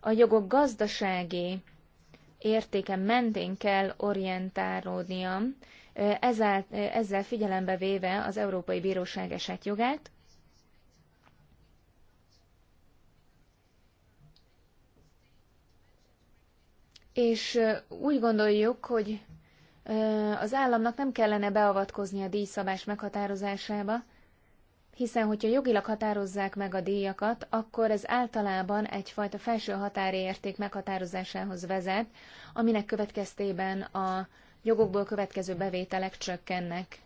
a jogok gazdasági értéke mentén kell orientálódnia, ezzel, ezzel figyelembe véve az Európai Bíróság esetjogát, és úgy gondoljuk, hogy az államnak nem kellene beavatkozni a díjszabás meghatározásába, hiszen hogyha jogilag határozzák meg a díjakat, akkor ez általában egyfajta felső határérték meghatározásához vezet, aminek következtében a jogokból következő bevételek csökkennek.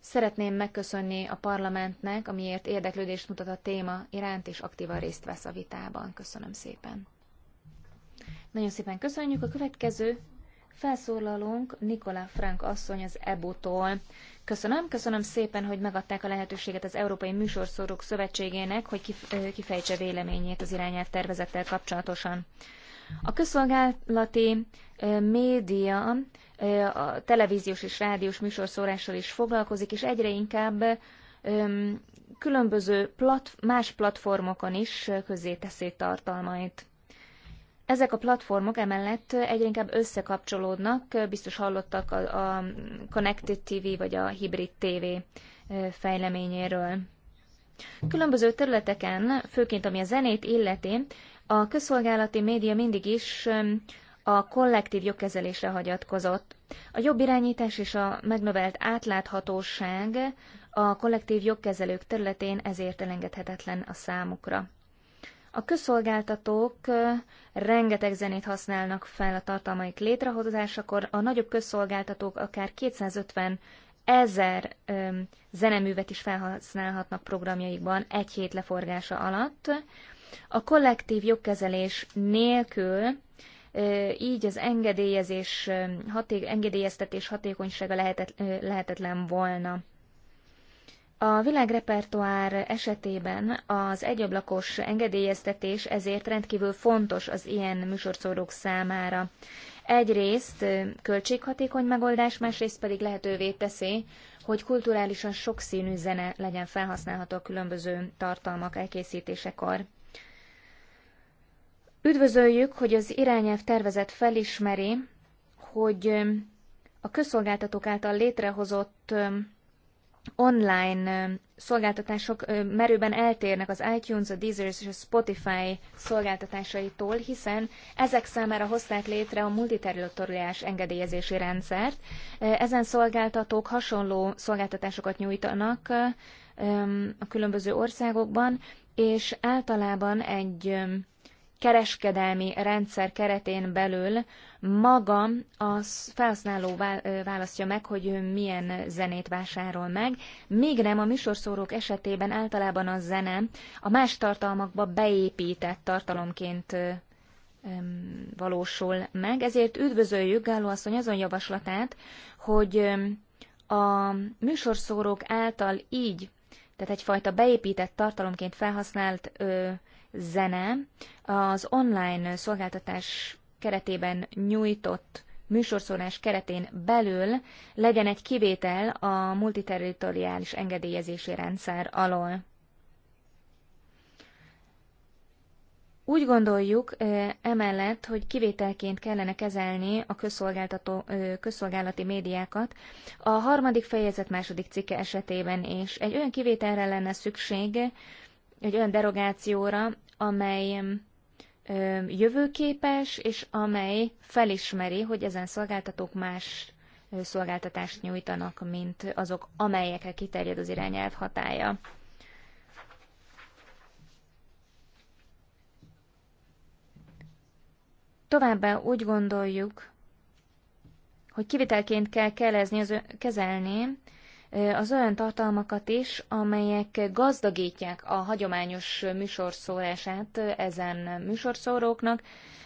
Szeretném megköszönni a parlamentnek, amiért érdeklődést mutat a téma iránt, és aktívan részt vesz a vitában. Köszönöm szépen. Nagyon szépen köszönjük. A következő felszólalónk Nikola Frank asszony az ebo tól Köszönöm, köszönöm szépen, hogy megadták a lehetőséget az Európai Műsorszórók Szövetségének, hogy kifejtse véleményét az irányelv tervezettel kapcsolatosan. A közszolgálati média a televíziós és rádiós műsorszórással is foglalkozik, és egyre inkább különböző plat, más platformokon is közzéteszi tartalmait. Ezek a platformok emellett egyre inkább összekapcsolódnak, biztos hallottak a, a Connected TV vagy a Hybrid TV fejleményéről. Különböző területeken, főként ami a zenét illeti, a közszolgálati média mindig is a kollektív jogkezelésre hagyatkozott. A jobb irányítás és a megnövelt átláthatóság a kollektív jogkezelők területén ezért elengedhetetlen a számukra. A közszolgáltatók rengeteg zenét használnak fel a tartalmaik létrehozásakor, a nagyobb közszolgáltatók akár 250 ezer zeneművet is felhasználhatnak programjaikban egy hét leforgása alatt. A kollektív jogkezelés nélkül így az engedélyezés, haték, engedélyeztetés hatékonysága lehetet, lehetetlen volna. A világrepertoár esetében az egyablakos engedélyeztetés ezért rendkívül fontos az ilyen műsorszórók számára. Egyrészt költséghatékony megoldás, másrészt pedig lehetővé teszi, hogy kulturálisan sokszínű zene legyen felhasználható a különböző tartalmak elkészítésekor. Üdvözöljük, hogy az irányelv tervezet felismeri, hogy a közszolgáltatók által létrehozott online szolgáltatások merőben eltérnek az iTunes, a Deezer és a Spotify szolgáltatásaitól, hiszen ezek számára hozták létre a multiterritoriás engedélyezési rendszert. Ezen szolgáltatók hasonló szolgáltatásokat nyújtanak a különböző országokban, és általában egy kereskedelmi rendszer keretén belül maga a felhasználó választja meg, hogy milyen zenét vásárol meg, még nem a műsorszórók esetében általában a zene a más tartalmakba beépített tartalomként valósul meg, ezért üdvözöljük Gáló asszony azon javaslatát, hogy a műsorszórók által így, tehát egyfajta beépített tartalomként felhasznált zene az online szolgáltatás keretében nyújtott műsorszólás keretén belül legyen egy kivétel a multiterritoriális engedélyezési rendszer alól. Úgy gondoljuk emellett, hogy kivételként kellene kezelni a közszolgáltató, közszolgálati médiákat a harmadik fejezet második cikke esetében, és egy olyan kivételre lenne szükség, egy olyan derogációra, amely jövőképes, és amely felismeri, hogy ezen szolgáltatók más szolgáltatást nyújtanak, mint azok, amelyekre kiterjed az irányelv hatája. Továbbá úgy gondoljuk, hogy kivitelként kell kezelni az olyan tartalmakat is, amelyek gazdagítják a hagyományos műsorszórását ezen műsorszóróknak,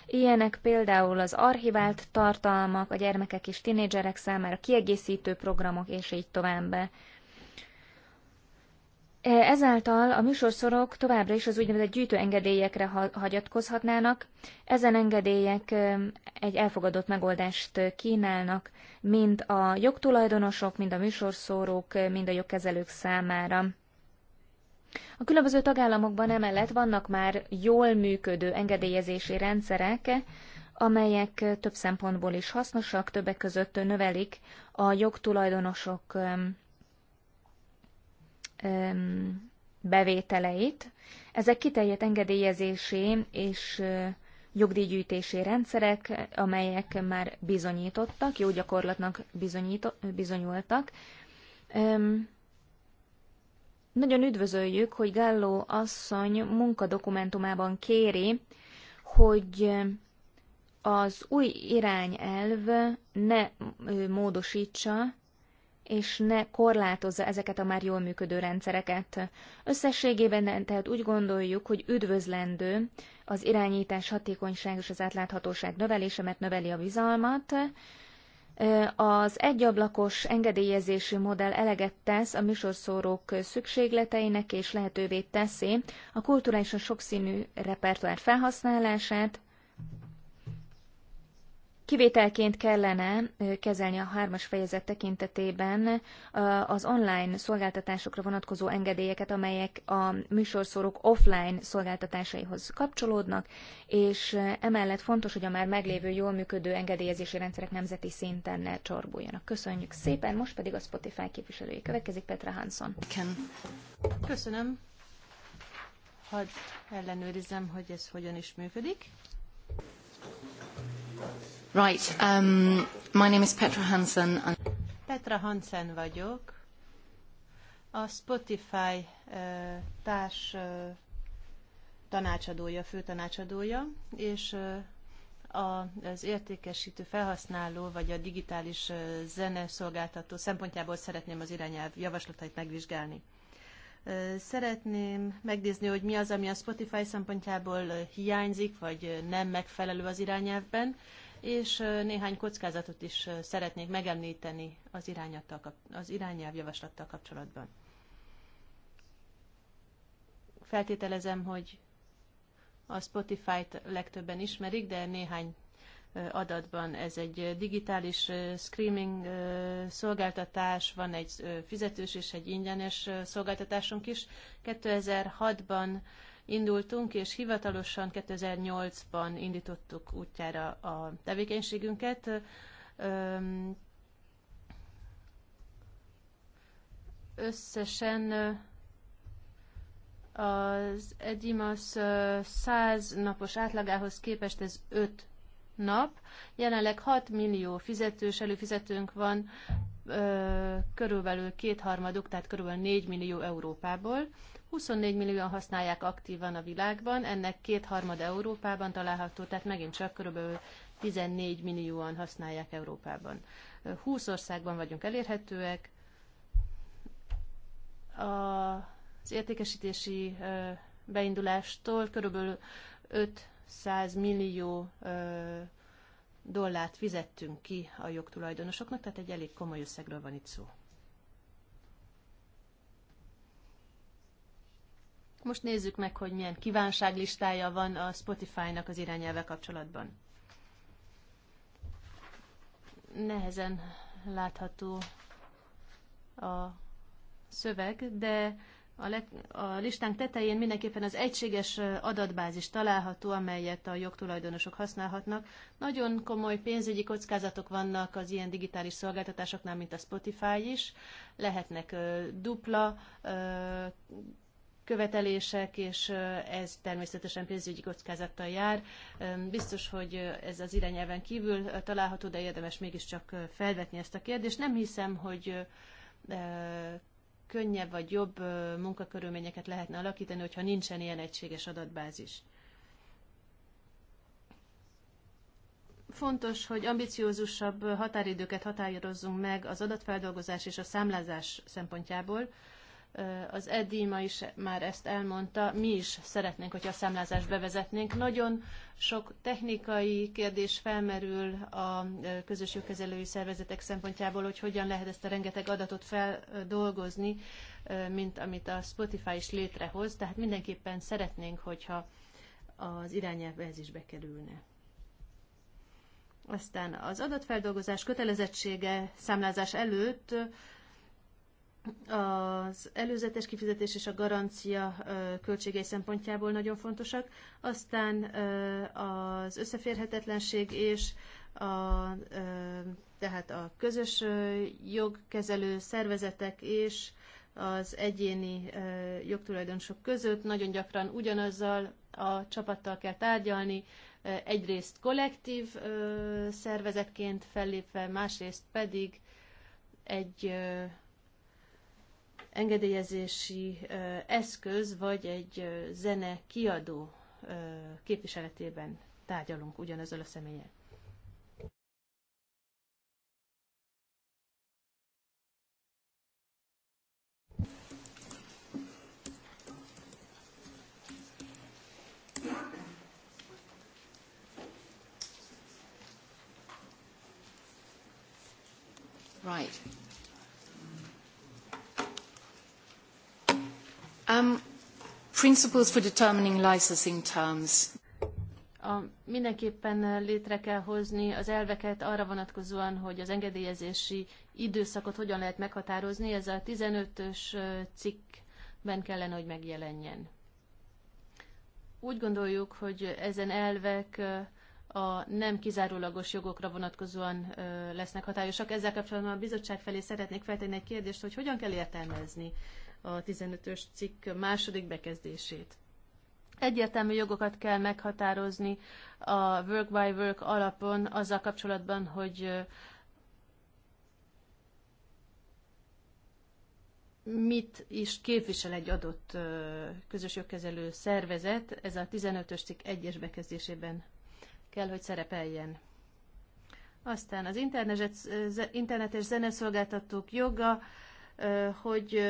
Ilyenek például az archivált tartalmak, a gyermekek és tinédzserek számára kiegészítő programok, és így tovább. E, ezáltal a műsorszorok továbbra is az úgynevezett gyűjtőengedélyekre hagyatkozhatnának. Ezen engedélyek e, egy elfogadott megoldást kínálnak mind a jogtulajdonosok, mind a műsorszórók, e, mind a jogkezelők számára. A különböző tagállamokban emellett vannak már jól működő engedélyezési rendszerek, amelyek több szempontból is hasznosak, többek között növelik a jogtulajdonosok bevételeit. Ezek kiterjedt engedélyezésé és jogdíjgyűjtési rendszerek, amelyek már bizonyítottak, jó gyakorlatnak bizonyultak. Nagyon üdvözöljük, hogy Gálló asszony munkadokumentumában kéri, hogy az új irányelv ne módosítsa és ne korlátozza ezeket a már jól működő rendszereket. Összességében tehát úgy gondoljuk, hogy üdvözlendő az irányítás hatékonyság és az átláthatóság növelése, mert növeli a bizalmat. Az egyablakos engedélyezési modell eleget tesz a műsorszórók szükségleteinek, és lehetővé teszi a kulturálisan sokszínű repertoár felhasználását, Kivételként kellene kezelni a hármas fejezet tekintetében az online szolgáltatásokra vonatkozó engedélyeket, amelyek a műsorszórók offline szolgáltatásaihoz kapcsolódnak, és emellett fontos, hogy a már meglévő jól működő engedélyezési rendszerek nemzeti szinten ne csorbuljanak. Köszönjük szépen, most pedig a Spotify képviselői következik, Petra Hanson. Köszönöm. Hadd ellenőrizzem, hogy ez hogyan is működik. Right, um, my name is Petra Hansen. And... Petra Hansen vagyok. A Spotify uh, társ uh, tanácsadója, főtanácsadója, és uh, az értékesítő felhasználó vagy a digitális zene szolgáltató. szempontjából szeretném az irányelv javaslatait megvizsgálni. Szeretném megnézni, hogy mi az, ami a Spotify szempontjából hiányzik, vagy nem megfelelő az irányelvben, és néhány kockázatot is szeretnék megemlíteni az, az irányelvjavaslattal kapcsolatban. Feltételezem, hogy a Spotify-t legtöbben ismerik, de néhány adatban ez egy digitális streaming szolgáltatás, van egy fizetős és egy ingyenes szolgáltatásunk is. 2006-ban indultunk, és hivatalosan 2008-ban indítottuk útjára a tevékenységünket. Összesen az egyimas 100 napos átlagához képest ez 5 nap. Jelenleg 6 millió fizetős előfizetőnk van, ö, körülbelül kétharmaduk, tehát körülbelül 4 millió Európából. 24 millióan használják aktívan a világban, ennek kétharmad Európában található, tehát megint csak körülbelül 14 millióan használják Európában. 20 országban vagyunk elérhetőek. Az értékesítési beindulástól körülbelül 500 millió dollárt fizettünk ki a jogtulajdonosoknak, tehát egy elég komoly összegről van itt szó. Most nézzük meg, hogy milyen kívánságlistája van a Spotify-nak az irányelve kapcsolatban. Nehezen látható a szöveg, de a, le, a listánk tetején mindenképpen az egységes adatbázis található, amelyet a jogtulajdonosok használhatnak. Nagyon komoly pénzügyi kockázatok vannak az ilyen digitális szolgáltatásoknál, mint a Spotify is. Lehetnek ö, dupla ö, követelések, és ez természetesen pénzügyi kockázattal jár. Biztos, hogy ez az irányelven kívül található, de érdemes mégiscsak felvetni ezt a kérdést. Nem hiszem, hogy könnyebb vagy jobb munkakörülményeket lehetne alakítani, hogyha nincsen ilyen egységes adatbázis. Fontos, hogy ambiciózusabb határidőket határozzunk meg az adatfeldolgozás és a számlázás szempontjából, az EDI ma is már ezt elmondta, mi is szeretnénk, hogyha a számlázást bevezetnénk. Nagyon sok technikai kérdés felmerül a közös jogkezelői szervezetek szempontjából, hogy hogyan lehet ezt a rengeteg adatot feldolgozni, mint amit a Spotify is létrehoz. Tehát mindenképpen szeretnénk, hogyha az irányelv ez is bekerülne. Aztán az adatfeldolgozás kötelezettsége számlázás előtt az előzetes kifizetés és a garancia költségei szempontjából nagyon fontosak, aztán az összeférhetetlenség és a, tehát a közös jogkezelő szervezetek és az egyéni jogtulajdonosok között nagyon gyakran ugyanazzal a csapattal kell tárgyalni, egyrészt kollektív szervezetként fellépve, másrészt pedig egy engedélyezési eszköz, vagy egy zene kiadó képviseletében tárgyalunk ugyanezzel a személyen. Right. Um, principles for determining licensing terms. A, mindenképpen létre kell hozni az elveket arra vonatkozóan, hogy az engedélyezési időszakot hogyan lehet meghatározni. Ez a 15-ös cikkben kellene, hogy megjelenjen. Úgy gondoljuk, hogy ezen elvek a nem kizárólagos jogokra vonatkozóan lesznek hatályosak. Ezzel kapcsolatban a bizottság felé szeretnék feltenni egy kérdést, hogy hogyan kell értelmezni a 15-ös cikk második bekezdését. Egyértelmű jogokat kell meghatározni a work by work alapon azzal kapcsolatban, hogy mit is képvisel egy adott közös jogkezelő szervezet, ez a 15-ös cikk egyes bekezdésében kell, hogy szerepeljen. Aztán az internetes zeneszolgáltatók joga, hogy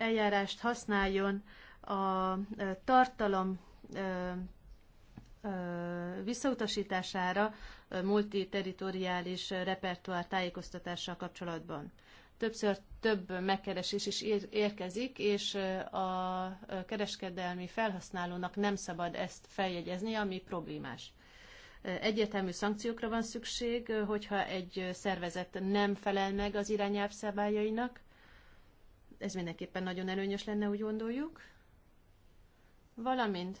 eljárást használjon a tartalom visszautasítására multiterritoriális repertoár tájékoztatással kapcsolatban. Többször több megkeresés is érkezik, és a kereskedelmi felhasználónak nem szabad ezt feljegyezni, ami problémás. Egyértelmű szankciókra van szükség, hogyha egy szervezet nem felel meg az irányelv szabályainak, ez mindenképpen nagyon előnyös lenne, úgy gondoljuk. Valamint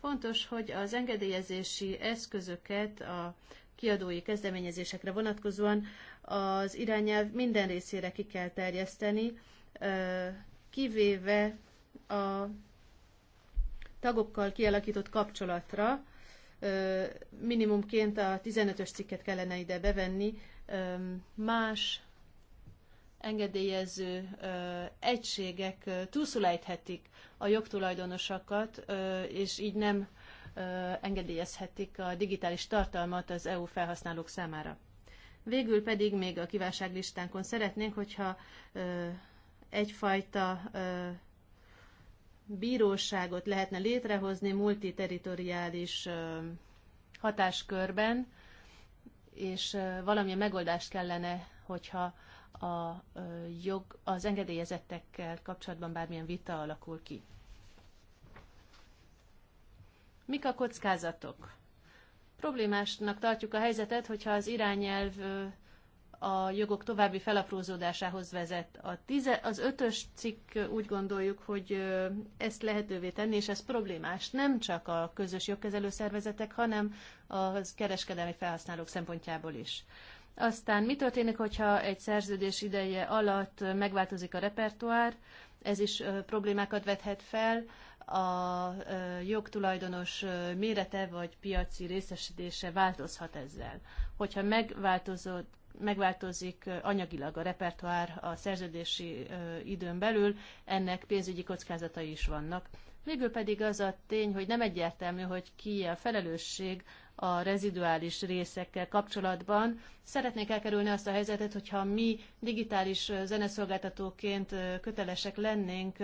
fontos, hogy az engedélyezési eszközöket a kiadói kezdeményezésekre vonatkozóan az irányelv minden részére ki kell terjeszteni, kivéve a tagokkal kialakított kapcsolatra, minimumként a 15-ös cikket kellene ide bevenni, más engedélyező egységek túlszulejthetik a jogtulajdonosakat, és így nem engedélyezhetik a digitális tartalmat az EU felhasználók számára. Végül pedig még a kiválságlistánkon szeretnénk, hogyha egyfajta bíróságot lehetne létrehozni multiterritoriális hatáskörben, és valamilyen megoldást kellene, hogyha a jog, az engedélyezettekkel kapcsolatban bármilyen vita alakul ki. Mik a kockázatok? Problémásnak tartjuk a helyzetet, hogyha az irányelv a jogok további felaprózódásához vezet. A tize, az ötös cikk úgy gondoljuk, hogy ezt lehetővé tenni, és ez problémás nem csak a közös jogkezelő szervezetek, hanem a kereskedelmi felhasználók szempontjából is. Aztán mi történik, hogyha egy szerződés ideje alatt megváltozik a repertoár, ez is problémákat vethet fel, a jogtulajdonos mérete vagy piaci részesedése változhat ezzel. Hogyha megváltozott megváltozik anyagilag a repertoár a szerződési időn belül, ennek pénzügyi kockázatai is vannak. Végül pedig az a tény, hogy nem egyértelmű, hogy ki a felelősség a reziduális részekkel kapcsolatban. Szeretnék elkerülni azt a helyzetet, hogyha mi digitális zeneszolgáltatóként kötelesek lennénk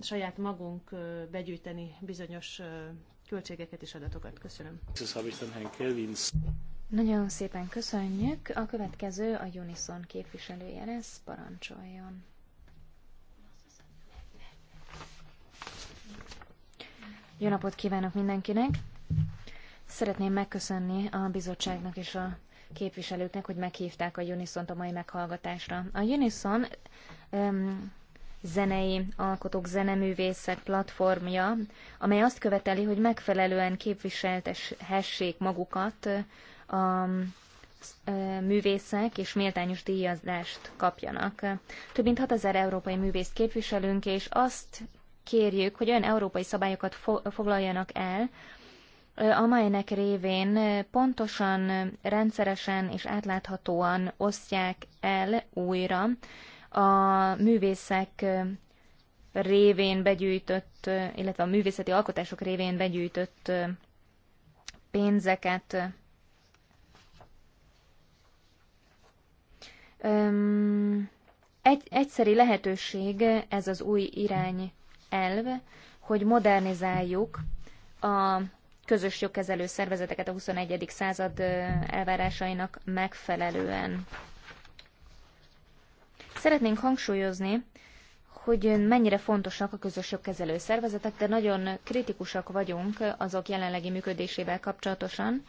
saját magunk begyűjteni bizonyos költségeket és adatokat. Köszönöm. Nagyon szépen köszönjük. A következő a Unison képviselője lesz, parancsoljon. Jó napot kívánok mindenkinek! Szeretném megköszönni a bizottságnak és a képviselőknek, hogy meghívták a Unisont a mai meghallgatásra. A Unison um, zenei alkotók, zeneművészek platformja, amely azt követeli, hogy megfelelően képviseltessék magukat a művészek és méltányos díjazást kapjanak. Több mint 6000 európai művészt képviselünk, és azt kérjük, hogy olyan európai szabályokat foglaljanak el, amelynek révén pontosan, rendszeresen és átláthatóan osztják el újra a művészek révén begyűjtött, illetve a művészeti alkotások révén begyűjtött pénzeket. Egy, egyszeri lehetőség ez az új irány elv, hogy modernizáljuk a közös jogkezelő szervezeteket a 21. század elvárásainak megfelelően. Szeretnénk hangsúlyozni, hogy mennyire fontosak a közös jogkezelő szervezetek, de nagyon kritikusak vagyunk azok jelenlegi működésével kapcsolatosan.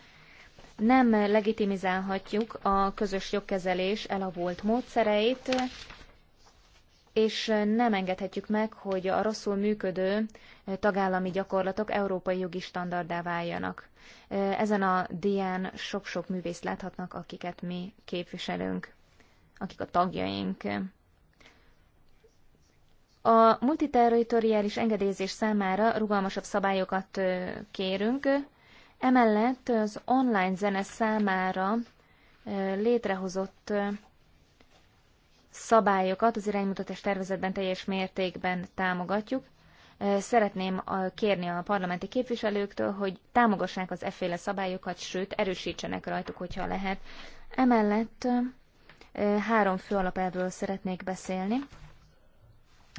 Nem legitimizálhatjuk a közös jogkezelés elavult módszereit, és nem engedhetjük meg, hogy a rosszul működő tagállami gyakorlatok európai jogi standardá váljanak. Ezen a dián sok-sok művészt láthatnak, akiket mi képviselünk, akik a tagjaink. A multiterritoriális engedélyezés számára rugalmasabb szabályokat kérünk, emellett az online zene számára létrehozott szabályokat az iránymutatás tervezetben teljes mértékben támogatjuk. Szeretném kérni a parlamenti képviselőktől, hogy támogassák az efféle szabályokat, sőt, erősítsenek rajtuk, hogyha lehet. Emellett három fő alapelvről szeretnék beszélni.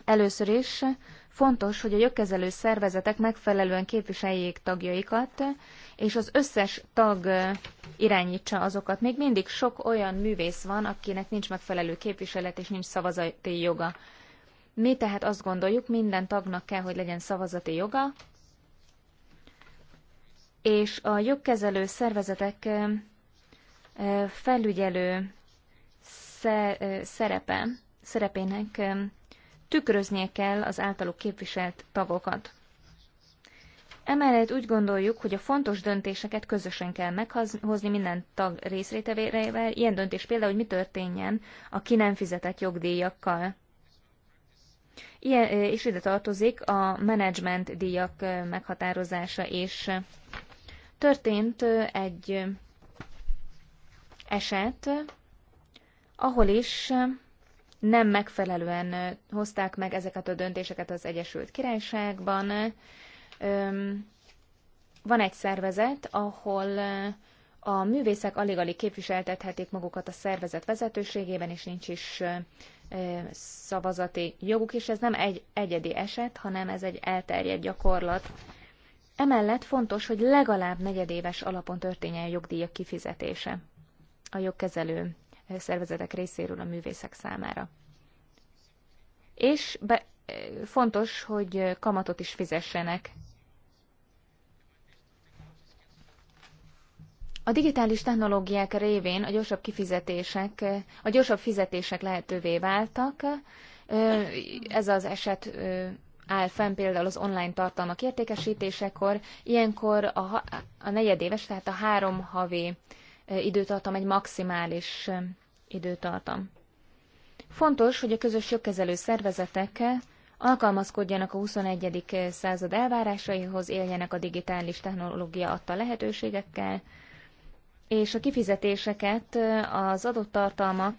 Először is Fontos, hogy a jogkezelő szervezetek megfelelően képviseljék tagjaikat, és az összes tag irányítsa azokat. Még mindig sok olyan művész van, akinek nincs megfelelő képviselet és nincs szavazati joga. Mi tehát azt gondoljuk, minden tagnak kell, hogy legyen szavazati joga, és a jogkezelő szervezetek felügyelő szerepe, szerepének tükröznie kell az általuk képviselt tavokat. Emellett úgy gondoljuk, hogy a fontos döntéseket közösen kell meghozni minden tag részrétevével, ilyen döntés például, hogy mi történjen a ki nem fizetett jogdíjakkal. Ilyen, és ide tartozik a menedzsment díjak meghatározása és Történt egy eset, ahol is nem megfelelően hozták meg ezeket a döntéseket az Egyesült Királyságban. Van egy szervezet, ahol a művészek alig-alig képviseltethetik magukat a szervezet vezetőségében, és nincs is szavazati joguk, és ez nem egy egyedi eset, hanem ez egy elterjedt gyakorlat. Emellett fontos, hogy legalább negyedéves alapon történjen a jogdíjak kifizetése a jogkezelő szervezetek részéről a művészek számára. És be, fontos, hogy kamatot is fizessenek. A digitális technológiák révén a gyorsabb kifizetések, a gyorsabb fizetések lehetővé váltak. Ez az eset áll fenn például az online tartalmak értékesítésekor, ilyenkor a, a negyedéves, tehát a három havi időtartam egy maximális időtartam. Fontos, hogy a közös jogkezelő szervezetekkel alkalmazkodjanak a 21. század elvárásaihoz, éljenek a digitális technológia adta lehetőségekkel, és a kifizetéseket az adott tartalmak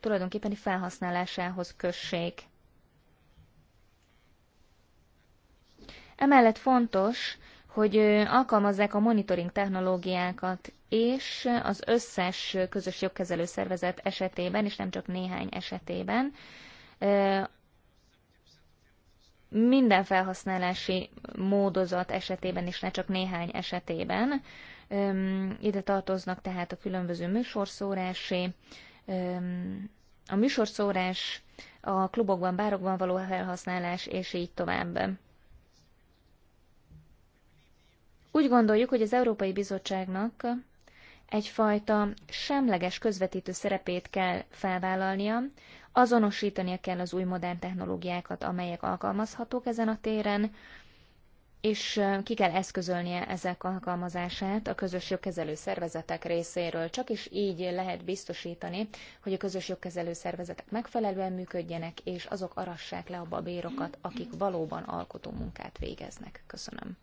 tulajdonképpeni felhasználásához kössék. Emellett fontos, hogy alkalmazzák a monitoring technológiákat és az összes közös jogkezelő szervezet esetében, és nem csak néhány esetében, minden felhasználási módozat esetében, és ne csak néhány esetében. Ide tartoznak tehát a különböző műsorszórási, a műsorszórás, a klubokban, bárokban való felhasználás, és így tovább. Úgy gondoljuk, hogy az Európai Bizottságnak egyfajta semleges közvetítő szerepét kell felvállalnia, azonosítania kell az új modern technológiákat, amelyek alkalmazhatók ezen a téren, és ki kell eszközölnie ezek alkalmazását a közös jogkezelő szervezetek részéről. Csak is így lehet biztosítani, hogy a közös jogkezelő szervezetek megfelelően működjenek, és azok arassák le a babérokat, akik valóban alkotó munkát végeznek. Köszönöm.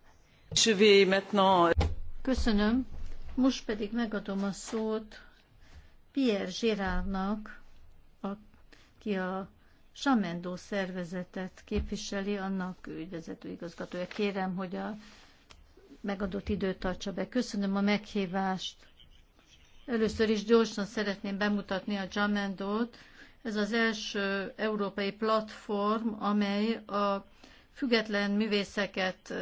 Köszönöm. Most pedig megadom a szót Pierre Girardnak, aki a Samendó szervezetet képviseli, annak ügyvezető igazgatója. Kérem, hogy a megadott időt tartsa be. Köszönöm a meghívást. Először is gyorsan szeretném bemutatni a Jamendót. Ez az első európai platform, amely a független művészeket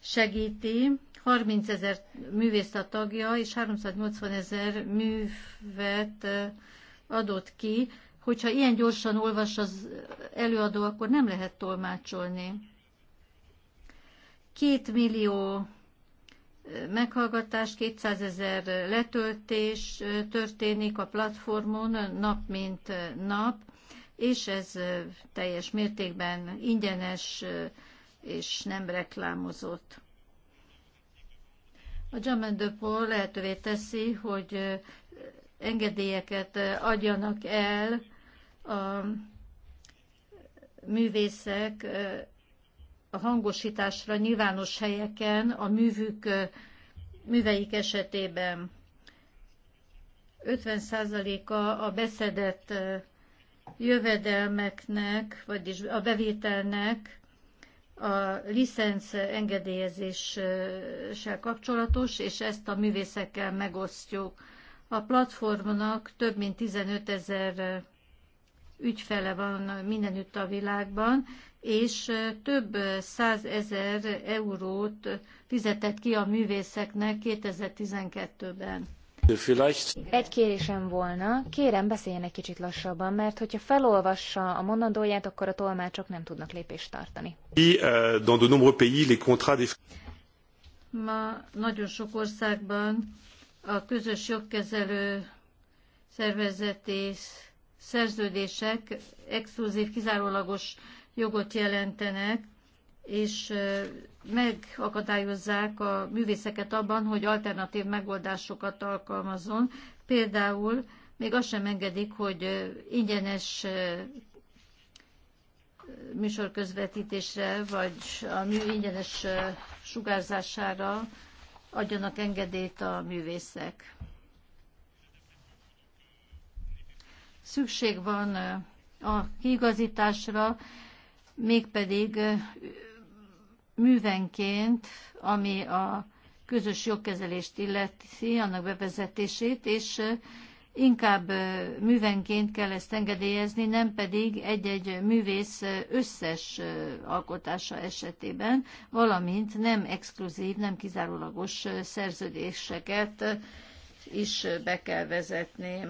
segíti, 30 ezer művész a tagja, és 380 ezer művet adott ki. Hogyha ilyen gyorsan olvas az előadó, akkor nem lehet tolmácsolni. Két millió meghallgatás, 200 ezer letöltés történik a platformon nap mint nap, és ez teljes mértékben ingyenes és nem reklámozott. A German Depot lehetővé teszi, hogy engedélyeket adjanak el a művészek a hangosításra nyilvános helyeken a művük, műveik esetében. 50%-a a beszedett jövedelmeknek, vagyis a bevételnek a licenc engedélyezéssel kapcsolatos, és ezt a művészekkel megosztjuk. A platformnak több mint 15 ezer ügyfele van mindenütt a világban, és több százezer eurót fizetett ki a művészeknek 2012-ben. Egy kérésem volna, kérem beszéljen egy kicsit lassabban, mert hogyha felolvassa a mondandóját, akkor a tolmácsok nem tudnak lépést tartani. Eh, Ma nagyon sok országban a közös jogkezelő szervezeti szerződések exkluzív, kizárólagos jogot jelentenek, és eh, megakadályozzák a művészeket abban, hogy alternatív megoldásokat alkalmazzon. Például még azt sem engedik, hogy ingyenes műsorközvetítésre, vagy a mű ingyenes sugárzására adjanak engedélyt a művészek. Szükség van a kiigazításra, mégpedig művenként, ami a közös jogkezelést illeti, annak bevezetését, és inkább művenként kell ezt engedélyezni, nem pedig egy-egy művész összes alkotása esetében, valamint nem exkluzív, nem kizárólagos szerződéseket is be kell vezetni.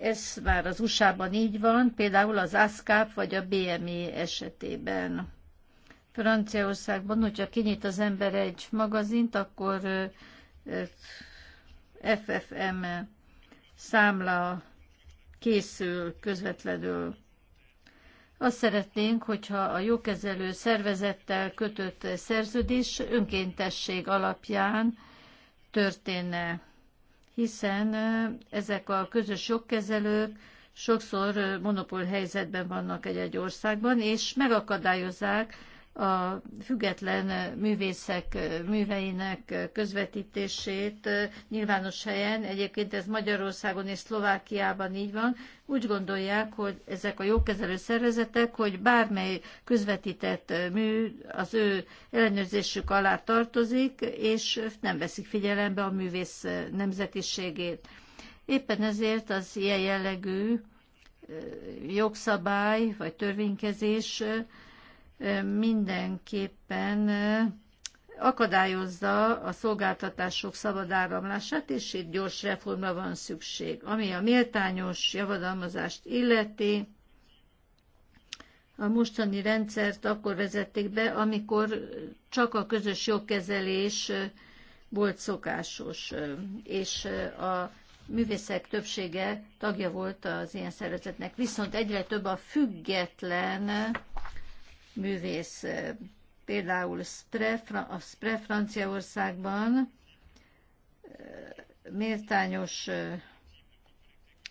Ez már az USA-ban így van, például az ASCAP vagy a BMI e esetében. Franciaországban, hogyha kinyit az ember egy magazint, akkor FFM számla készül közvetlenül. Azt szeretnénk, hogyha a jókezelő szervezettel kötött szerződés önkéntesség alapján történne, hiszen ezek a közös jogkezelők sokszor monopól helyzetben vannak egy-egy országban, és megakadályozzák a független művészek műveinek közvetítését nyilvános helyen, egyébként ez Magyarországon és Szlovákiában így van, úgy gondolják, hogy ezek a jogkezelő szervezetek, hogy bármely közvetített mű az ő ellenőrzésük alá tartozik, és nem veszik figyelembe a művész nemzetiségét. Éppen ezért az ilyen jellegű jogszabály vagy törvénykezés mindenképpen akadályozza a szolgáltatások szabad áramlását, és itt gyors reformra van szükség. Ami a méltányos javadalmazást illeti, a mostani rendszert akkor vezették be, amikor csak a közös jogkezelés volt szokásos, és a művészek többsége tagja volt az ilyen szervezetnek. Viszont egyre több a független művész. Például a Spre Franciaországban méltányos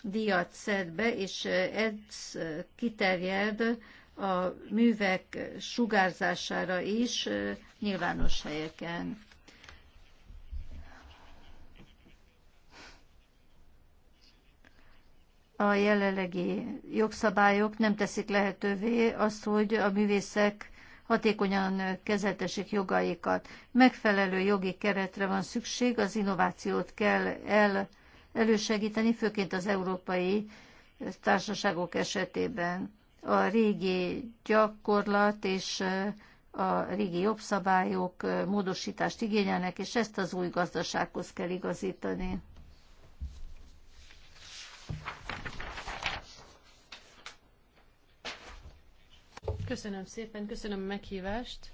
díjat szed be, és ez kiterjed a művek sugárzására is nyilvános helyeken. a jelenlegi jogszabályok nem teszik lehetővé azt, hogy a művészek hatékonyan kezeltessék jogaikat. Megfelelő jogi keretre van szükség, az innovációt kell el, elősegíteni, főként az európai társaságok esetében. A régi gyakorlat és eh, a régi jogszabályok eh, módosítást igényelnek, és ezt az új gazdasághoz kell igazítani. Köszönöm szépen, köszönöm a meghívást.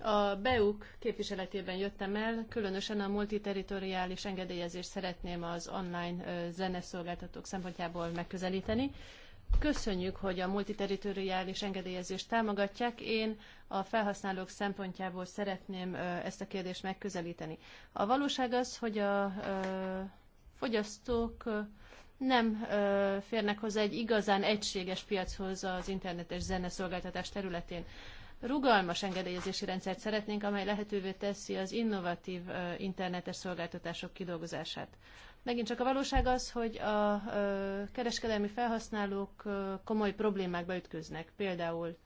A BEUK képviseletében jöttem el, különösen a multiterritoriális engedélyezést szeretném az online zeneszolgáltatók szempontjából megközelíteni. Köszönjük, hogy a multiterritoriális engedélyezést támogatják. Én a felhasználók szempontjából szeretném ezt a kérdést megközelíteni. A valóság az, hogy a fogyasztók nem ö, férnek hozzá egy igazán egységes piachoz az internetes zeneszolgáltatás területén. Rugalmas engedélyezési rendszert szeretnénk, amely lehetővé teszi az innovatív ö, internetes szolgáltatások kidolgozását. Megint csak a valóság az, hogy a ö, kereskedelmi felhasználók ö, komoly problémákba ütköznek. Például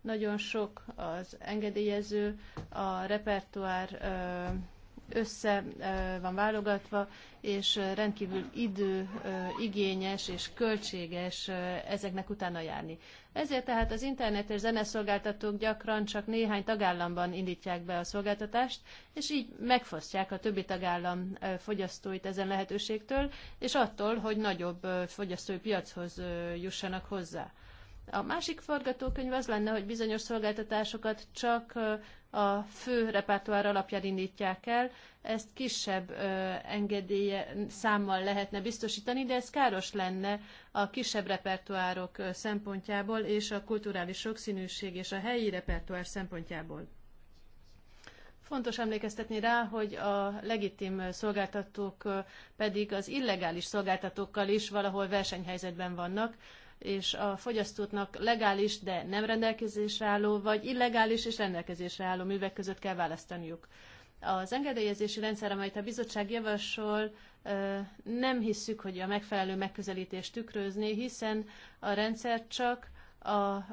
nagyon sok az engedélyező, a repertoár ö, össze van válogatva, és rendkívül időigényes és költséges ezeknek utána járni. Ezért tehát az internetes zeneszolgáltatók gyakran csak néhány tagállamban indítják be a szolgáltatást, és így megfosztják a többi tagállam fogyasztóit ezen lehetőségtől, és attól, hogy nagyobb fogyasztói piachoz jussanak hozzá. A másik forgatókönyv az lenne, hogy bizonyos szolgáltatásokat csak a fő repertoár alapján indítják el, ezt kisebb engedély számmal lehetne biztosítani, de ez káros lenne a kisebb repertoárok szempontjából és a kulturális sokszínűség és a helyi repertoár szempontjából. Fontos emlékeztetni rá, hogy a legitim szolgáltatók pedig az illegális szolgáltatókkal is valahol versenyhelyzetben vannak, és a fogyasztóknak legális, de nem rendelkezésre álló, vagy illegális és rendelkezésre álló művek között kell választaniuk. Az engedélyezési rendszer, amelyet a bizottság javasol, nem hiszük, hogy a megfelelő megközelítést tükrözni, hiszen a rendszer csak a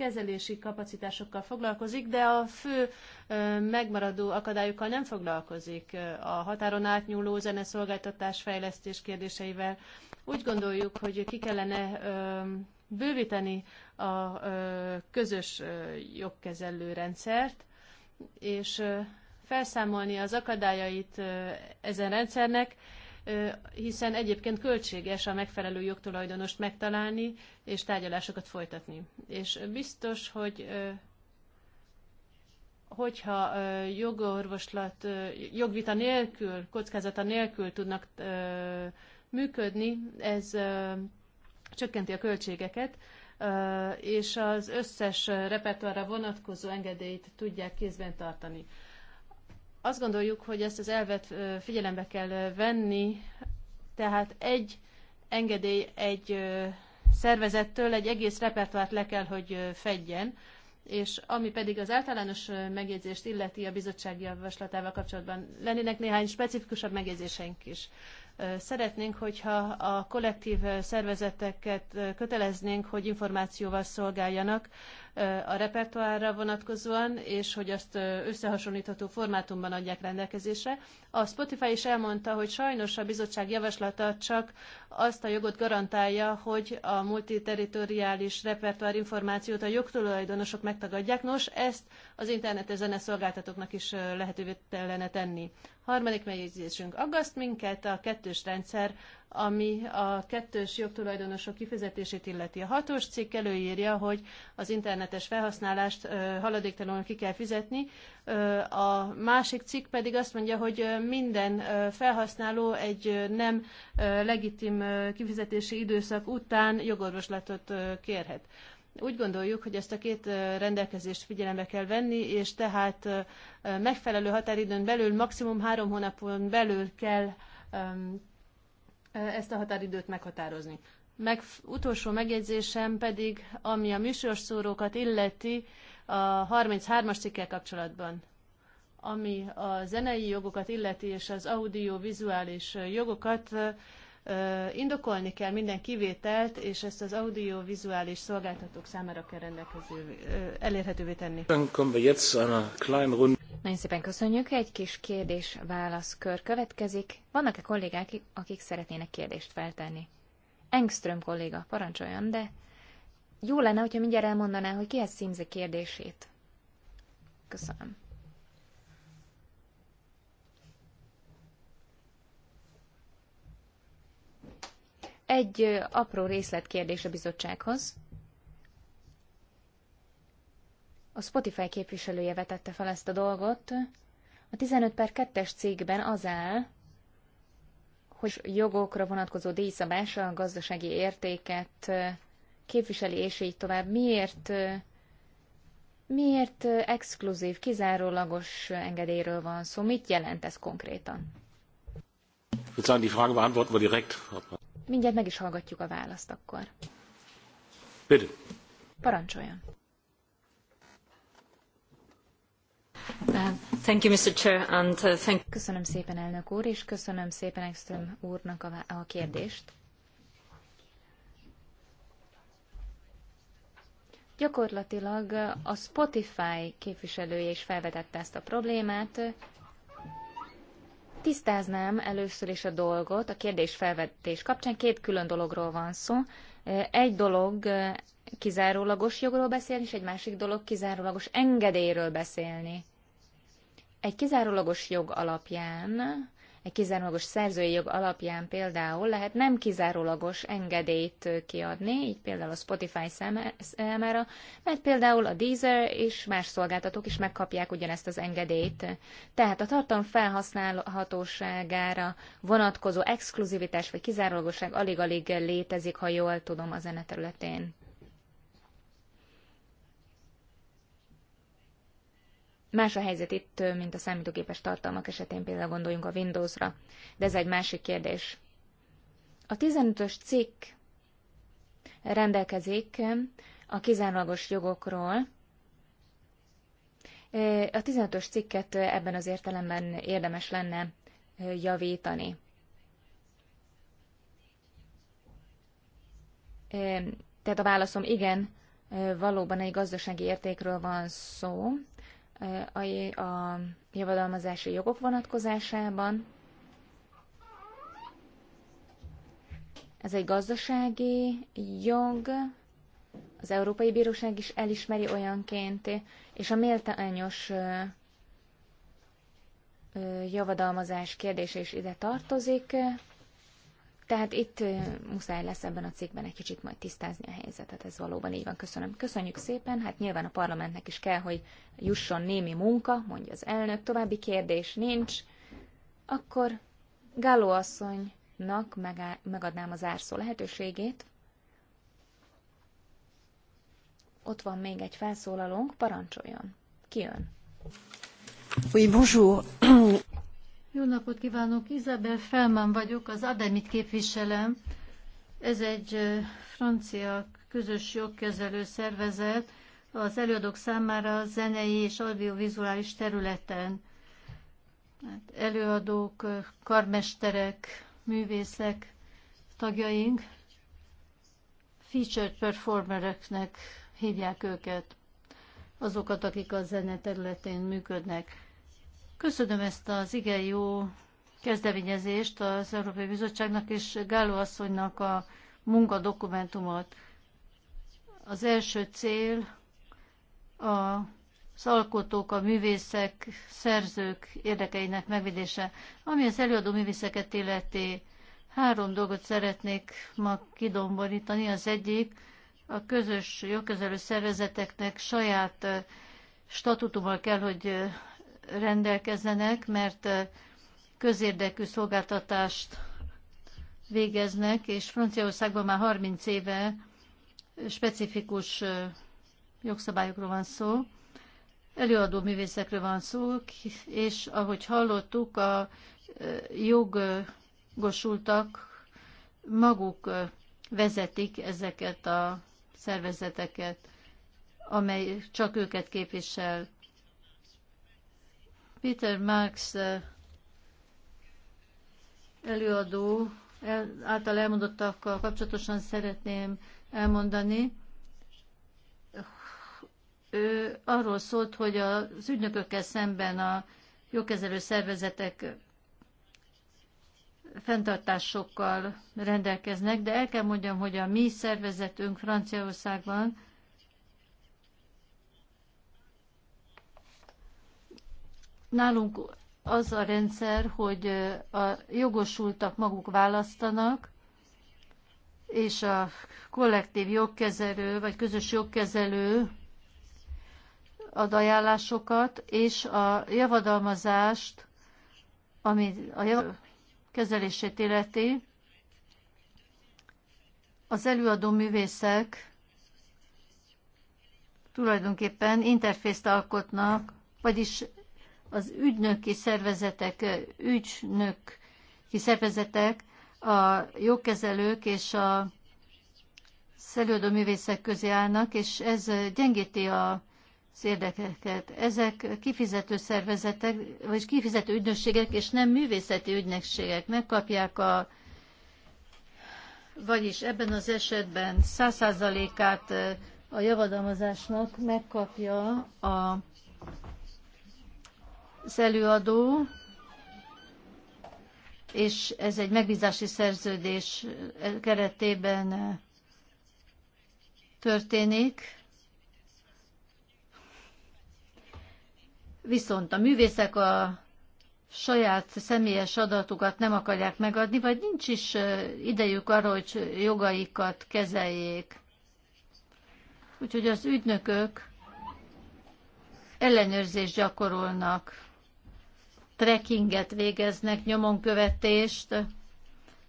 kezelési kapacitásokkal foglalkozik, de a fő megmaradó akadályokkal nem foglalkozik, a határon átnyúló zeneszolgáltatás fejlesztés kérdéseivel. Úgy gondoljuk, hogy ki kellene bővíteni a közös jogkezelő rendszert, és felszámolni az akadályait ezen rendszernek, hiszen egyébként költséges a megfelelő jogtulajdonost megtalálni és tárgyalásokat folytatni. És biztos, hogy hogyha jogorvoslat, jogvita nélkül, kockázata nélkül tudnak működni, ez csökkenti a költségeket, és az összes repertoárra vonatkozó engedélyt tudják kézben tartani. Azt gondoljuk, hogy ezt az elvet figyelembe kell venni, tehát egy engedély egy szervezettől egy egész repertoárt le kell, hogy fedjen, és ami pedig az általános megjegyzést illeti a bizottsági javaslatával kapcsolatban, lennének néhány specifikusabb megjegyzéseink is. Szeretnénk, hogyha a kollektív szervezeteket köteleznénk, hogy információval szolgáljanak a repertoárra vonatkozóan, és hogy azt összehasonlítható formátumban adják rendelkezésre. A Spotify is elmondta, hogy sajnos a bizottság javaslata csak azt a jogot garantálja, hogy a multiterritoriális repertoár információt a jogtulajdonosok megtagadják. Nos, ezt az internetes szolgáltatóknak is lehetővé kellene tenni. Harmadik megjegyzésünk aggaszt minket a kettős rendszer, ami a kettős jogtulajdonosok kifizetését illeti. A hatos cikk előírja, hogy az internetes felhasználást haladéktalanul ki kell fizetni. A másik cikk pedig azt mondja, hogy minden felhasználó egy nem legitim kifizetési időszak után jogorvoslatot kérhet. Úgy gondoljuk, hogy ezt a két rendelkezést figyelembe kell venni, és tehát megfelelő határidőn belül, maximum három hónapon belül kell ezt a határidőt meghatározni. Meg utolsó megjegyzésem pedig, ami a műsorszórókat illeti a 33-as cikkel kapcsolatban, ami a zenei jogokat illeti és az audio vizuális jogokat, Indokolni kell minden kivételt, és ezt az audiovizuális szolgáltatók számára kell rendelkező, elérhetővé tenni. Nagyon szépen köszönjük. Egy kis kérdés-válasz kör következik. Vannak-e kollégák, akik szeretnének kérdést feltenni? Engström kolléga, parancsoljon, de jó lenne, hogyha mindjárt elmondaná, hogy kihez színzi kérdését. Köszönöm. Egy apró részletkérdés a bizottsághoz. A Spotify képviselője vetette fel ezt a dolgot. A 15 per 2-es cégben az áll, hogy jogokra vonatkozó díjszabás a gazdasági értéket képviseli, és így tovább. Miért, miért exkluzív, kizárólagos engedélyről van szó? Mit jelent ez konkrétan? Ich würde sagen, die Frage beantworten wir direkt. Mindjárt meg is hallgatjuk a választ akkor. Bitte. Parancsoljon. Uh, thank you, Mr. Chair, and uh, thank... Köszönöm szépen, elnök úr, és köszönöm szépen Ekström úrnak a, a kérdést. Gyakorlatilag a Spotify képviselője is felvetette ezt a problémát, Tisztáznám először is a dolgot. A kérdés felvetés kapcsán két külön dologról van szó. Egy dolog eh, kizárólagos jogról beszélni, és egy másik dolog kizárólagos engedélyről beszélni. Egy kizárólagos jog alapján egy kizárólagos szerzői jog alapján például lehet nem kizárólagos engedélyt kiadni, így például a Spotify számára, mert például a Deezer és más szolgáltatók is megkapják ugyanezt az engedélyt. Tehát a tartalom felhasználhatóságára vonatkozó exkluzivitás vagy kizárólagosság alig-alig létezik, ha jól tudom, a zene területén. Más a helyzet itt, mint a számítógépes tartalmak esetén, például gondoljunk a Windowsra, de ez egy másik kérdés. A 15-ös cikk rendelkezik a kizárólagos jogokról. A 15-ös cikket ebben az értelemben érdemes lenne javítani. Tehát a válaszom igen, valóban egy gazdasági értékről van szó, a, a javadalmazási jogok vonatkozásában. Ez egy gazdasági jog, az Európai Bíróság is elismeri olyanként, és a méltányos javadalmazás kérdése is ide tartozik. Tehát itt muszáj lesz ebben a cikkben egy kicsit majd tisztázni a helyzetet, ez valóban így van, köszönöm. Köszönjük szépen, hát nyilván a parlamentnek is kell, hogy jusson némi munka, mondja az elnök, további kérdés nincs. Akkor Gáló asszonynak megadnám az árszó lehetőségét. Ott van még egy felszólalónk, parancsoljon. Ki jön? Oui, bonjour. Jó napot kívánok! Izabel Felman vagyok, az Ademit képviselem. Ez egy francia közös jogkezelő szervezet az előadók számára zenei és audiovizuális területen. Hát előadók, karmesterek, művészek, tagjaink, featured performereknek hívják őket, azokat, akik a zene területén működnek. Köszönöm ezt az igen jó kezdeményezést az Európai Bizottságnak és Gáló asszonynak a munkadokumentumot. Az első cél a az alkotók, a művészek, szerzők érdekeinek megvédése. Ami az előadó művészeket illeti, három dolgot szeretnék ma kidomborítani. Az egyik, a közös jogkezelő szervezeteknek saját statutummal kell, hogy rendelkezzenek, mert közérdekű szolgáltatást végeznek, és Franciaországban már 30 éve specifikus jogszabályokról van szó, előadó művészekről van szó, és ahogy hallottuk, a jogosultak maguk vezetik ezeket a szervezeteket, amely csak őket képvisel. Peter Marx eh, előadó által elmondottakkal kapcsolatosan szeretném elmondani. Ő arról szólt, hogy az ügynökökkel szemben a jogkezelő szervezetek fenntartásokkal rendelkeznek, de el kell mondjam, hogy a mi szervezetünk Franciaországban Nálunk az a rendszer, hogy a jogosultak maguk választanak, és a kollektív jogkezelő, vagy közös jogkezelő ad ajánlásokat, és a javadalmazást, ami a jav- kezelését illeti, az előadó művészek tulajdonképpen interfészt alkotnak, vagyis az ügynöki szervezetek, ügynök szervezetek, a jogkezelők és a szelődő művészek közé állnak, és ez gyengíti a az érdekeket. Ezek kifizető szervezetek, vagy kifizető ügynökségek, és nem művészeti ügynökségek megkapják a vagyis ebben az esetben 100%-át a javadalmazásnak megkapja a az előadó, és ez egy megbízási szerződés keretében történik. Viszont a művészek a saját személyes adatukat nem akarják megadni, vagy nincs is idejük arra, hogy jogaikat kezeljék. Úgyhogy az ügynökök ellenőrzést gyakorolnak trekkinget végeznek, nyomonkövetést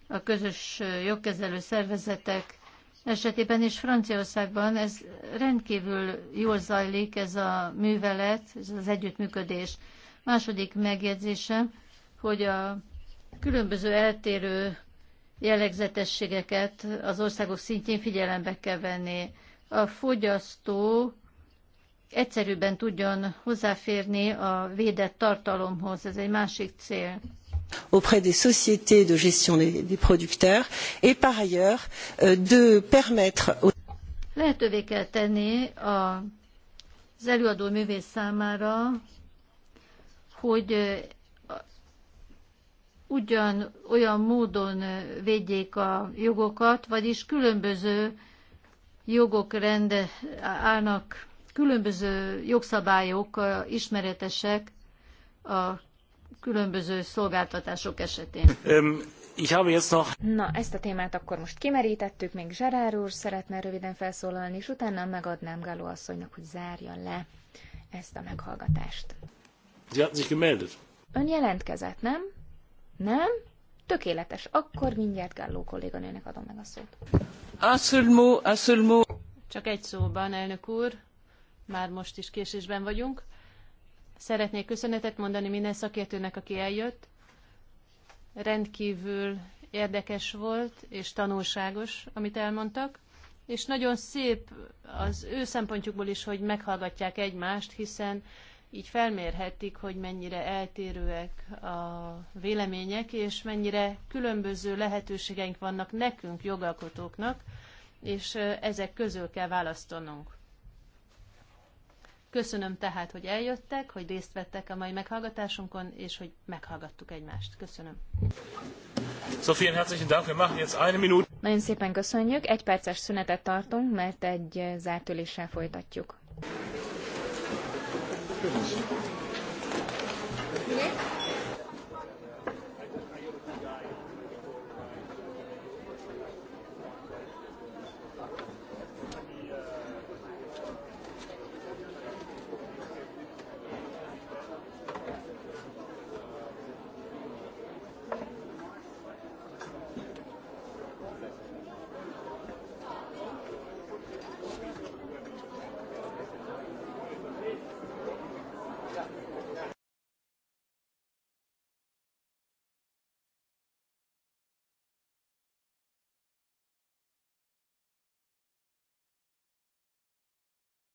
a közös jogkezelő szervezetek esetében, és Franciaországban ez rendkívül jól zajlik, ez a művelet, ez az együttműködés. Második megjegyzésem, hogy a különböző eltérő jellegzetességeket az országok szintjén figyelembe kell venni. A fogyasztó egyszerűbben tudjon hozzáférni a védett tartalomhoz. Ez egy másik cél auprès des sociétés de gestion des producteurs et par ailleurs euh, de permettre aux Lehetővé kell tenni a, az előadó művész számára, hogy uh, ugyan olyan módon uh, védjék a jogokat, vagyis különböző jogok rend állnak Különböző jogszabályok ismeretesek a különböző szolgáltatások esetén. Na, ezt a témát akkor most kimerítettük, még Zserár úr szeretne röviden felszólalni, és utána megadnám Galó asszonynak, hogy zárja le ezt a meghallgatást. Ön jelentkezett, nem? Nem? Tökéletes. Akkor mindjárt Gálló kolléganőnek adom meg a szót. Csak egy szóban, elnök úr már most is késésben vagyunk. Szeretnék köszönetet mondani minden szakértőnek, aki eljött. Rendkívül érdekes volt és tanulságos, amit elmondtak, és nagyon szép az ő szempontjukból is, hogy meghallgatják egymást, hiszen így felmérhetik, hogy mennyire eltérőek a vélemények, és mennyire különböző lehetőségeink vannak nekünk, jogalkotóknak, és ezek közül kell választanunk. Köszönöm tehát, hogy eljöttek, hogy részt vettek a mai meghallgatásunkon, és hogy meghallgattuk egymást. Köszönöm. So, herzlichen Dank. Wir machen jetzt eine Minute. Nagyon szépen köszönjük. Egy perces szünetet tartunk, mert egy eh, zárt üléssel folytatjuk. Köszönöm.